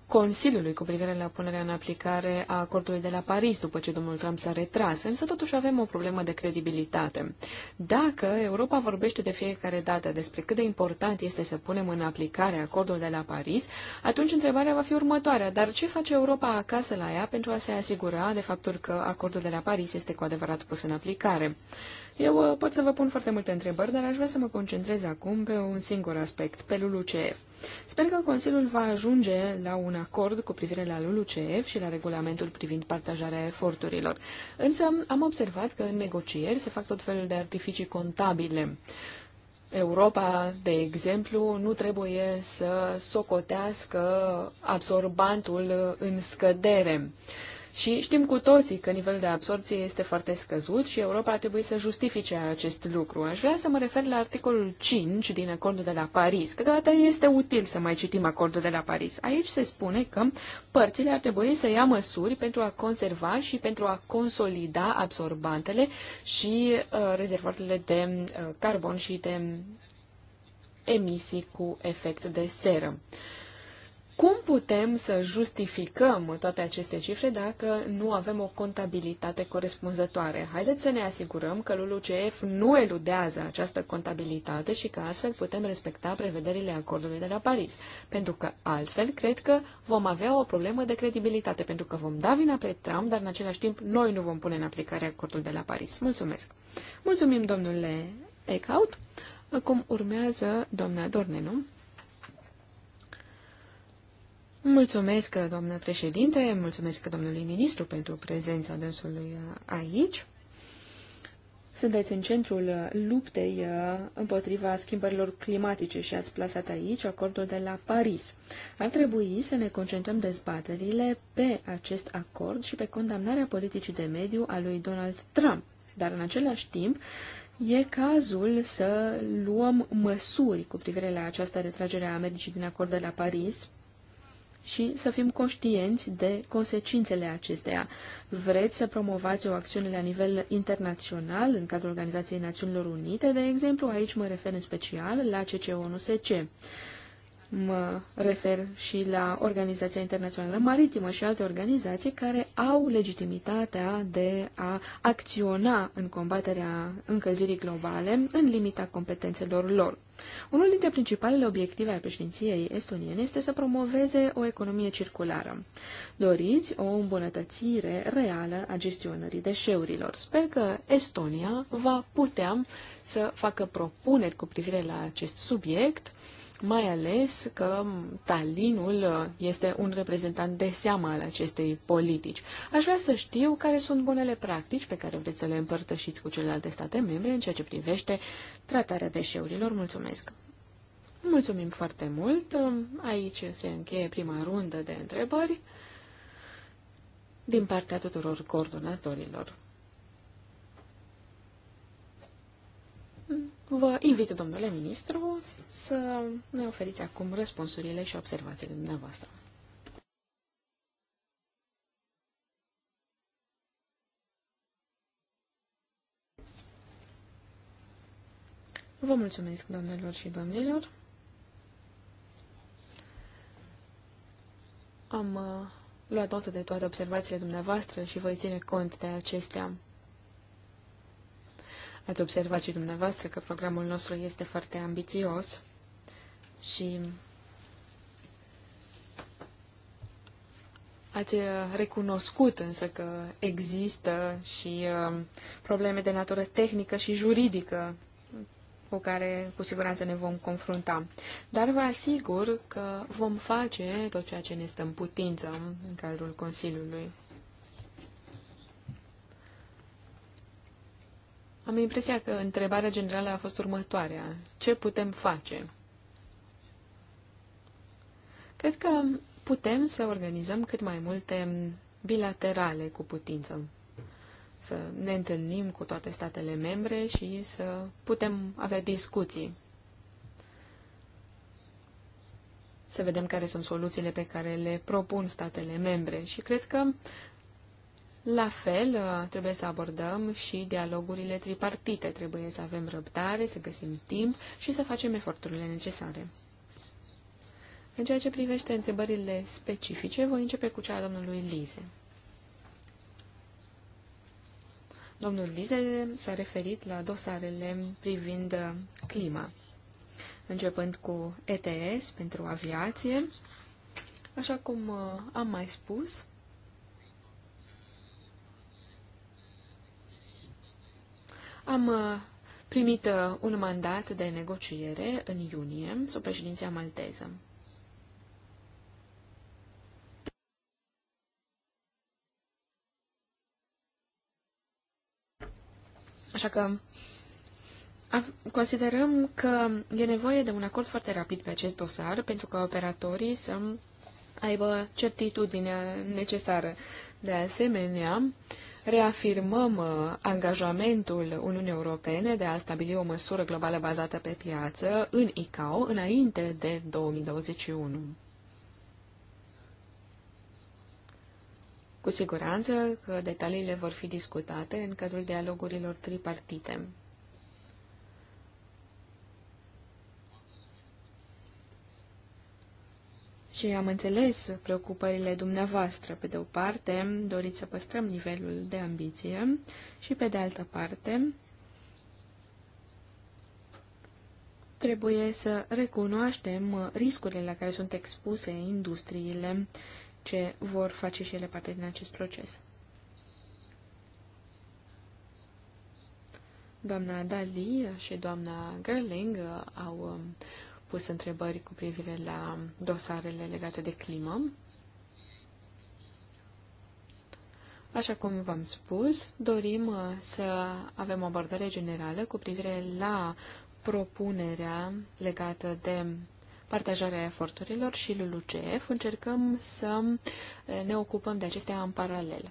Consiliului cu privire la punerea în aplicare a acordului de la Paris după ce domnul Trump s-a retras, însă totuși avem o problemă de credibilitate. Dacă Europa vorbește de fiecare dată despre cât de important este să punem în aplicare acordul de la Paris, atunci întrebarea va fi următoarea, dar ce face Europa acasă la ea pentru a se asigura de faptul că acordul de la Paris este cu adevărat pus în aplicare? Eu uh, pot să vă pun foarte multe întrebări, dar aș vrea să mă concentrez acum pe un singur aspect, pe LULUCF. Sper că Consiliul va ajunge la un acord cu privire la LULUCF și la regulamentul privind partajarea eforturilor. Însă am observat că în negocieri se fac tot felul de artificii contabile. Europa, de exemplu, nu trebuie să socotească absorbantul în scădere. Uh, și știm cu toții că nivelul de absorție este foarte scăzut și Europa ar trebui să justifice acest lucru. Aș vrea să mă refer la articolul 5 din acordul de la Paris. Câteodată este util să mai citim acordul de la Paris. Aici se spune că părțile ar trebui să ia măsuri pentru a conserva și pentru a consolida absorbantele și uh, rezervoarele de uh, carbon și de emisii cu efect de seră. Uh, cum putem să justificăm toate aceste cifre dacă nu avem o contabilitate corespunzătoare? Haideți să ne asigurăm că LULUCF nu eludează această contabilitate și că astfel putem respecta prevederile acordului de la Paris. Pentru că altfel cred că vom avea o problemă de credibilitate, pentru că vom da vina pe Trump, dar în același timp noi nu vom pune în aplicare acordul de la Paris. Mulțumesc! Mulțumim, domnule Eckhout! Acum urmează doamna Dornenu. Mulțumesc, doamnă președinte, mulțumesc domnului ministru pentru prezența dânsului uh, aici. Sunteți în centrul uh, luptei uh, împotriva schimbărilor climatice și ați plasat aici acordul de la Paris. Ar trebui să ne concentrăm dezbaterile pe acest acord și pe condamnarea politicii de mediu a lui Donald Trump. Dar în același timp, E cazul să luăm măsuri cu privire la această retragere a Americii din acord de la Paris și să fim conștienți de consecințele acesteia. Vreți să promovați o acțiune la nivel internațional, în cadrul Organizației Națiunilor Unite, de exemplu, aici mă refer în special la CCONUSC mă refer și la Organizația Internațională Maritimă și alte organizații care au legitimitatea de a acționa în combaterea încălzirii globale în limita competențelor lor. Unul dintre principalele obiective ale președinției estoniene este să promoveze o economie circulară. Doriți o îmbunătățire reală a gestionării deșeurilor. Sper că Estonia va putea să facă propuneri cu privire la acest subiect mai ales că Talinul uh, este un reprezentant de seamă al acestei politici. Aș vrea să știu care sunt bunele practici pe care vreți să le împărtășiți cu celelalte state membre în ceea ce privește tratarea deșeurilor. Mulțumesc! Mulțumim foarte mult! Uh, aici se încheie prima rundă de întrebări din partea tuturor coordonatorilor. Vă invit, domnule ministru, să ne oferiți acum răspunsurile și observațiile dumneavoastră. Vă mulțumesc, domnilor și domnilor. Am uh, luat notă de toate observațiile dumneavoastră și voi ține cont de acestea. Ați observat și dumneavoastră că programul nostru este foarte ambițios și Ați uh, recunoscut însă că există și uh, probleme de natură tehnică și juridică cu care cu siguranță ne vom confrunta. Dar vă asigur că vom face tot ceea ce ne stă în putință în cadrul Consiliului. Am impresia că întrebarea generală a fost următoarea. Ce putem face? Cred că putem să organizăm cât mai multe bilaterale cu putință. Să ne întâlnim cu toate statele membre și să putem avea discuții. Să vedem care sunt soluțiile pe care le propun statele membre și cred că la fel, uh, trebuie să abordăm și dialogurile tripartite. Trebuie să avem răbdare, să găsim timp și să facem eforturile necesare. În ceea ce privește întrebările specifice, voi începe cu cea a domnului Lize. Domnul Lize s-a referit la dosarele privind uh, clima, începând cu ETS pentru aviație. Așa cum uh, am mai spus, Am uh, primit uh, un mandat de negociere în iunie sub președinția malteză. Așa că considerăm că e nevoie de un acord foarte rapid pe acest dosar pentru că operatorii să aibă certitudinea necesară. De asemenea, reafirmăm uh, angajamentul Uniunii Europene de a stabili o măsură globală bazată pe piață în ICAO înainte de 2021. Cu siguranță că detaliile vor fi discutate în cadrul dialogurilor tripartite. și am înțeles preocupările dumneavoastră. Pe de o parte, doriți să păstrăm nivelul de ambiție și, pe de altă parte, trebuie să recunoaștem riscurile la care sunt expuse industriile ce vor face și ele parte din acest proces. Doamna Dali și doamna Gerling au um, pus întrebări cu privire la dosarele legate de climă. Așa cum v-am spus, dorim uh, să avem o abordare generală cu privire la propunerea legată de partajarea eforturilor și LULUCF. Încercăm să uh, ne ocupăm de acestea în paralel.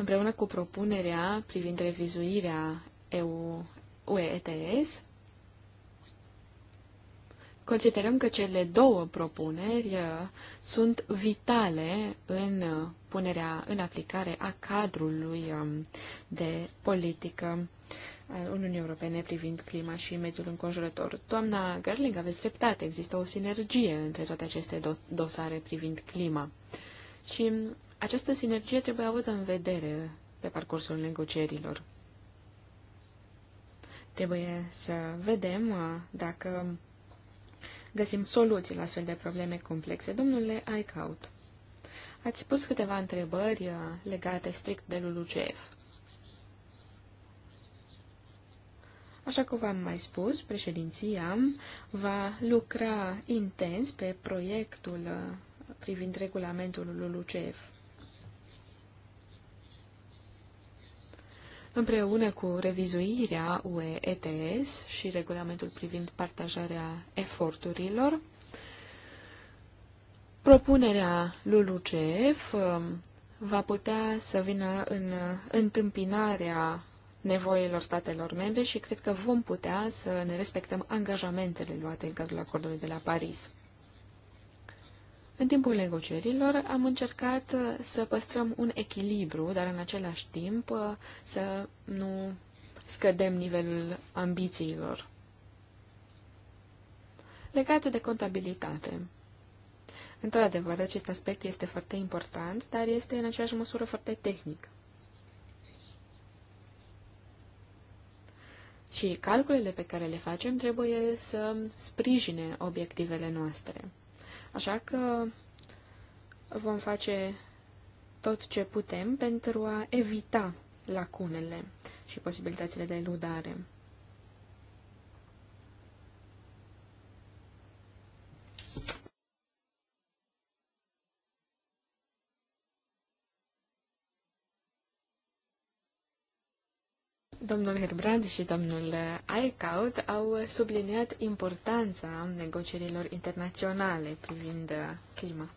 împreună cu propunerea privind revizuirea EU, UE ETS, considerăm că cele două propuneri uh, sunt vitale în uh, punerea în aplicare a cadrului um, de politică al Uniunii Europene privind clima și mediul înconjurător. Doamna Gerling, aveți dreptate, există o sinergie între toate aceste dosare privind clima. Și această sinergie trebuie avută în vedere pe parcursul negocierilor. Trebuie să vedem uh, dacă găsim soluții la astfel de probleme complexe. Domnule Aicaut, ați pus câteva întrebări uh, legate strict de LULUCF. Așa cum v-am mai spus, președinția va lucra intens pe proiectul uh, privind regulamentul LULUCF. împreună cu revizuirea UE ETS și regulamentul privind partajarea eforturilor, propunerea LULUCF um, va putea să vină în întâmpinarea nevoilor statelor membre și cred că vom putea să ne respectăm angajamentele luate în cadrul acordului de la Paris. În timpul negocierilor am încercat uh, să păstrăm un echilibru, dar în același timp uh, să nu scădem nivelul ambițiilor. Legate de contabilitate. Într-adevăr, acest aspect este foarte important, dar este în aceeași măsură foarte tehnic. Și calculele pe care le facem trebuie să sprijine obiectivele noastre. Așa că vom face tot ce putem pentru a evita lacunele și posibilitățile de eludare. Domnul Herbrand și domnul Aicaut au subliniat importanța negocierilor internaționale privind clima.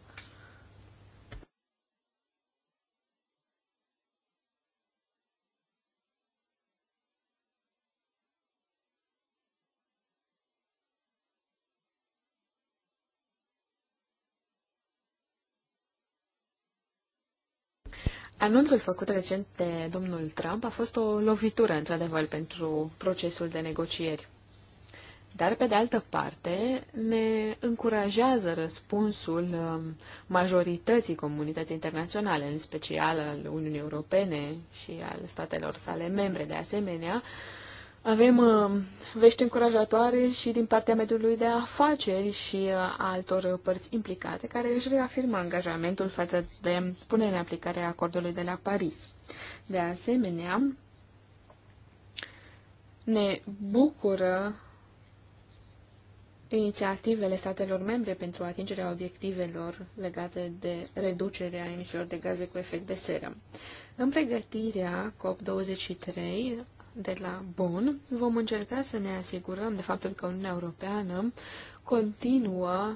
Anunțul făcut recent de domnul Trump a fost o lovitură, într-adevăr, pentru procesul de negocieri. Dar, pe de altă parte, ne încurajează răspunsul um, majorității comunității internaționale, în special al Uniunii Europene și al statelor sale membre, de asemenea, avem uh, vești încurajatoare și din partea mediului de afaceri și uh, altor părți implicate care își reafirmă angajamentul față de punerea în aplicare a acordului de la Paris. De asemenea, ne bucură inițiativele statelor membre pentru atingerea obiectivelor legate de reducerea emisiilor de gaze cu efect de seră. În pregătirea COP23 de la Bonn, vom încerca să ne asigurăm de faptul că Uniunea Europeană continuă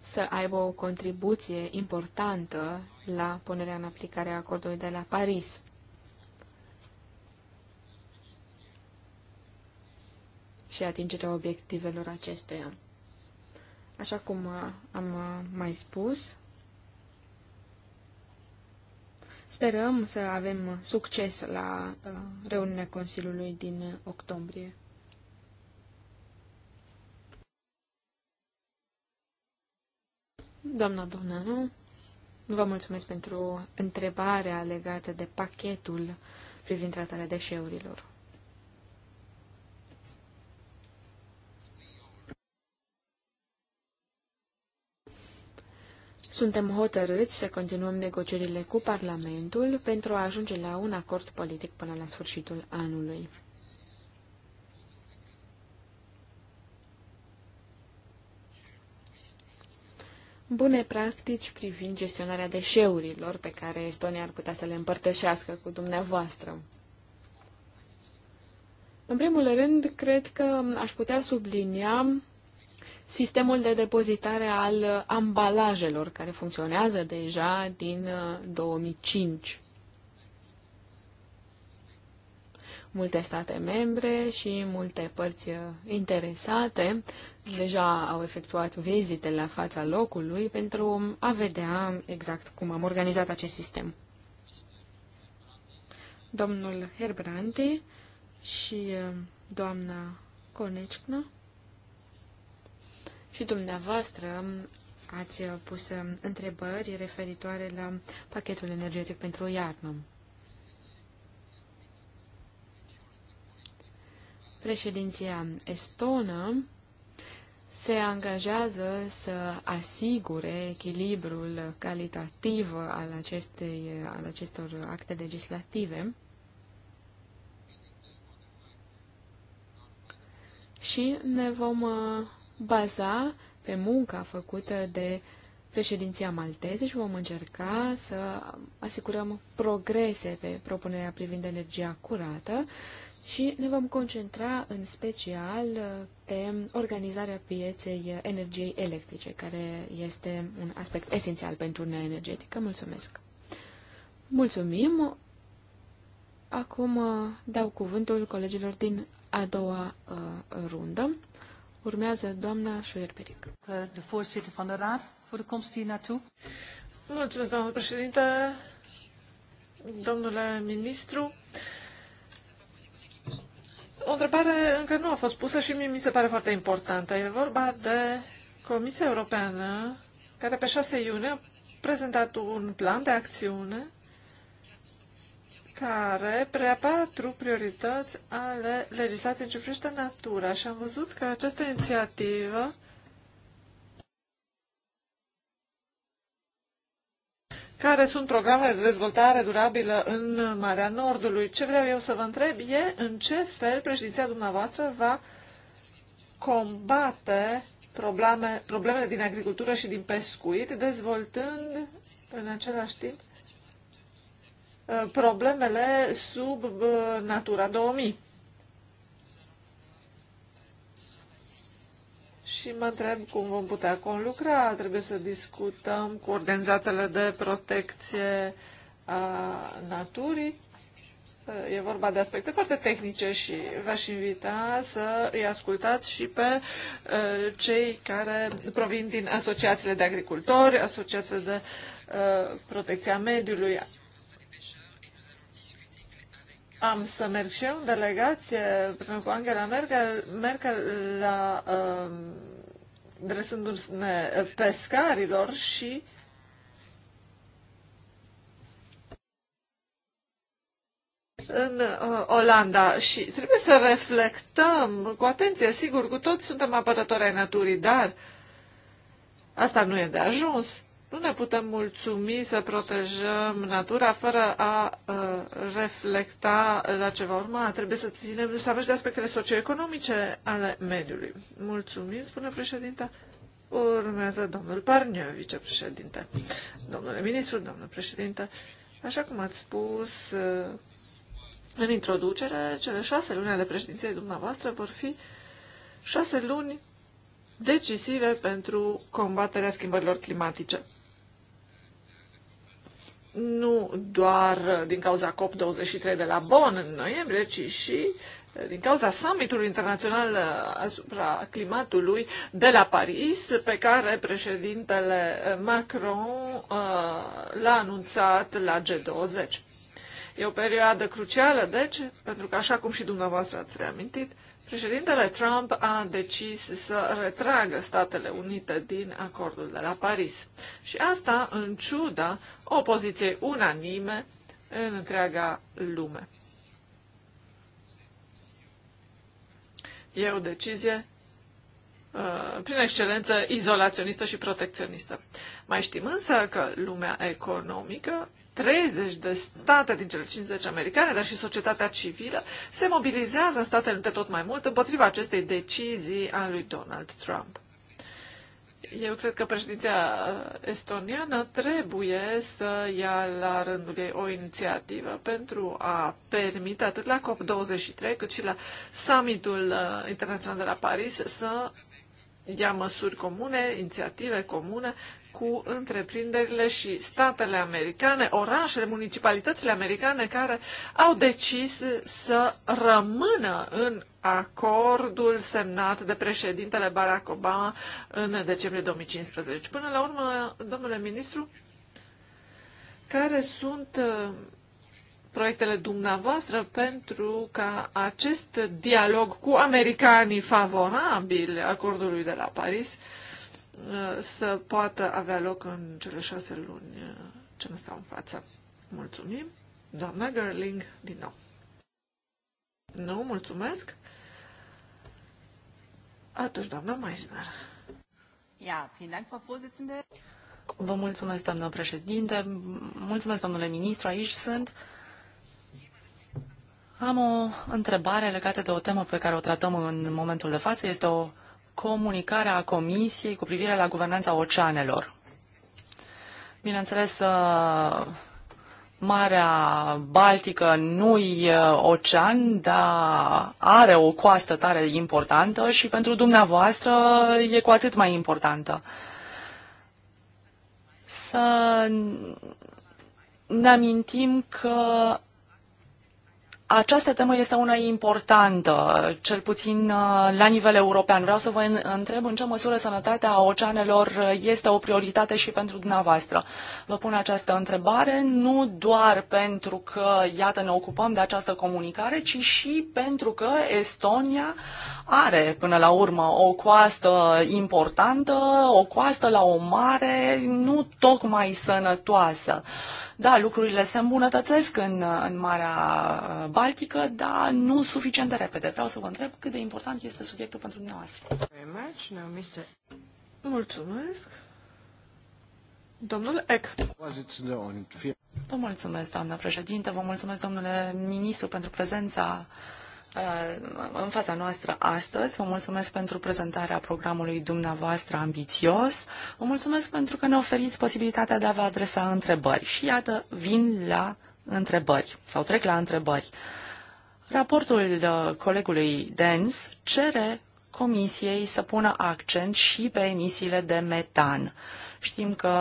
să aibă o contribuție importantă la punerea în aplicare a acordului de la Paris. și atingerea obiectivelor acesteia. Așa cum am mai spus, Sperăm să avem succes la uh, reuniunea Consiliului din octombrie. Doamna Donanu, vă mulțumesc pentru întrebarea legată de pachetul privind tratarea deșeurilor. Suntem hotărâți să continuăm negocierile cu Parlamentul pentru a ajunge la un acord politic până la sfârșitul anului. bune practici privind gestionarea deșeurilor pe care Estonia ar putea să le împărtășească cu dumneavoastră. În primul rând, cred că aș putea sublinia sistemul de depozitare al ambalajelor, care funcționează deja din 2005. Uh, multe state membre și multe părți uh, interesate deja au efectuat vizite la fața locului pentru a vedea exact cum am organizat acest sistem. Domnul Herbranti și uh, doamna Conecna și dumneavoastră ați pus întrebări referitoare la pachetul energetic pentru iarnă. Președinția estonă se angajează să asigure echilibrul calitativ al, acestei, al acestor acte legislative și ne vom uh, baza pe munca făcută de președinția malteză și vom încerca să asigurăm progrese pe propunerea privind energia curată și ne vom concentra în special pe organizarea pieței energiei electrice, care este un aspect esențial pentru unea energetică. Mulțumesc! Mulțumim! Acum uh, dau cuvântul colegilor din a doua uh, rundă. Urmează doamna Șuierperic. De voorzitter van de Raad, voor de komst hier naartoe. Mulțumesc, doamna președinte, domnule ministru. O întrebare încă nu a fost pusă și mie mi se pare foarte importantă. E vorba de Comisia Europeană, care pe 6 iunie a prezentat un plan de acțiune care prea patru priorități ale legislației ce privește natura și am văzut că această inițiativă care sunt programele de dezvoltare durabilă în Marea Nordului. Ce vreau eu să vă întreb e în ce fel președinția dumneavoastră va combate probleme, problemele din agricultură și din pescuit, dezvoltând în același timp Uh, problemele sub uh, Natura 2000. Și mă întreb cum vom putea conlucra. Trebuie să discutăm cu organizațiile de protecție a naturii. Uh, e vorba de aspecte foarte tehnice și v-aș invita să îi ascultați și pe cei care provin din asociațiile de agricultori, asociațiile de protecția mediului, am să merg și eu în delegație cu Angela Merkel, Merkel la uh, dresându-ne pescarilor și în uh, Olanda și trebuie să reflectăm cu atenție, sigur, cu toți suntem apărători ai naturii, dar asta nu e de ajuns. Nu ne putem mulțumi să protejăm natura fără a uh, reflecta la ceva urma. Trebuie să ținem să și de aspectele socioeconomice ale mediului. Mulțumim, spune președinta. Urmează domnul Parniu, vicepreședinte. Domnule ministru, domnule președinte, așa cum ați spus uh, în introducere, cele șase luni ale președinției dumneavoastră vor fi șase luni decisive pentru combaterea schimbărilor climatice nu doar din cauza COP23 de la Bonn în noiembrie, ci și eh, din cauza summitului internațional eh, asupra climatului de la Paris, pe care președintele eh, Macron l-a anunțat la G20. E o perioadă crucială, deci, pentru că, așa cum și dumneavoastră ați reamintit, Președintele Trump a decis să retragă Statele Unite din acordul de la Paris și asta în ciuda opoziției unanime în întreaga lume. E o decizie Uh, prin excelență izolaționistă și protecționistă. Mai știm însă că lumea economică 30 de state din cele 50 americane, dar și societatea civilă, se mobilizează în Statele Unite tot mai mult împotriva acestei decizii a lui Donald Trump. Eu cred că președinția uh, estoniană trebuie să ia la rândul ei o inițiativă pentru a permite atât la COP23 cât și la summitul uh, internațional de la Paris să ia măsuri comune, inițiative comune cu întreprinderile și statele americane, orașele, municipalitățile americane care au decis să rămână în acordul semnat de președintele Barack Obama în decembrie 2015. Până la urmă, domnule ministru, care sunt proiectele dumneavoastră pentru ca acest dialog cu americanii favorabili acordului de la Paris uh, să poată avea loc în cele șase luni uh, ce ne stau în față. Mulțumim. Doamna Gerling, din nou. Nu, mulțumesc. Atunci, doamna Meissner. Vă mulțumesc, doamnă președinte. Mulțumesc, domnule ministru. Aici sunt. Uh, am o întrebare legată de o temă pe care o tratăm în momentul de față. Este o comunicare a Comisiei cu privire la guvernanța oceanelor. Bineînțeles, uh, Marea Baltică nu-i uh, ocean, dar are o coastă tare importantă și pentru dumneavoastră e cu atât mai importantă. Să ne amintim că această temă este una importantă, cel puțin uh, la nivel european. Vreau să vă întreb în ce măsură sănătatea oceanelor este o prioritate și pentru dumneavoastră. Vă pun această întrebare nu doar pentru că, iată, ne ocupăm de această comunicare, ci și pentru că Estonia are, până la urmă, o coastă importantă, o coastă la o mare nu tocmai sănătoasă. Da, lucrurile se îmbunătățesc în, în Marea uh, Baltică, dar nu suficient de repede. Vreau să vă întreb cât de important este subiectul pentru dumneavoastră. Mulțumesc. Domnul Eck. Vă mulțumesc, doamnă președinte, vă mulțumesc, domnule ministru, pentru prezența uh, Uh, în fața noastră astăzi. Vă mulțumesc pentru prezentarea programului dumneavoastră ambițios. Vă mulțumesc pentru că ne oferiți posibilitatea de a vă adresa întrebări. Și iată, vin la întrebări sau trec la întrebări. Raportul uh, colegului Dens cere Comisiei să pună accent și pe emisiile de metan. Știm că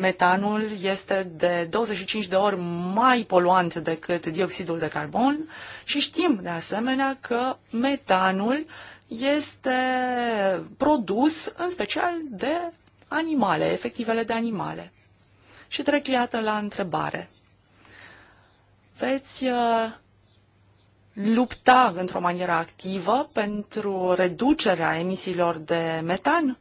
metanul este de 25 de ori mai poluant decât dioxidul de carbon și știm de asemenea că metanul este produs în special de animale, efectivele de animale. Și trec iată la întrebare. Veți uh, lupta într-o manieră activă pentru reducerea emisiilor de metan?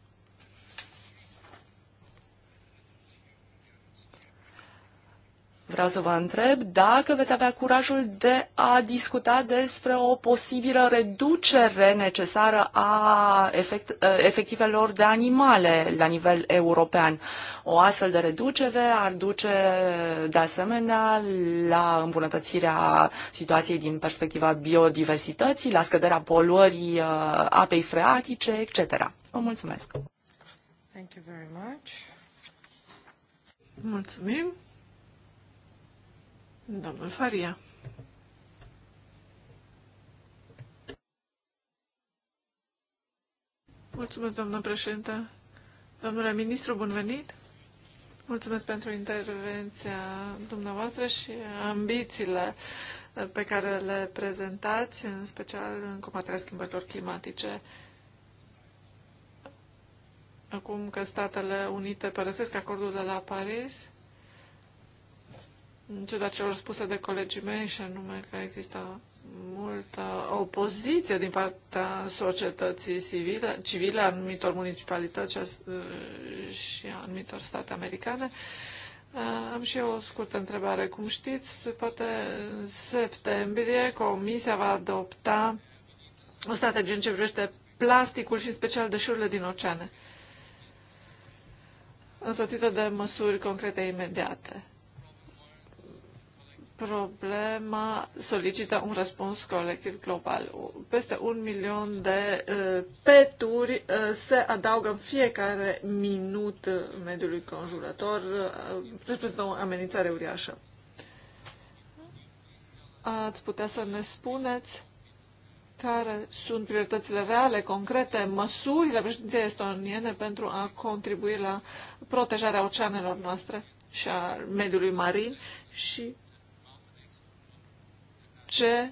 Vreau să vă întreb dacă veți avea curajul de a discuta despre o posibilă reducere necesară a efect, eh, efectivelor de animale la nivel european. O astfel de reducere ar duce de asemenea la îmbunătățirea situației din perspectiva biodiversității, la scăderea poluării eh, apei freatice, etc. Vă mulțumesc! Thank you very much. Mulțumim! Domnul Faria. Mulțumesc, domnul președinte. Domnule ministru, bun venit. Mulțumesc pentru intervenția dumneavoastră și ambițiile pe care le prezentați, în special în combaterea schimbărilor climatice. Acum că Statele Unite părăsesc acordul de la Paris, în ciuda celor spuse de colegii mei, și anume că există multă opoziție din partea societății civile, civile anumitor municipalități uh, și anumitor state americane. Uh, am și eu o scurtă întrebare. Cum știți, poate în septembrie Comisia va adopta o strategie în ce privește plasticul și în special deșurile din oceane, însoțită de măsuri concrete imediate problema solicită un răspuns colectiv global. Peste un milion de uh, peturi uh, se adaugă în fiecare minut mediului conjurător, uh, reprezintă o amenințare uriașă. Ați putea să ne spuneți care sunt prioritățile reale, concrete, măsurile președinției estoniene pentru a contribui la protejarea oceanelor noastre și a mediului marin și ce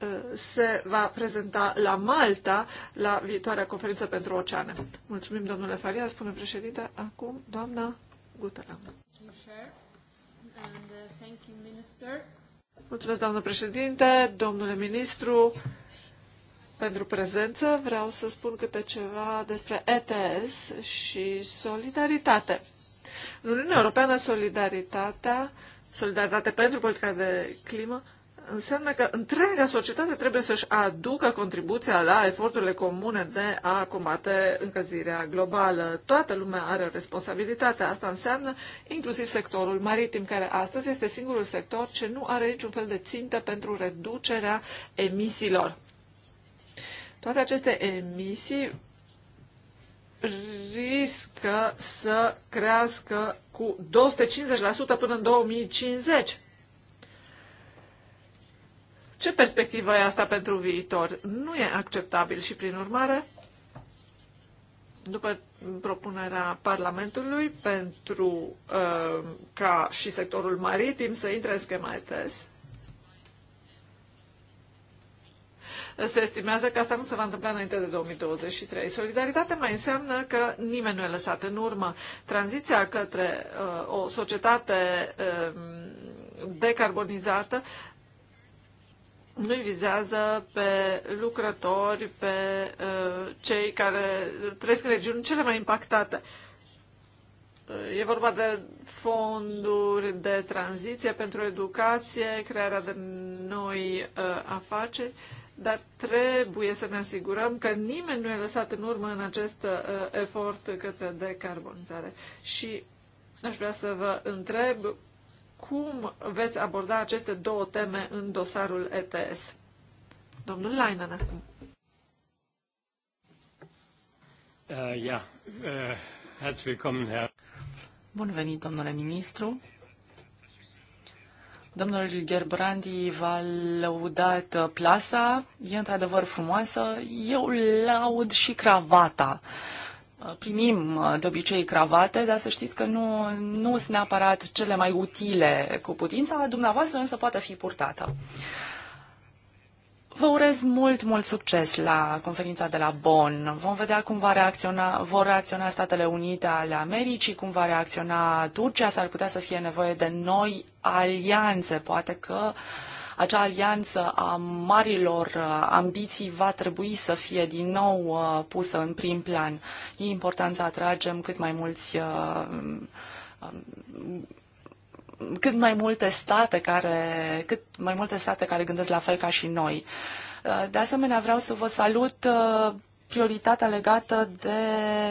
uh, se va prezenta la Malta la viitoarea conferință pentru oceane. Mulțumim, domnule Faria, spune președinte. Acum, doamna Gutelam. Mulțumesc, doamnă președinte, domnule ministru, pentru prezență. Vreau să spun câte ceva despre ETS și solidaritate. În Uniunea Europeană, solidaritatea, solidaritate pentru politica de climă, înseamnă că întreaga societate trebuie să-și aducă contribuția la eforturile comune de a combate încălzirea globală. Toată lumea are responsabilitatea. Asta înseamnă inclusiv sectorul maritim, care astăzi este singurul sector ce nu are niciun fel de țintă pentru reducerea emisiilor. Toate aceste emisii riscă să crească cu 250% până în 2050 ce perspectivă e asta pentru viitor? Nu e acceptabil și, prin urmare, după propunerea Parlamentului pentru uh, ca și sectorul maritim să intre în schema ETS, se estimează că asta nu se va întâmpla înainte de 2023. Solidaritatea mai înseamnă că nimeni nu e lăsat în urmă. Tranziția către uh, o societate uh, decarbonizată nu vizează pe lucrători, pe uh, cei care trăiesc în regiuni cele mai impactate. Uh, e vorba de fonduri de tranziție pentru educație, crearea de noi uh, afaceri, dar trebuie să ne asigurăm că nimeni nu e lăsat în urmă în acest uh, efort către decarbonizare. Și aș vrea să vă întreb cum veți aborda aceste două teme în dosarul ETS. Domnul Lainan acum. Uh, yeah. uh, that's become, uh... Bun venit, domnule ministru. Domnul Gerbrandi v-a lăudat plasa, e într-adevăr frumoasă. Eu laud și cravata. Uh, Uh, primim uh, de obicei cravate, dar să știți că nu, nu sunt neapărat cele mai utile cu putința, dumneavoastră însă poate fi purtată. Vă urez mult, mult succes la conferința de la Bonn. Vom vedea cum va reacționa, vor reacționa Statele Unite ale Americii, cum va reacționa Turcia. S-ar putea să fie nevoie de noi alianțe. Poate că uh, acea alianță a marilor uh, ambiții va trebui să fie din nou uh, pusă în prim plan. E important să atragem cât mai mulți uh, um, cât mai multe state care, cât mai multe state care gândesc la fel ca și noi. De asemenea, vreau să vă salut prioritatea legată de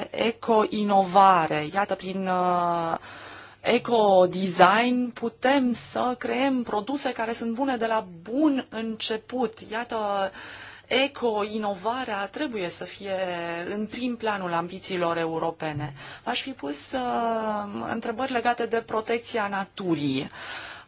eco-inovare. Iată, prin uh, eco-design, putem să creăm produse care sunt bune de la bun început. Iată, eco-inovarea trebuie să fie în prim planul ambițiilor europene. Aș fi pus uh, întrebări legate de protecția naturii. Uh,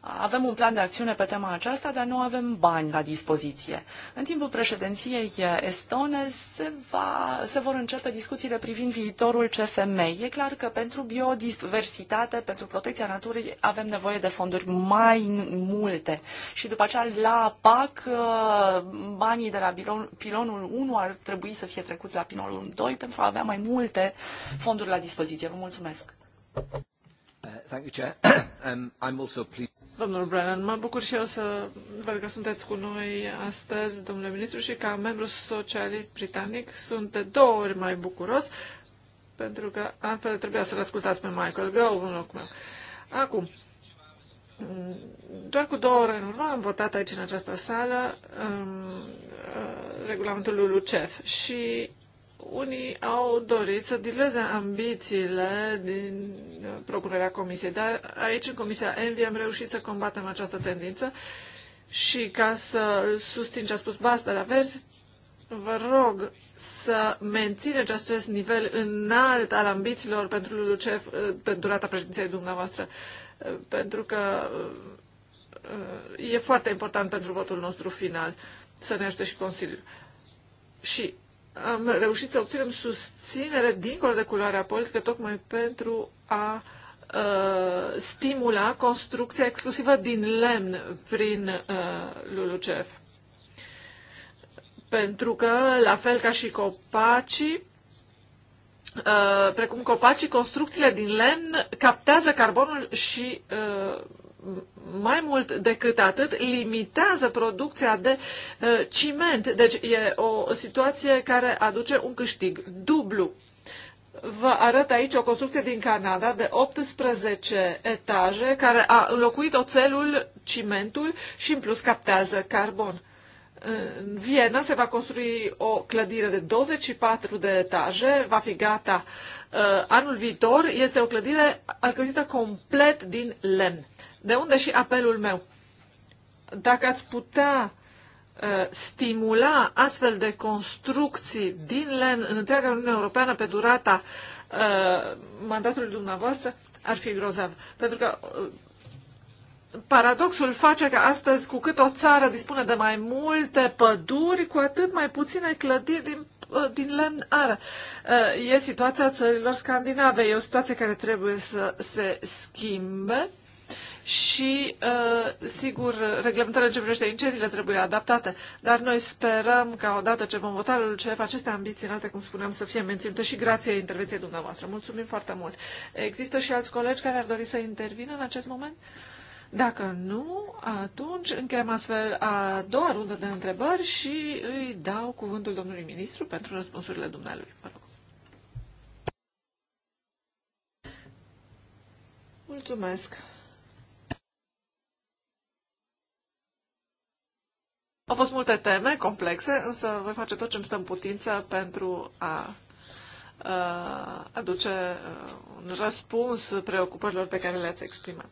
avem un plan de acțiune pe tema aceasta, dar nu avem bani la dispoziție. În timpul președinției estone se, va, se vor începe discuțiile privind viitorul CFM. E clar că pentru biodiversitate, pentru protecția naturii, avem nevoie de fonduri mai multe. Și după aceea, la PAC, uh, banii de la pilonul 1 ar trebui să fie trecuți la pilonul 2 pentru a avea mai multe fonduri la dispoziție. Vă mulțumesc! Uh, thank you, Chair. um, I'm also pleased. Domnul Brennan, mă bucur și eu să văd că sunteți cu noi astăzi, domnule ministru, și ca membru socialist britanic sunt de două ori mai bucuros, pentru că altfel trebuia să-l ascultați pe Michael Gow în locul meu. Acum, doar cu două ore în urmă am votat aici în această sală um, regulamentul Lucef și unii au dorit să dileze ambițiile din propunerea comisiei, dar aici, în Comisia Envi, am reușit să combatem această tendință și ca să susțin ce a spus Basta la vers, vă rog să mențineți acest nivel înalt al ambițiilor pentru LULUCEF eh, pentru durata președinției dumneavoastră, eh, pentru că eh, e foarte important pentru votul nostru final să ne ajute și Consiliul. Și am reușit să obținem susținere dincolo de culoarea politică, tocmai pentru a uh, stimula construcția exclusivă din lemn prin uh, LULUCEF. Pentru că, la fel ca și copacii, uh, precum copacii, construcțiile din lemn captează carbonul și uh, mai mult decât atât, limitează producția de uh, ciment. Deci e o situație care aduce un câștig dublu. Vă arăt aici o construcție din Canada de 18 etaje care a înlocuit oțelul, cimentul și în plus captează carbon. În Viena se va construi o clădire de 24 de etaje, va fi gata uh, anul viitor. Este o clădire alcătuită complet din lemn. De unde și apelul meu? Dacă ați putea uh, stimula astfel de construcții din lemn în întreaga Uniune Europeană pe durata uh, mandatului dumneavoastră, ar fi grozav. Pentru că uh, paradoxul face că astăzi, cu cât o țară dispune de mai multe păduri, cu atât mai puține clădiri din, uh, din lemn are. Uh, e situația țărilor scandinave, e o situație care trebuie să se schimbe și, uh, sigur, reglementările ce privește incendiile trebuie adaptate, dar noi sperăm că odată ce vom vota LULCF, aceste ambiții înalte, cum spuneam, să fie menținute și grație intervenției dumneavoastră. Mulțumim foarte mult. Există și alți colegi care ar dori să intervină în acest moment? Dacă nu, atunci încheiem astfel a doua rundă de întrebări și îi dau cuvântul domnului ministru pentru răspunsurile dumnealui. Mă rog. Mulțumesc. Au fost multe teme complexe, însă voi face tot ce îmi stă în putință pentru a uh, aduce uh, un răspuns preocupărilor pe care le-ați exprimat.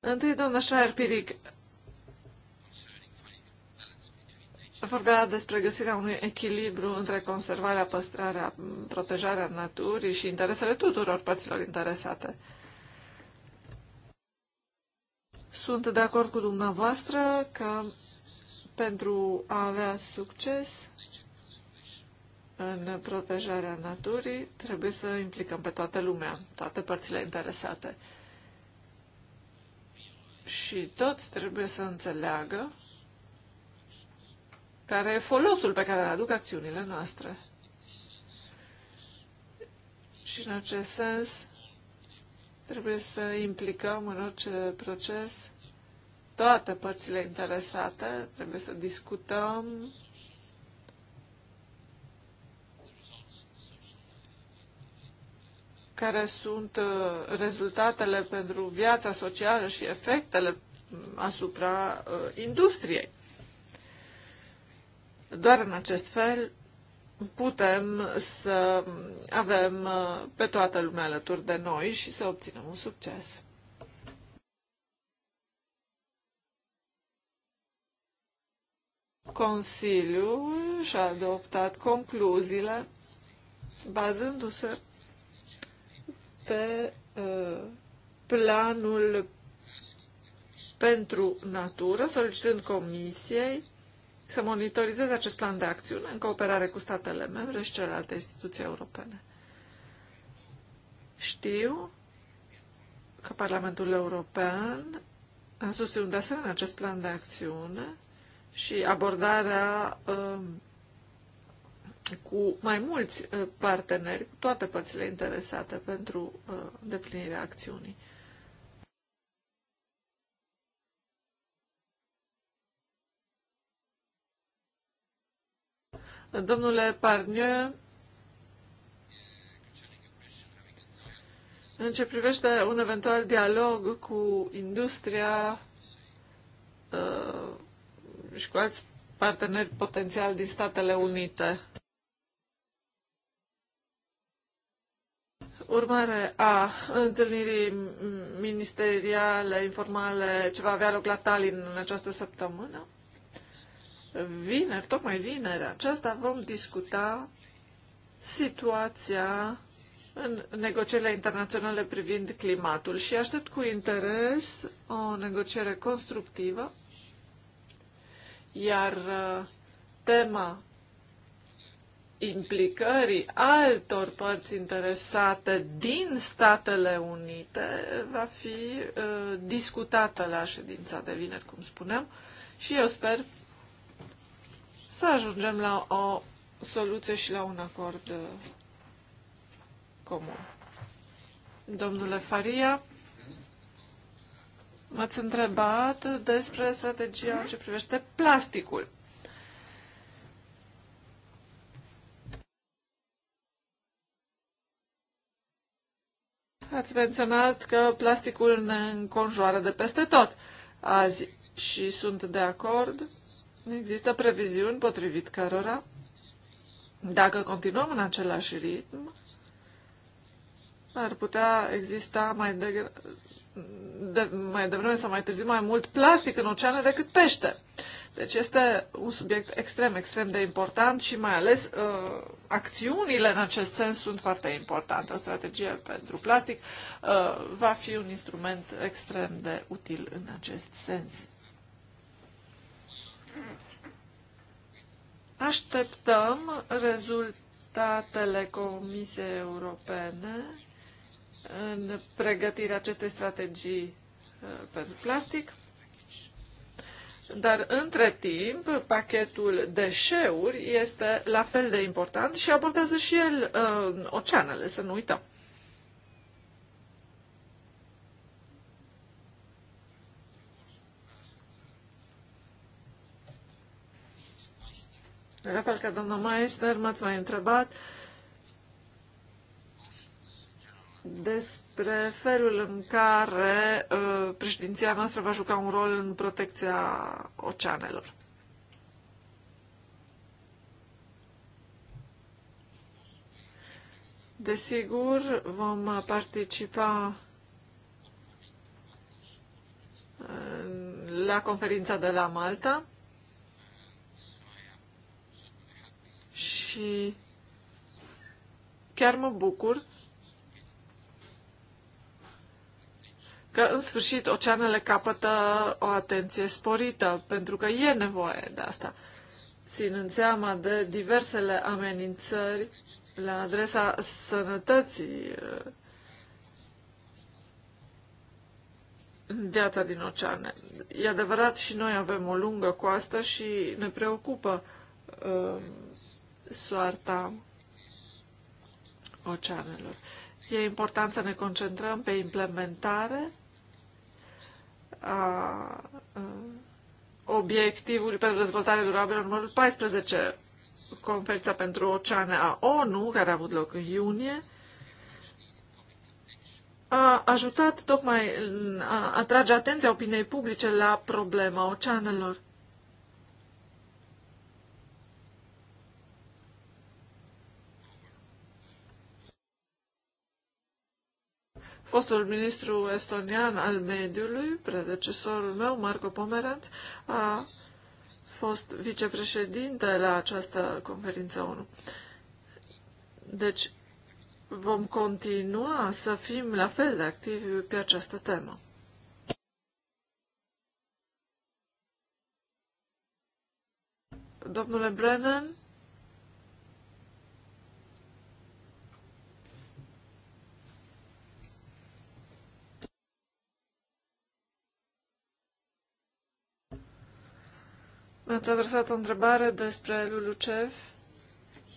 Întâi, doamna Schreier-Piric vorbea despre găsirea unui echilibru între conservarea, păstrarea, protejarea naturii și interesele tuturor părților interesate. Sunt de acord cu dumneavoastră că pentru a avea succes în protejarea naturii trebuie să implicăm pe toată lumea, toate părțile interesate. Și toți trebuie să înțeleagă care e folosul pe care îl aduc acțiunile noastre. Și în acest sens, Trebuie să implicăm în orice proces toate părțile interesate, trebuie să discutăm care sunt uh, rezultatele pentru viața socială și efectele mm, asupra uh, industriei. Doar în acest fel putem să avem uh, pe toată lumea alături de noi și să obținem un succes. Consiliul și-a adoptat concluziile bazându-se pe uh, planul pentru natură, solicitând comisiei să monitorizeze acest plan de acțiune în cooperare cu statele membre și celelalte instituții europene. Știu că Parlamentul European a susținut de asemenea acest plan de acțiune și abordarea um, cu mai mulți uh, parteneri, cu toate părțile interesate pentru uh, îndeplinirea acțiunii. Domnule Parnieu, în ce privește un eventual dialog cu industria uh, și cu alți parteneri potențial din Statele Unite. urmare a întâlnirii ministeriale informale ce va avea loc la Tallinn în această săptămână vineri, tocmai vineri aceasta, vom discuta situația în negocierile internaționale privind climatul și aștept cu interes o negociere constructivă, iar uh, tema implicării altor părți interesate din Statele Unite va fi uh, discutată la ședința de vineri, cum spuneam, și eu sper să ajungem la o soluție și la un acord uh, comun. Domnule Faria, m-ați întrebat despre strategia în ce privește plasticul. Ați menționat că plasticul ne înconjoară de peste tot azi și sunt de acord Există previziuni potrivit cărora, dacă continuăm în același ritm, ar putea exista mai, de, de, mai devreme sau mai târziu mai mult plastic în oceane decât pește. Deci este un subiect extrem, extrem de important și mai ales uh, acțiunile în acest sens sunt foarte importante. O strategie pentru plastic uh, va fi un instrument extrem de util în acest sens. Așteptăm rezultatele Comisiei Europene în pregătirea acestei strategii uh, pentru plastic. Dar între timp, pachetul deșeuri este la fel de important și abordează și el uh, oceanele, să nu uităm. La fel ca domnul Maester, m-ați mai întrebat despre felul în care uh, președinția noastră va juca un rol în protecția oceanelor. Desigur, vom participa uh, la conferința de la Malta. și chiar mă bucur că în sfârșit oceanele capătă o atenție sporită, pentru că e nevoie de asta, în seama de diversele amenințări la adresa sănătății viața din oceane. E adevărat, și noi avem o lungă coastă și ne preocupă um, soarta oceanelor. E important să ne concentrăm pe implementare a obiectivului pentru dezvoltare durabilă numărul 14, conferința pentru oceane a ONU, care a avut loc în iunie, a ajutat tocmai a atrage atenția opiniei publice la problema oceanelor. fostul ministru estonian al mediului, predecesorul meu, Marco Pomeranț, a fost vicepreședinte la această conferință ONU. Deci vom continua să fim la fel de activi pe această temă. Domnule Brennan, Mi-ați adresat o întrebare despre Lulucev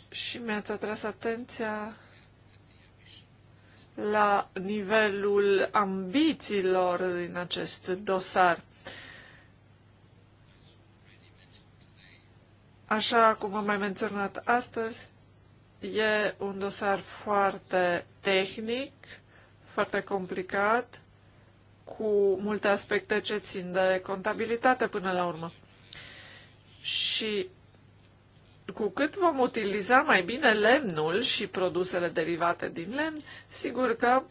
și mi-ați atras atenția la nivelul ambițiilor din acest dosar. Așa cum am mai menționat astăzi, e un dosar foarte tehnic, foarte complicat, cu multe aspecte ce țin de contabilitate până la urmă. Și cu cât vom utiliza mai bine lemnul și produsele derivate din lemn, sigur că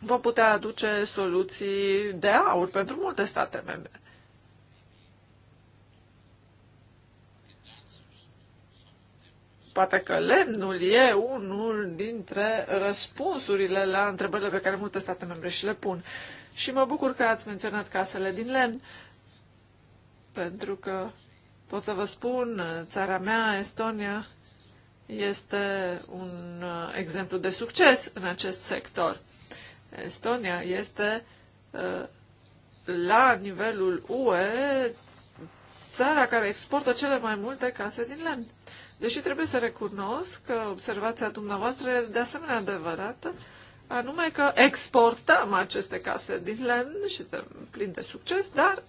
vom putea aduce soluții de aur pentru multe state membre. Poate că lemnul e unul dintre răspunsurile la întrebările pe care multe state membre și le pun. Și mă bucur că ați menționat casele din lemn, pentru că Pot să vă spun, țara mea, Estonia, este un uh, exemplu de succes în acest sector. Estonia este uh, la nivelul UE țara care exportă cele mai multe case din lemn. Deși trebuie să recunosc că observația dumneavoastră e de asemenea adevărată, anume că exportăm aceste case din lemn și plin de succes, dar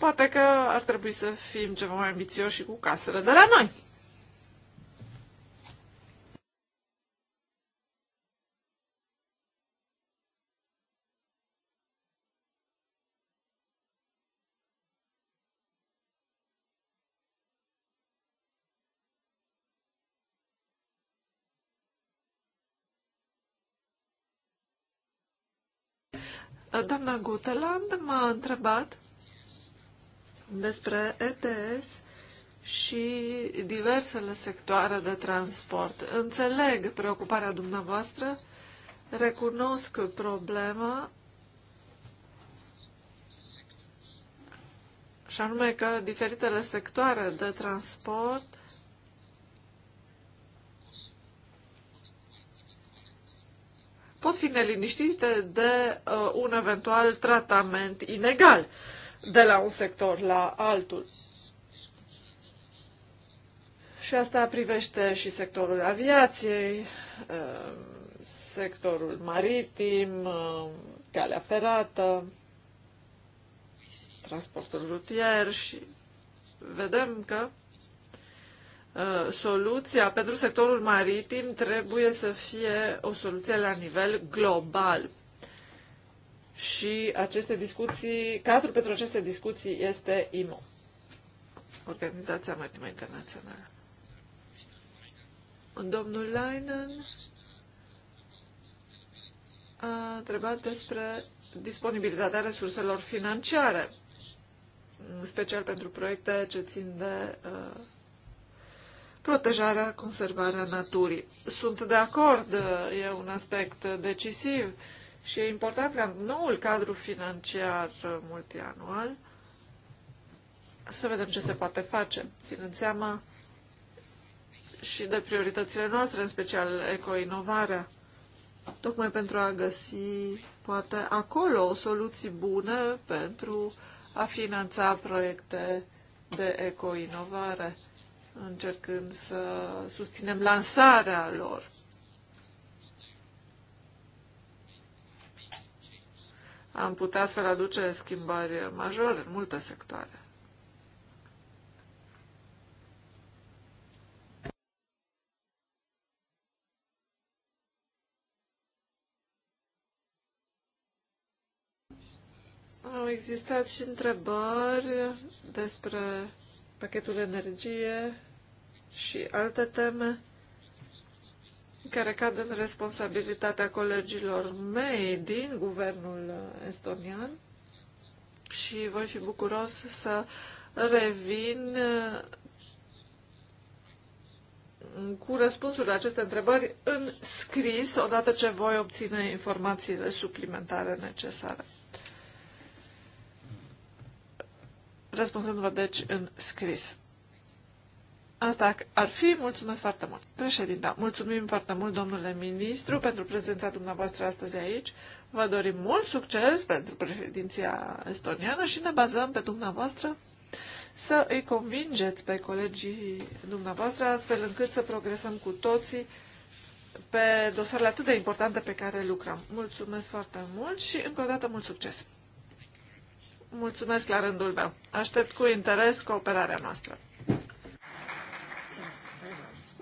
Poate că ar trebui să fim ceva mai ambițioși și cu casele de la noi. Doamna Guteland m-a întrebat despre ETS și diversele sectoare de transport. Înțeleg preocuparea dumneavoastră, recunosc problema și anume că diferitele sectoare de transport pot fi neliniștite de uh, un eventual tratament inegal. Uh, de la un sector la altul. Și asta privește și sectorul aviației, uh, sectorul maritim, uh, calea ferată, transportul rutier și vedem că uh, soluția pentru sectorul maritim trebuie să fie o soluție la nivel global și aceste discuții, cadrul pentru aceste discuții este IMO, Organizația Maritimă Internațională. Domnul Leinen a întrebat despre disponibilitatea resurselor financiare, în special pentru proiecte ce țin de uh, protejarea, conservarea naturii. Sunt de acord, uh, e un aspect decisiv și e important ca noul cadru financiar multianual să vedem ce se poate face, ținând seama și de prioritățile noastre, în special ecoinovarea, tocmai pentru a găsi, poate, acolo soluții bune pentru a finanța proiecte de ecoinovare, încercând să susținem lansarea lor. Am putea să aduce schimbări majore în multe sectoare. Au existat și întrebări despre pachetul de energie și alte teme care cad în responsabilitatea colegilor mei din guvernul estonian și voi fi bucuros să revin uh, cu răspunsul la aceste întrebări în scris, odată ce voi obține informațiile suplimentare necesare. Răspunsându-vă, deci, în scris. Asta ar fi. Mulțumesc foarte mult. Președinta, mulțumim foarte mult, domnule ministru, pentru prezența dumneavoastră astăzi aici. Vă dorim mult succes pentru președinția estoniană și ne bazăm pe dumneavoastră să îi convingeți pe colegii dumneavoastră astfel încât să progresăm cu toții pe dosarele atât de importante pe care lucrăm. Mulțumesc foarte mult și încă o dată mult succes! Mulțumesc la rândul meu. Aștept cu interes cooperarea noastră.